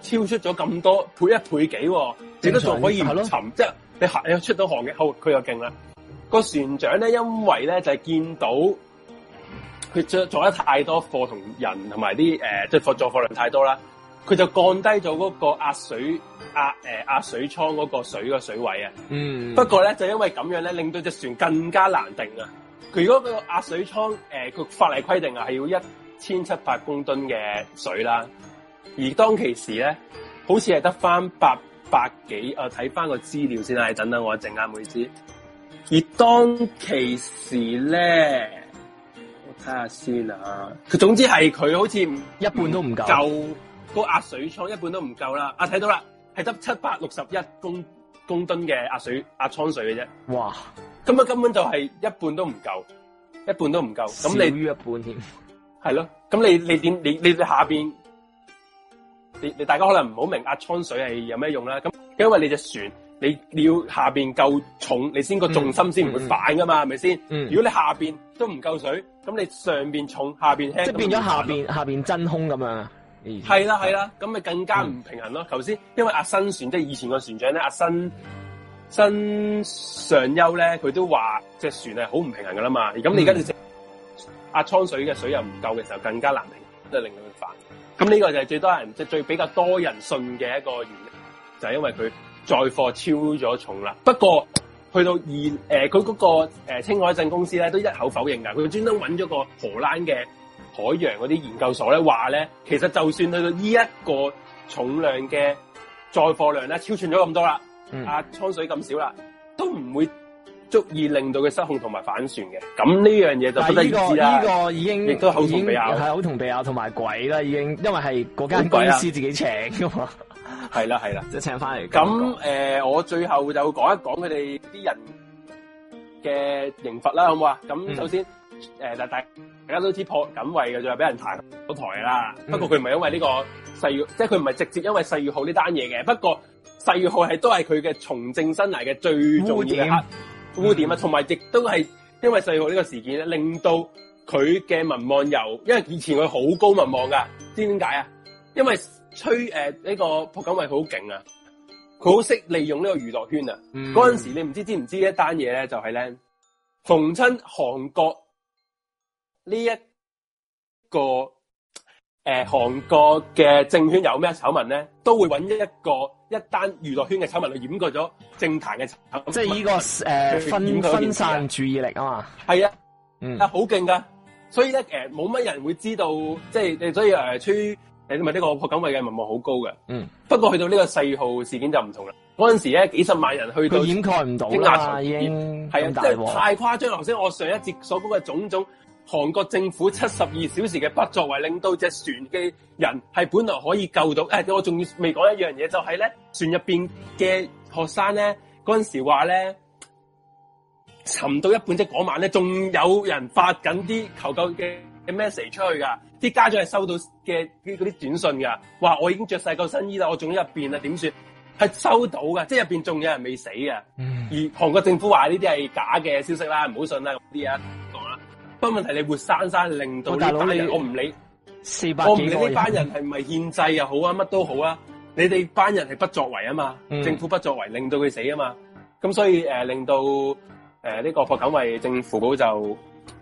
超出咗咁多，倍一倍幾，你都仲可以沉，即係你行，你出到航嘅，後佢又勁啦。個船長咧，因為咧就係、是、見到佢載咗得太多貨同人，同埋啲誒，即係貨載貨量太多啦，佢就降低咗嗰個壓水壓誒壓水艙嗰個水嘅水位啊。嗯。不過咧，就因為咁樣咧，令到隻船更加難定啊。佢如果個壓水艙誒，佢、呃、法例規定啊，係要一千七百公噸嘅水啦。而當其時咧，好似係得翻八百幾，啊睇翻個資料先啦，等等我一陣啊，梅子。而當其時咧，我睇下先啦。佢總之係佢好似一半都唔夠，就、嗯那個壓水倉一半都唔夠啦。啊睇到啦，係得七百六十一公公噸嘅壓水壓倉水嘅啫。哇！咁啊根本就係一半都唔夠，一半都唔夠， 少於一半添。係咯，咁你你點你你下邊？你，你大家可能唔好明壓倉、啊、水係有咩用啦，咁因為你隻船你你要下邊夠重，你先個重心先唔會反噶嘛，係咪先？如果你下邊都唔夠水，咁你上邊重下邊輕，即係變咗下邊下邊真空咁樣。係啦係啦，咁咪、啊啊、更加唔平衡咯。頭、嗯、先因為壓新船，即係以前個船長咧壓新身上優咧，佢都話隻船係好唔平衡噶啦嘛。咁你而家要壓倉水嘅水又唔夠嘅時候，更加難平衡，即係令到佢反。咁呢個就係最多人即係、就是、最比較多人信嘅一個原因，就係、是、因為佢載貨超咗重啦。不過去到二誒，佢、呃、嗰、那個誒清、呃、海鎮公司咧都一口否認噶。佢專登揾咗個荷蘭嘅海洋嗰啲研究所咧話咧，其實就算去到呢一個重量嘅載貨量咧超穿咗咁多啦、嗯，啊倉水咁少啦，都唔會。足以令到佢失控同埋反船嘅，咁呢樣嘢就不得意了啦！依、這個個、這個已經亦都好同比啊，係好同比啊，同埋鬼啦，已經，因為係嗰間公司自己請噶嘛，係啦係啦，即係 請翻嚟。咁誒、呃，我最後就講一講佢哋啲人嘅刑罰啦，好唔好啊？咁、嗯、首先誒、嗯呃，大家都知朴槿惠嘅就係俾人彈咗台啦、嗯。不過佢唔係因為呢個世越，即係佢唔係直接因為世越號呢單嘢嘅。不過世越號係都係佢嘅從政生涯嘅最重要污點啊！同埋亦都係因為世越號呢個事件咧，令到佢嘅民望有，因為以前佢好高民望㗎，知唔知點解啊？因為崔誒呢、呃呢個朴槿惠好勁啊，佢好識利用呢個娛樂圈啊。嗰、mm、陣 -hmm. 時你唔知知唔知一單嘢咧，就係、是、咧，逢親韓國呢一個誒韓、呃、國嘅政圈有咩醜聞咧，都會揾一個。一單娛樂圈嘅醜聞去掩蓋咗政壇嘅醜，即係呢個誒分分散注意力啊嘛，係啊，嗯，啊好勁噶，所以咧誒冇乜人會知道，即係，所以誒出誒同埋呢個朴槿惠嘅民望好高嘅，嗯，不過去到呢個世越號事件就唔同啦，嗰陣時咧幾十萬人去到掩蓋唔到啊，已經係啊，即係太誇張啦，頭先我上一節所講嘅種種。韓國政府七十二小時嘅不作為，令到隻船嘅人係本來可以救到，哎。誒，我仲未講一樣嘢，就係、是、咧船入邊嘅學生咧嗰陣時話咧沉到一半即嗰晚咧仲有人發緊啲求救嘅 message 出去㗎。啲家長係收到嘅啲嗰啲短信㗎，話我已經着晒個新衣啦，我仲喺入邊啊，點算？係收到嘅，即係入邊仲有人未死嘅、嗯。而韓國政府話呢啲係假嘅消息啦，唔好信啦啲嘢。不問題，你活生生令到班、哦、大班我唔理。我唔理呢班人係唔係獻祭又好啊，乜都好啊。你哋班人係不作為啊嘛、嗯，政府不作為，令到佢死啊嘛。咁所以、呃、令到呢、呃這個朴槿惠政府保就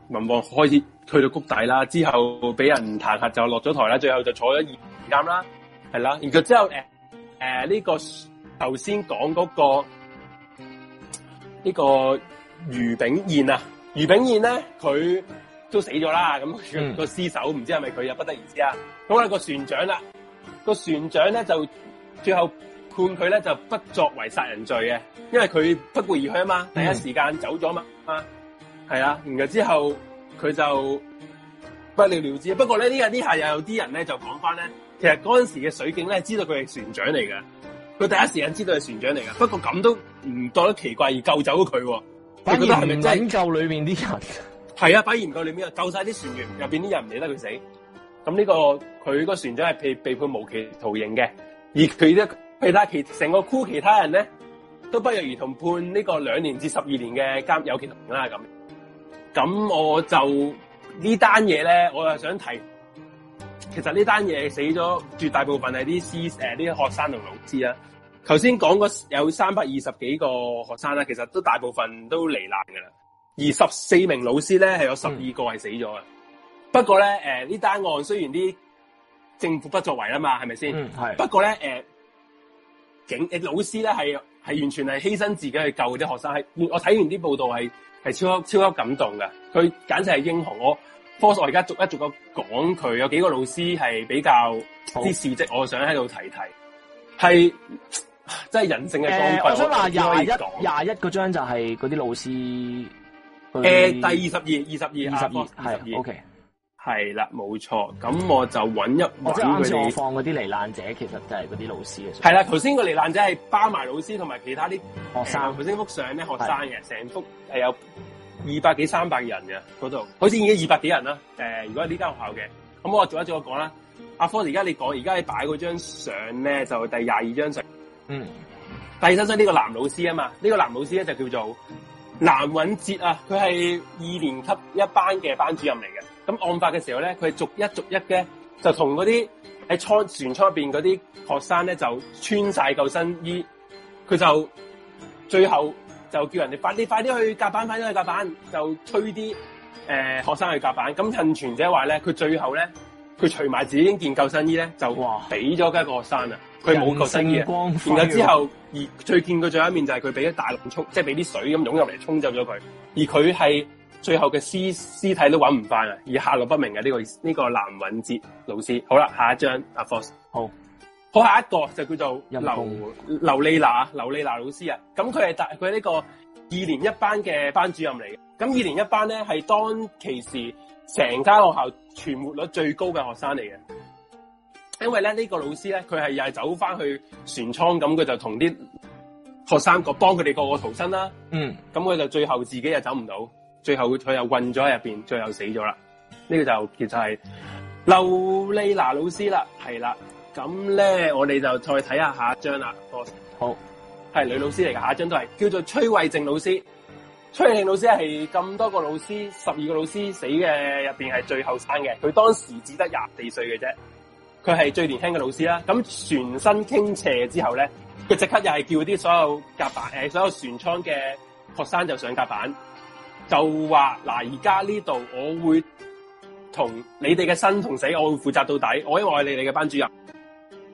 民望開始退到谷底啦。之後俾人彈劾就落咗台啦，最後就坐咗二十年監啦，係啦。然後之後呢、呃呃這個頭先講嗰個呢、這個余炳燕啊。余炳燕咧，佢都死咗啦。咁、嗯，那個屍首唔知係咪佢又不得而知啊。咁、那、啊，個船長啦，那個船長咧就最後判佢咧就不作為殺人罪嘅，因為佢不顧而去啊嘛，第一時間走咗嘛啊，係、嗯、啊。然後之後佢就不了了之。不過咧呢下呢下又有啲人咧就講翻咧，其實嗰陣時嘅水警咧知道佢係船長嚟嘅，佢第一時間知道係船長嚟嘅。不過咁都唔覺得奇怪而救走咗佢、啊。反而唔拯救裏面啲人，係啊！反而唔救裏面啊，救晒啲船員入邊啲人唔理得佢死。咁呢個佢個船長係被被判無期徒刑嘅，而佢咧其他其成個箍其他人咧都不約而同判呢個兩年至十二年嘅監有期徒刑啦。咁咁我就呢單嘢咧，我又想提，其實呢單嘢死咗絕大部分係啲師誒，啲學生同老師啊。頭先講個有三百二十幾個學生啦，其實都大部分都罹難噶啦。而十四名老師咧係有十二個係死咗嘅，嗯。不過咧，誒呢單案雖然啲政府不作為啦嘛，係咪先？係，嗯。不過咧，誒、呃、警誒、呃、老師咧係係完全係犧牲自己去救啲學生。我睇完啲報道係係超級超級感動噶。佢簡直係英雄。我科我而家逐一逐個講佢。有幾個老師係比較啲事跡，我想喺度睇睇。係。真係人性嘅光輝。誒、呃，我想嗱廿一廿一個張就係嗰啲老師。誒、呃，第二十二、二十二、二十二、二十二。O K，係啦，冇錯。咁我就揾一揾佢哋放嗰啲罹難者，其實就係嗰啲老師嘅。係啦，頭先個罹難者係包埋老師同埋其他啲學生。頭先幅相咧，學生嘅，成幅係有二百幾三百人嘅嗰度。好似已經二百幾人啦。誒、呃，如果係呢間學校嘅，咁我做一做，一做。我講啦。阿科，而家你講而家你擺嗰張相咧，就第廿二張相。嗯，第二生生呢個男老師啊嘛，呢、這個男老師咧就叫做南允哲啊，佢係二年級一班嘅班主任嚟嘅。咁案發嘅時候咧，佢係逐一逐一嘅，就同嗰啲喺艙船艙入邊嗰啲學生咧，就穿晒救生衣。佢就最後就叫人哋快啲快啲去夾板，快啲去夾板，就催啲誒學生去夾板。咁趁船者話咧，佢最後咧，佢除埋自己件救生衣咧，就哇俾咗嘅一個學生啊。佢冇救生嘅，然後之後，而最見佢最後一面就係佢俾一大浪沖，即係俾啲水咁湧入嚟沖走咗佢。而佢係最後嘅屍屍體都揾唔翻啊！而下落不明嘅呢個呢個藍允哲老師。好啦，下一張阿 Fox 好，好，下一個就叫做劉劉麗娜，劉麗娜老師啊。咁佢係大佢呢個二年一班嘅班主任嚟嘅。咁二年一班咧係當其時成間學校存活率最高嘅學生嚟嘅。因為咧呢個老師咧，佢係又係走翻去船艙咁，佢就同啲學生幫個幫佢哋個個逃生啦。嗯，咁佢就最後自己又走唔到，最後佢又暈咗喺入邊，最後死咗啦。呢個就其實係劉麗娜老師啦，係啦。咁咧我哋就再睇下下一張啦。好，係女老師嚟㗎。下一張都係叫做崔慧靜老師。崔慧靜老師係咁多個老師，十二個老師死嘅入邊係最後生嘅，佢當時只得廿四歲嘅啫。佢係最年輕嘅老師啦，咁船身傾斜之後咧，佢即刻又係叫啲所有甲板誒，所有船艙嘅學生就上甲板，就話嗱，而家呢度我會同你哋嘅生同死，我會負責到底，我因為我係你哋嘅班主任。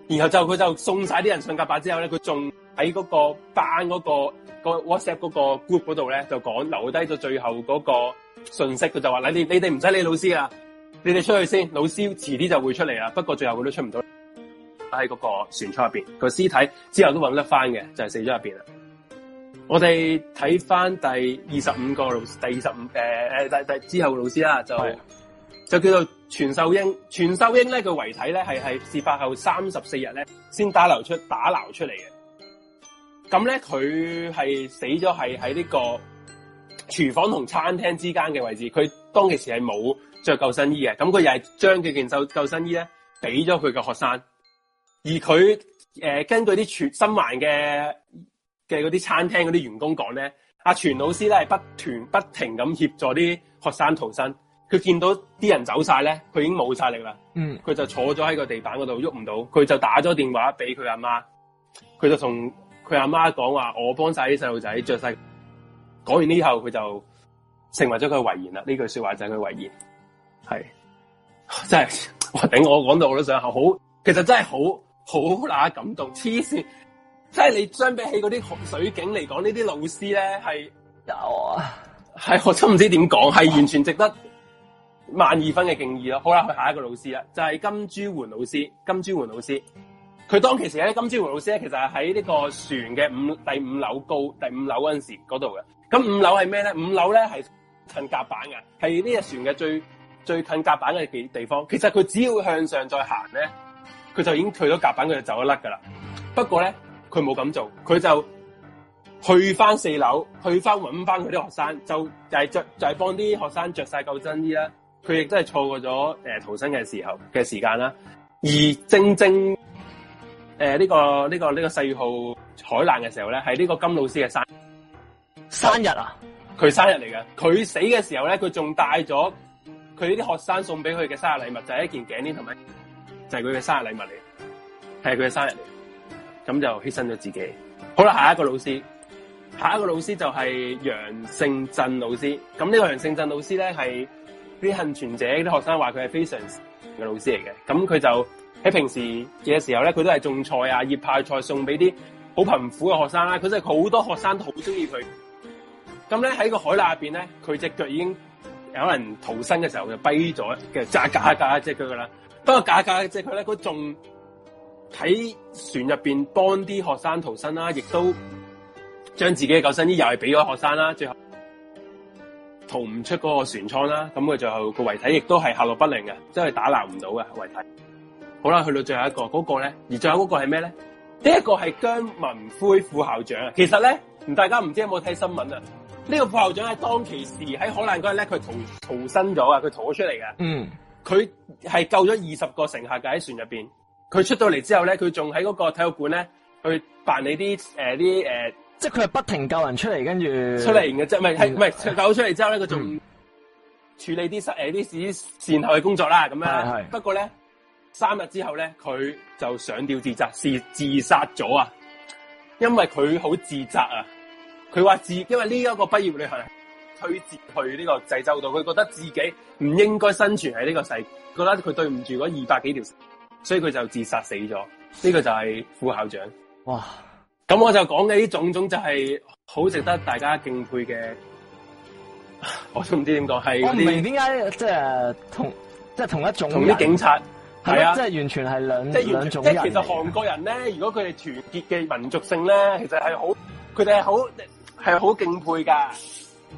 然後就佢就送晒啲人上甲板之後咧，佢仲喺嗰個班嗰、嗰個嗰個 WhatsApp 嗰個 group 嗰度咧，就講留低咗最後嗰個信息，佢就話嗱，你你哋唔使理老師啊。你哋出去先，老師遲啲就會出嚟啦。不過最後佢都出唔到，喺嗰個船艙入邊，個屍體之後都搵得翻嘅，就係、是、死咗入邊啦。我哋睇翻第二十五個老師，第二十五誒誒第第，第，第之後老師啦，就係就叫做全秀英。全秀英咧，佢遺體咧係係事發後三十四日咧先打撈出打撈出嚟嘅。咁咧佢係死咗係喺呢個廚房同餐廳之間嘅位置，佢當其時係冇。着救生衣嘅，咁佢又係將佢件救救生衣咧俾咗佢嘅學生，而佢誒、呃、根據啲全新環嘅嘅嗰啲餐廳嗰啲員工講咧，阿、啊、全老師咧係不斷不停咁協助啲學生逃生，佢見到啲人走晒咧，佢已經冇晒力啦，嗯，佢就坐咗喺個地板嗰度喐唔到，佢就打咗電話俾佢阿媽，佢就同佢阿媽講話我幫晒啲細路仔着晒，講完呢以後佢就成為咗佢嘅遺言啦，呢句說話就係佢遺言。係，真係我頂！我講到我都想好，其實真係好好乸感動，黐線！即係你相比起嗰啲水景嚟講，呢啲老師咧係有啊，係我真唔知點講，係完全值得萬二分嘅敬意咯。好啦，去下一個老師啦，就係、是、金珠媛老師。金珠媛老師，佢當其時咧，金珠媛老師咧，其實係喺呢個船嘅五第五樓高，第五樓嗰陣時嗰度嘅。咁五樓係咩咧？五樓咧係層甲板嘅，係呢隻船嘅最。最近甲板嘅地地方，其實佢只要向上再行咧，佢就已經退到甲板，佢就走一甩噶啦。不過咧，佢冇咁做，佢就去翻四樓，去翻揾翻佢啲學生，就就係着就係幫啲學生着晒救生衣啦。佢亦都係錯過咗誒、呃、逃生嘅時候嘅時間啦。而正正誒呢、呃這個呢、這個呢、這個世越號海難嘅時候咧，係呢個金老師嘅生日生日啊！佢生日嚟嘅，佢死嘅時候咧，佢仲帶咗。佢呢啲學生送俾佢嘅生日禮物就係、是、一件頸鏈同埋，就係佢嘅生日禮物嚟，係佢嘅生日嚟。咁就犧牲咗自己。好啦，下一個老師，下一個老師就係楊勝鎮老師。咁呢個楊勝鎮老師咧係啲幸存者，啲學生話佢係非常嘅老師嚟嘅。咁佢就喺平時嘅時候咧，佢都係種菜啊、葉派菜送俾啲好貧苦嘅學生啦。佢真係好多學生都好中意佢。咁咧喺個海灘入邊咧，佢隻腳已經有可能逃生嘅時候就跛咗，嘅夾夾下即下佢腳噶啦。不過假下即下佢腳咧，佢仲喺船入邊幫啲學生逃生啦，亦都將自己嘅救生衣又係俾咗學生啦。最後逃唔出嗰個船艙啦，咁佢最後個遺體亦都係下落不明嘅，即係打撈唔到嘅遺體。好啦，去到最後一個，嗰、嗰個咧，而最後嗰個係咩咧？呢一個係姜文輝副校長啊。其實咧，大家唔知有冇睇新聞啊？呢、這個副校長喺當其時喺海難嗰日咧，佢逃逃生咗啊！佢逃咗出嚟噶。嗯，佢係救咗二十個乘客嘅喺船入邊。佢出到嚟之後咧，佢仲喺嗰個體育館咧去辦理啲誒啲誒，即係佢係不停救人出嚟，跟住出嚟嘅即唔係唔係，救出嚟之後咧，佢仲處理啲誒啲事善後嘅工作啦。咁樣是是，不過咧三日之後咧，佢就上吊自責，是自,自殺咗啊，因為佢好自責啊。佢話自，因為呢一個畢業旅行，推去呢個濟州度，佢覺得自己唔應該生存喺呢個世紀，覺得佢對唔住嗰二百幾條，所以佢就自殺死咗。呢、這個就係副校長。哇！咁我就講嘅呢種種就係好值得大家敬佩嘅。我都唔知點講，係我唔明點解即係同即係、就是、同一種人同啲警察係啊，即係完全係兩即係兩種即其實韓國人咧，如果佢哋團結嘅民族性咧，其實係好，佢哋係好。係好敬佩噶，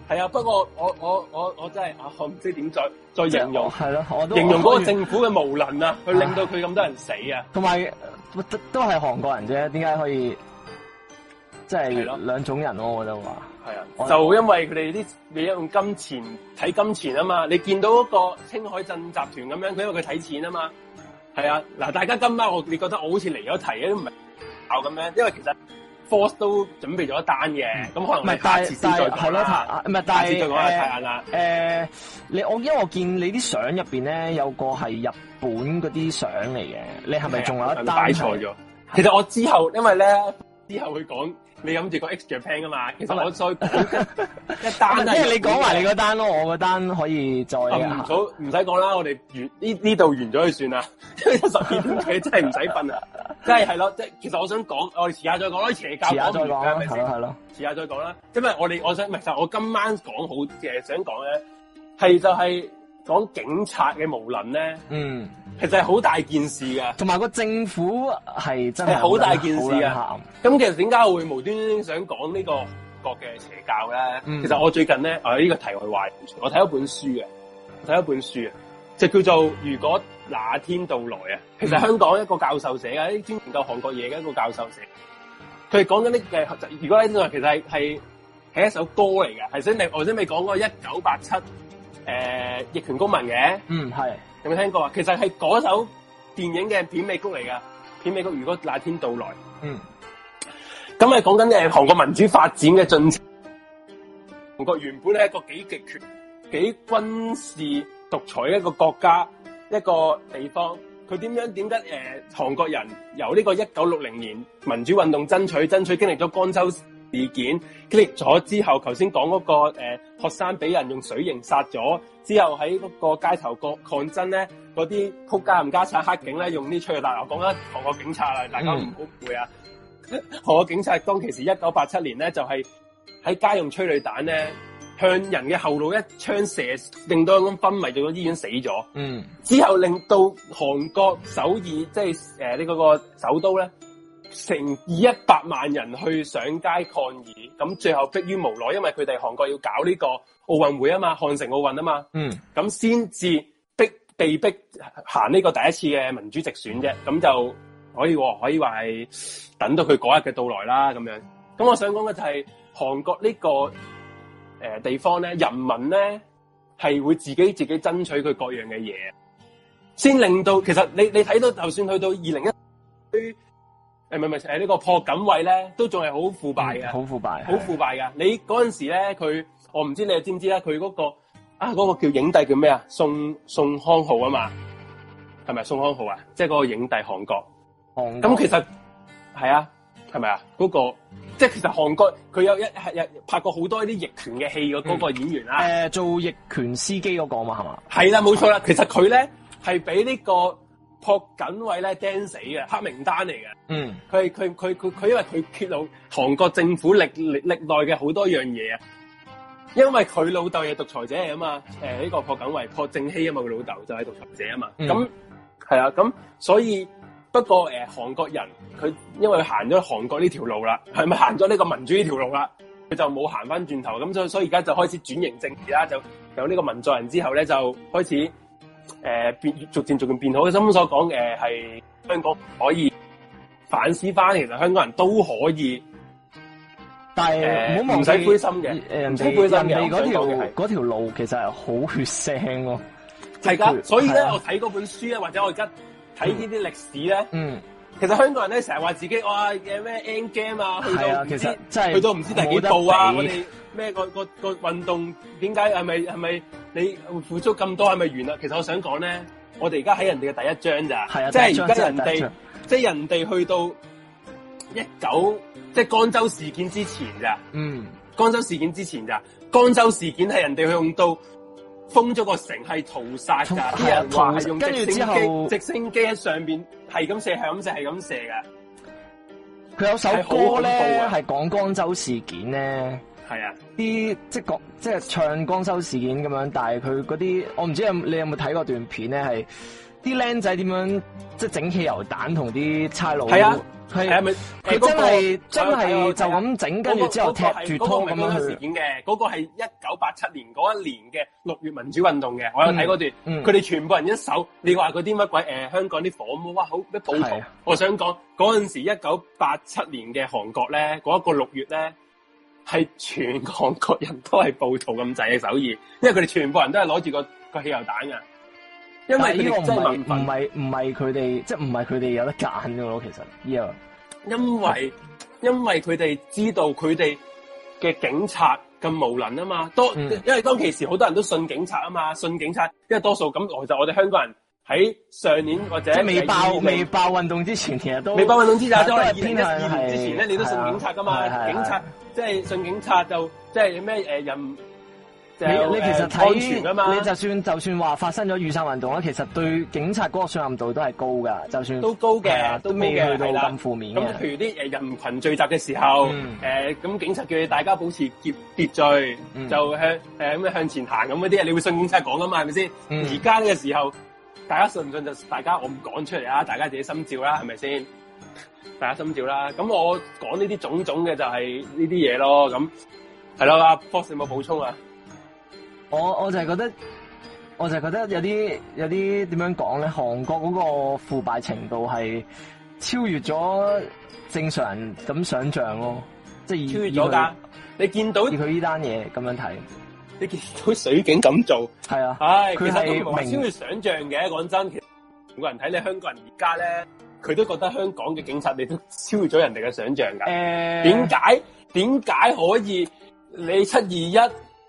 係啊！不過我我我我真係我唔知點再再形容，係咯，形容嗰個政府嘅無能啊，去、啊、令到佢咁多人死啊！同埋、呃、都係係韓國人啫，點解可以即係兩種人咯、啊？我覺得話係啊，就因為佢哋啲你用金錢睇金錢啊嘛，你見到嗰個青海鎮集團咁樣，因為佢睇錢啊嘛，係啊！嗱，大家今晚我你覺得我好似離咗題啊，都唔係咁樣，因為其實。boss 都準備咗一單嘅，咁、嗯、可能唔係大，大係咯，大唔係大誒誒，你我因為我見你啲相入邊咧，有個係日本嗰啲相嚟嘅，你係咪仲有一單？擺錯咗。其實我之後，因為咧之後佢講。你諗住個 extra pen 啊嘛，其實我再一單即係你講埋你個單咯，我個單可以再唔好唔使講啦，我哋完呢呢度完咗就算啦， 十二點幾真係唔使瞓啦，真係係咯，即係其實我想講，我哋遲下再講咯，邪教再講，係咯係遲下再講啦，因為我哋我想唔我今晚講好嘅想講咧，係就係、是。講警察嘅無能咧，嗯，其實係好大件事噶，同埋個政府係真係好大件事啊！咁其實點解我會無端端想講呢個韓國嘅邪教咧，嗯？其實我最近咧啊呢，我有個題外話，我睇一本書啊，睇一本書啊，就叫做如果哪天到來啊。其實香港一個教授寫啊，啲專研究韓國嘢嘅一個教授寫，佢哋講緊呢嘅。如果呢度其實係係係一首歌嚟嘅，係，先你我先未講過一九八七。誒、呃，逆權公民嘅，嗯係，有冇聽過啊？其實係嗰首電影嘅片尾曲嚟㗎。片尾曲如果那天到來，嗯，咁係講緊誒韓國民主發展嘅進程。韓國原本係一個幾極權、幾軍事獨裁一個國家，一個地方，佢點樣點解？誒，韓、呃、國人由呢個一九六零年民主運動爭取，爭取經歷咗光州事件 c l 咗之後，頭先講嗰個誒、呃、學生俾人用水刑殺咗，之後喺嗰個街頭抗抗爭咧，嗰啲曲家唔家產黑警咧用啲催淚彈，我講緊韓國警察啦、嗯，大家唔好誤啊。韓國警察當其時一九八七年咧，就係喺家用催淚彈咧向人嘅後腦一槍射，令到咁昏迷，迷，到咗醫院死咗。嗯，之後令到韓國首爾即係誒啲嗰個首都咧。成一百萬人去上街抗議，咁最後迫於無奈，因為佢哋韓國要搞呢個奧運會啊嘛，漢城奧運啊嘛，嗯，咁先至逼被逼行呢個第一次嘅民主直選啫，咁就可以、哦、可以話係等到佢嗰日嘅到來啦，咁樣。咁我想講嘅就係、係、韓國呢、呢個、呃、地方咧，人民咧係會自己自己爭取佢各樣嘅嘢，先令到其實你你睇到，就算去到二零一。誒，唔係唔係，誒呢個朴槿惠咧，都仲係好腐敗嘅。好、嗯、腐敗，好腐敗噶。的你嗰陣時咧，佢，我唔知道你知唔知啦。佢嗰、那個啊，嗰、那個叫影帝叫咩啊？宋宋康昊啊嘛，係咪宋康昊啊？即係嗰個影帝韓國。咁其實係啊，係咪啊？嗰、那個、嗯、即係其實韓國佢有一係有拍過好多啲逆權嘅戲嘅嗰個演員、嗯呃那個、啊，誒，做逆權司機嗰個嘛，係嘛？係啦，冇錯啦。其實佢咧係俾呢是比、這個。朴槿惠咧釘死嘅黑名單嚟嘅，嗯，佢係佢佢佢佢因為佢揭露韓國政府歷歷歷代嘅好多樣嘢啊，因為佢老豆係獨裁者嚟啊嘛，誒、呃、呢、呢個朴槿惠朴正熙啊嘛，佢老豆就係獨裁者啊嘛，咁係啊，咁所以不過誒韓、呃、國人佢因為行咗韓國呢條路啦，係咪行咗呢個民主呢條路啦，佢就冇行翻轉頭，咁所所以而家就開始轉型政治啦，就有呢個文在寅之後咧就開始。誒、呃，變逐漸逐漸變好。佢根本所講嘅係香港可以反思翻，其實香港人都可以，但係唔使灰心嘅。誒，唔使灰心嘅。嗰條條路其實係好血腥咯、啊，係噶。所以咧、啊，我睇嗰本書咧，或者我而家睇呢啲歷史咧，嗯，其實香港人咧成日話自己哇嘅咩 Endgame 啊，去到唔、啊、知真係、就是、去到唔知第幾部啊。咩個個個運動點解，係咪係咪你付出咁多係咪完啦？其實我想講咧，我哋而家喺人哋嘅第一章咋，係啊，即係而家人哋，即係人哋去到一九，即係江州事件之前咋。嗯，江州事件之前咋。江州事件係人哋去用到封咗個城殺，係屠殺噶，係啊，人用直升機，直升機喺上邊係咁射，係咁射，係咁射噶。佢有首歌咧，啊，係講江州事件咧。係啊，啲即係即係唱光州事件咁樣，但係佢嗰啲我唔知有你有冇睇過段片咧，係啲僆仔點樣即係整汽油彈同啲差佬係啊，係係咪佢真係、啊、真係、啊、就咁整，跟、那、住、個、之後踢住拖咁樣嘅事件嘅，嗰、那個係一九八七年嗰一年嘅六月民主運動嘅，我有睇嗰段，佢、嗯、哋全部人一手，你話嗰啲乜鬼誒香港啲火魔哇好咩暴徒，我想講嗰陣時一九八七年嘅韓國咧，嗰一個六月咧。係全韓國人都係暴徒咁滯嘅手意，因為佢哋全部人都係攞住個個汽油彈噶。因為呢個唔係唔係唔係佢哋，即係唔係佢哋有得揀嘅咯。其實、呢樣，因為因為佢哋知道佢哋嘅警察咁無能啊嘛，多、嗯、因為當其時好多人都信警察啊嘛，信警察，因為多數咁，其就我哋香港人。喺上年或者未爆未爆運動之前也，其實都未爆運動之咋，即、啊、係二零二零之前咧，你都信警察噶嘛、啊啊啊？警察即係、啊啊就是、信警察就即係咩誒人？你你，呃、你其實睇你就算就算話發生咗雨傘運動啦，其實對警察嗰個信任度都係高噶，就算都高嘅、啊，都咩嘅係啦，咁負、啊啊、面咁譬、啊、如啲誒人群聚集嘅時候，誒咁警察叫你大家保持秩秩序，就向誒咁向前行咁嗰啲，你會信警察講噶嘛？係咪先？而家呢個時候。大家信唔信就大家我唔講出嚟啊！大家自己心照啦，係咪先？大家心照啦。咁我講呢啲種種嘅就係呢啲嘢咯。咁係咯，阿博士有冇補充啊？我我就係覺得，我就係覺得有啲有啲點樣講咧？韓國嗰個腐敗程度係超越咗正常人咁想象咯，即係超越咗。你見到佢呢單嘢咁樣睇。你見到水警咁做，係啊，其實都唔係超越想象嘅。講真，其實每個人睇你香港人而家咧，佢都覺得香港嘅警察，你都超越咗人哋嘅想象噶。呃、點解？點解可以？你七二一，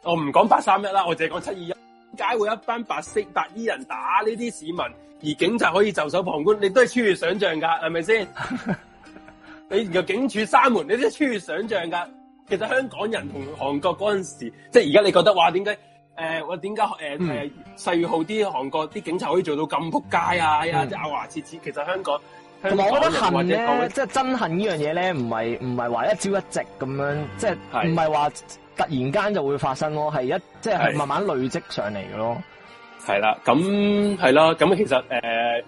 我唔講八三一啦，我淨係講七二一。點解會一班白色白衣人打呢啲市民，而警察可以袖手旁觀？你都係超越想象噶，係咪先？ 你個警署閂門，你都係超越想象噶。其實香港人同韓國嗰陣時，即係而家你覺得話，點解誒，我點解誒誒，世、呃嗯呃、越號啲韓國啲警察可以做到咁扑街啊？呀、嗯，咬牙切齒。其實香港，香港人我覺得恨咧，即係、就是、憎恨呢樣嘢咧，唔係唔係話一朝一夕咁樣，即係唔係話突然間就會發生咯，係一即係、就是、慢慢累積上嚟嘅咯。係啦，咁係啦，咁其實誒、呃，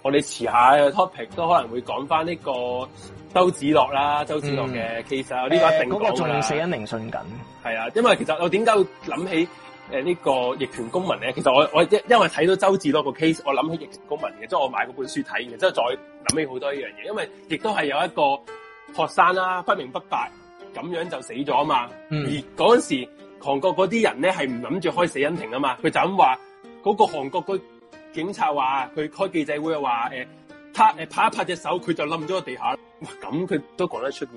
我哋遲下 topic 都可能會講翻呢個。周子樂啦，周子樂嘅 case 啊、嗯，呢、這個一定走啦。嗰、嗯呃那個仲死因聆訊緊。係啊，因為其實我點解會諗起誒呢個逆權公民咧？其實我我因因為睇到周子樂個 case，我諗起逆權公民嘅，即、就、係、是、我買嗰本書睇嘅，即、就、係、是、再諗起好多呢樣嘢。因為亦都係有一個學生啦、啊，不明不白咁樣就死咗啊嘛。嗯、而嗰陣時韓國嗰啲人咧係唔諗住開死因庭啊嘛，佢就咁話嗰個韓國個警察話佢開記者會話拍誒拍一拍隻手，佢就冧咗個地下。哇！咁佢都講得出嘅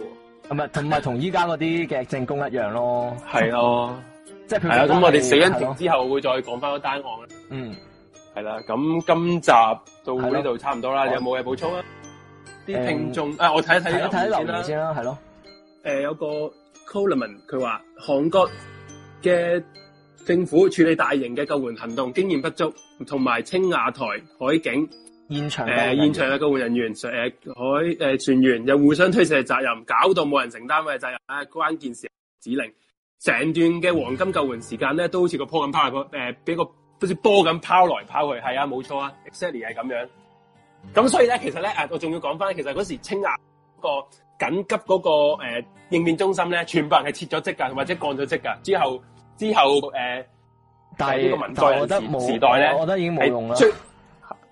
喎，唔同唔同依家嗰啲嘅政工一樣咯，係咯，即係佢。係咁我哋死因庭之後會再講翻嗰單案啦。嗯，係啦，咁、嗯、今集到呢度差唔多啦。你有冇嘢補充啊？啲聽眾，誒、啊、我睇一睇睇留言先啦，係咯。誒、呃、有個 Coleman 佢話，韓國嘅政府處理大型嘅救援行動經驗不足，同埋青瓦台海警。現場嘅現場嘅救援人員，誒、呃呃，海誒、呃，船員又互相推卸的責任，搞到冇人承擔嘅責任。啊、關鍵時指令，成段嘅黃金救援時間咧，都好似個波咁拋，誒、呃，俾個好似波咁拋來拋去。係啊，冇錯啊，exactly 係咁樣。咁所以咧，其實咧，誒、啊，我仲要講翻，其實嗰時青瓦台緊急嗰、那個誒、呃、應變中心咧，全部人係撤咗職噶，或者降咗職噶。之後之後，誒、呃，但係，呢個、時但我覺得時代咧，我覺得已經冇用啦。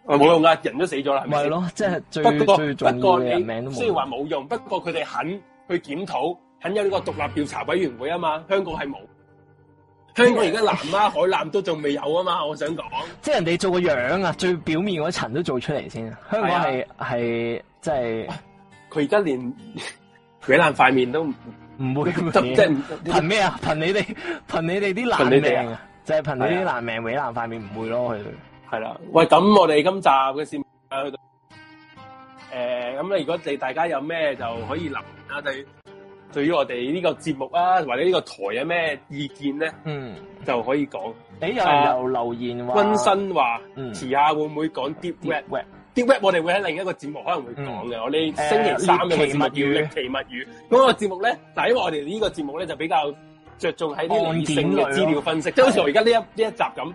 冇用噶，人都死咗啦。咪係咯，即係最不過最重要嘅名都冇。雖然話冇用，不過佢哋肯去檢討，肯有呢個獨立調查委員會啊嘛。香港係冇，香港而家南丫、 海難都仲未有啊嘛。我想講，即係人哋做個樣啊，最表面嗰層都做出嚟先。香港係係即係，佢而家連畀爛塊面都唔會、會，即係憑咩啊？憑你哋，憑你哋啲爛命啊！憑啊就係、是、憑你啲爛命畀爛塊面，唔會咯佢。係啦、嗯，喂，咁我哋今集嘅節目，誒、呃，咁咧，如果你大家有咩就可以留啊，對、嗯，對於我哋呢個節目啊，或者呢個台有咩意見咧，嗯，就可以講。你又留、啊、留言話，問新話，遲下、嗯、會唔會講 Deep Web？Deep Web 我哋會喺另一個節目可能會講嘅、嗯，我哋星期三嘅節目叫《奇物語》呃。奇物語咁、嗰個節目咧，嗱，因為我哋呢個節目咧就比較着重喺啲理性嘅資料分析，好似、啊、我而家呢一呢一集咁。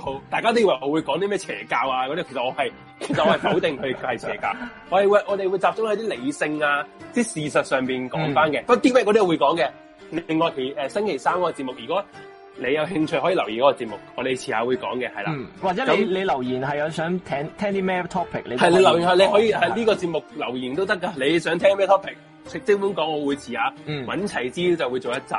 好，大家都以為我會講啲咩邪教啊嗰啲，其實我係，其實我係否定佢係邪教。 我哋會，我哋會集中喺啲理性啊，啲事實上邊講翻嘅。不過啲咩我會講嘅，另外其誒、呃、星期三個節目，如果你有興趣可以留言嗰個節目，我哋遲下會講嘅，係啦。或者你你留言係有想聽聽啲咩 topic？係你留言係你可以喺呢個節目留言都得噶。你想聽咩 topic？基本講我會遲下揾齊資料就會做一集，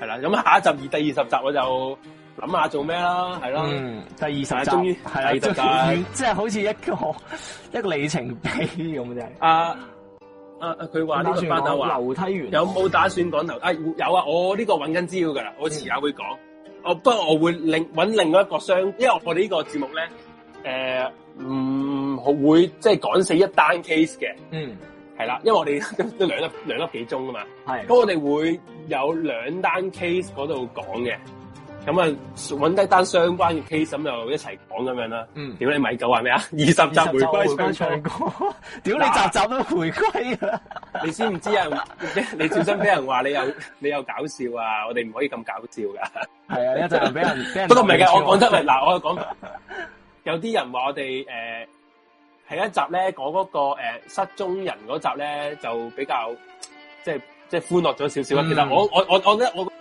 係啦。咁下一集而第二十集我就。諗下做咩啦，係咯。嗯，第二十集終於係啦，啊，即係即係好似一個一個里程碑咁嘅，係。啊，啊，佢、啊、話，呢個班樓梯員有冇打算講頭？誒、哎，有啊，我呢個搵緊資料噶啦，我遲下會講。哦、嗯，不過我會另搵另外一個商，因為我哋呢個節目咧，誒、呃、唔、嗯、會即係講死一單 case 嘅。嗯，係啦，因為我哋都兩粒兩粒幾鐘噶嘛。係，咁我哋會有兩單 case 嗰度講嘅。咁、嗯、啊，揾低單相關嘅 case 咁就一齊講咁樣啦。嗯。屌你米九話咩？啊？二十集回歸唱歌。屌 你集集都回歸啦 你知唔知啊？你小心俾人話你有你有搞笑啊！我哋唔可以咁搞笑㗎。係、嗯、啊， 一集又俾人俾人。 人人都唔明嘅，我講真嘅，嗱， 我講。 有啲人話我哋誒，喺、呃、一集咧講嗰個誒、呃、失蹤人嗰集咧就比較，即係即係歡樂咗少少。其實我我我我咧我。我我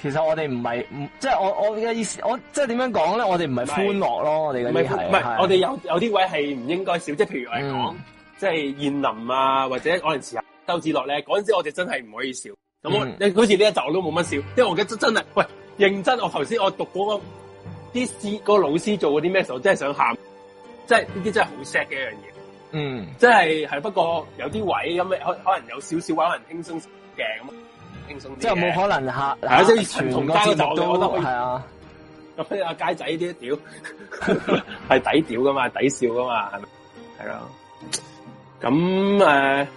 其實我哋唔係，即係我我嘅意思，我即係點樣講咧？我哋唔係歡樂咯，我哋嘅係唔係？我哋有有啲位係唔應該笑，即係譬如講、嗯，即係燕林啊，或者嗰陣時啊，周志樂咧，嗰陣時我哋真係唔可以笑。咁你好似呢一集我都冇乜笑，因為我覺得真係，喂，認真。我頭先我讀嗰個啲師，個老師做嗰啲咩時候，我真係想喊，即係呢啲真係好 sad 嘅一樣嘢。嗯，即係係不過有啲位咁，可可能有少少位，可能輕鬆嘅咁。即係冇可能吓，係啊！即係全個節目都係啊！咁啊，阿街仔呢啲屌係抵屌噶嘛，抵笑噶嘛，係咪？係啊！咁誒、呃，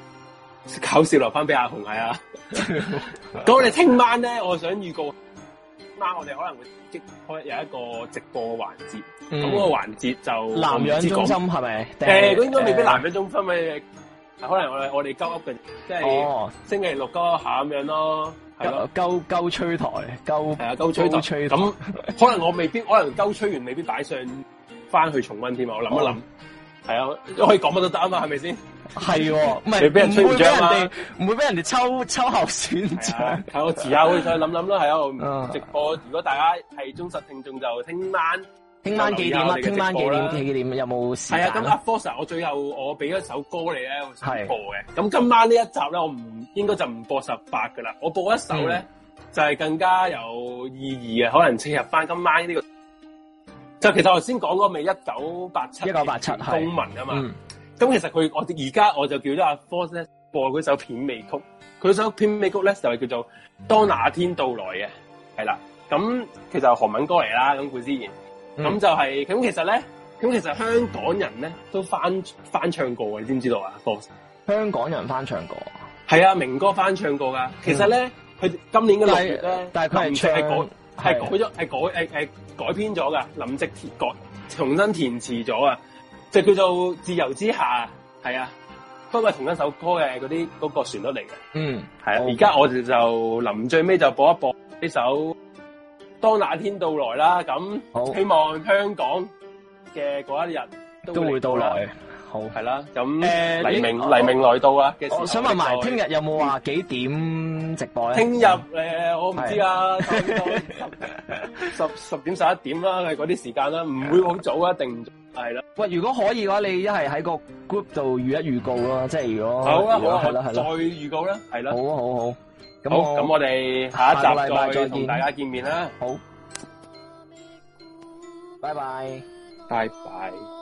搞笑留翻俾阿紅係啊。咁 我哋聽晚咧，我想預告，聽晚我哋可能會即開有一個直播環節。咁、嗯那個環節就男洋中心係咪？誒，咁、欸、應該未必男洋中心咪？呃呃可能我我哋鳩屋嘅，即係星期六鳩下咁樣咯，係、哦、咯，鳩鳩吹台，鳩係啊，鳩吹咁。可能我未必，可能鳩吹完未必擺上翻去重溫添、哦、啊！我諗一諗，係啊，可以講乜都得啊嘛，係咪先？係，唔會俾人吹張啊嘛，唔會俾人哋抽抽後選獎。係我遲下可以再諗諗囉。係啊，我直播、嗯、如果大家係忠實聽眾就聽晚。聽晚幾點啊？聽晚幾點？幾點有冇時間？係啊，咁阿 Fox，我最後我俾咗首歌你咧，我播嘅。咁今晚呢一集咧，我唔應該就唔播十八㗎啦。我播一首咧、嗯，就係、是、更加有意義嘅，可能切入翻今晚呢、這個。就其實我頭先講嗰個名，一九八七一九八七冬文啊嘛。咁、嗯、其實佢我而家我就叫咗阿 Fox 咧播嗰首片尾曲。佢首片尾曲咧就係、是、叫做《當那天到來》嘅，係啦。咁其實韓文歌嚟啦，咁顧之言。咁、嗯、就係、是、咁，其實咧，咁其實香港人咧都翻翻唱過嘅，你知唔知道啊？香港人翻唱過，係啊，明哥翻唱過噶。其實咧，佢今年嘅六月咧，林佢係改係改咗，係改誒誒改編咗噶，改《林夕鐵角》重新填詞咗啊，就叫做《自由之下》，係啊，不過係同一首歌嘅嗰啲嗰個旋律嚟嘅。嗯，係、okay、啊。而家我哋就臨最尾就播一播呢首。當那天到來啦，咁希望香港嘅嗰一日都會到來。好係啦，咁黎明黎明來到啊！我想問埋，聽日有冇話幾點直播啊？聽日誒，我唔知啊，十十點十一點啦，係嗰啲時間啦，唔會好早啊，定係啦。喂，如果可以嘅話，你一係喺個 group 度預一預告啦，即係如果，好啊，好啊，係啦，係啦。再預告啦，係啦，好好好。好，咁我哋下一集再同大家見面啦。好，拜拜，拜拜。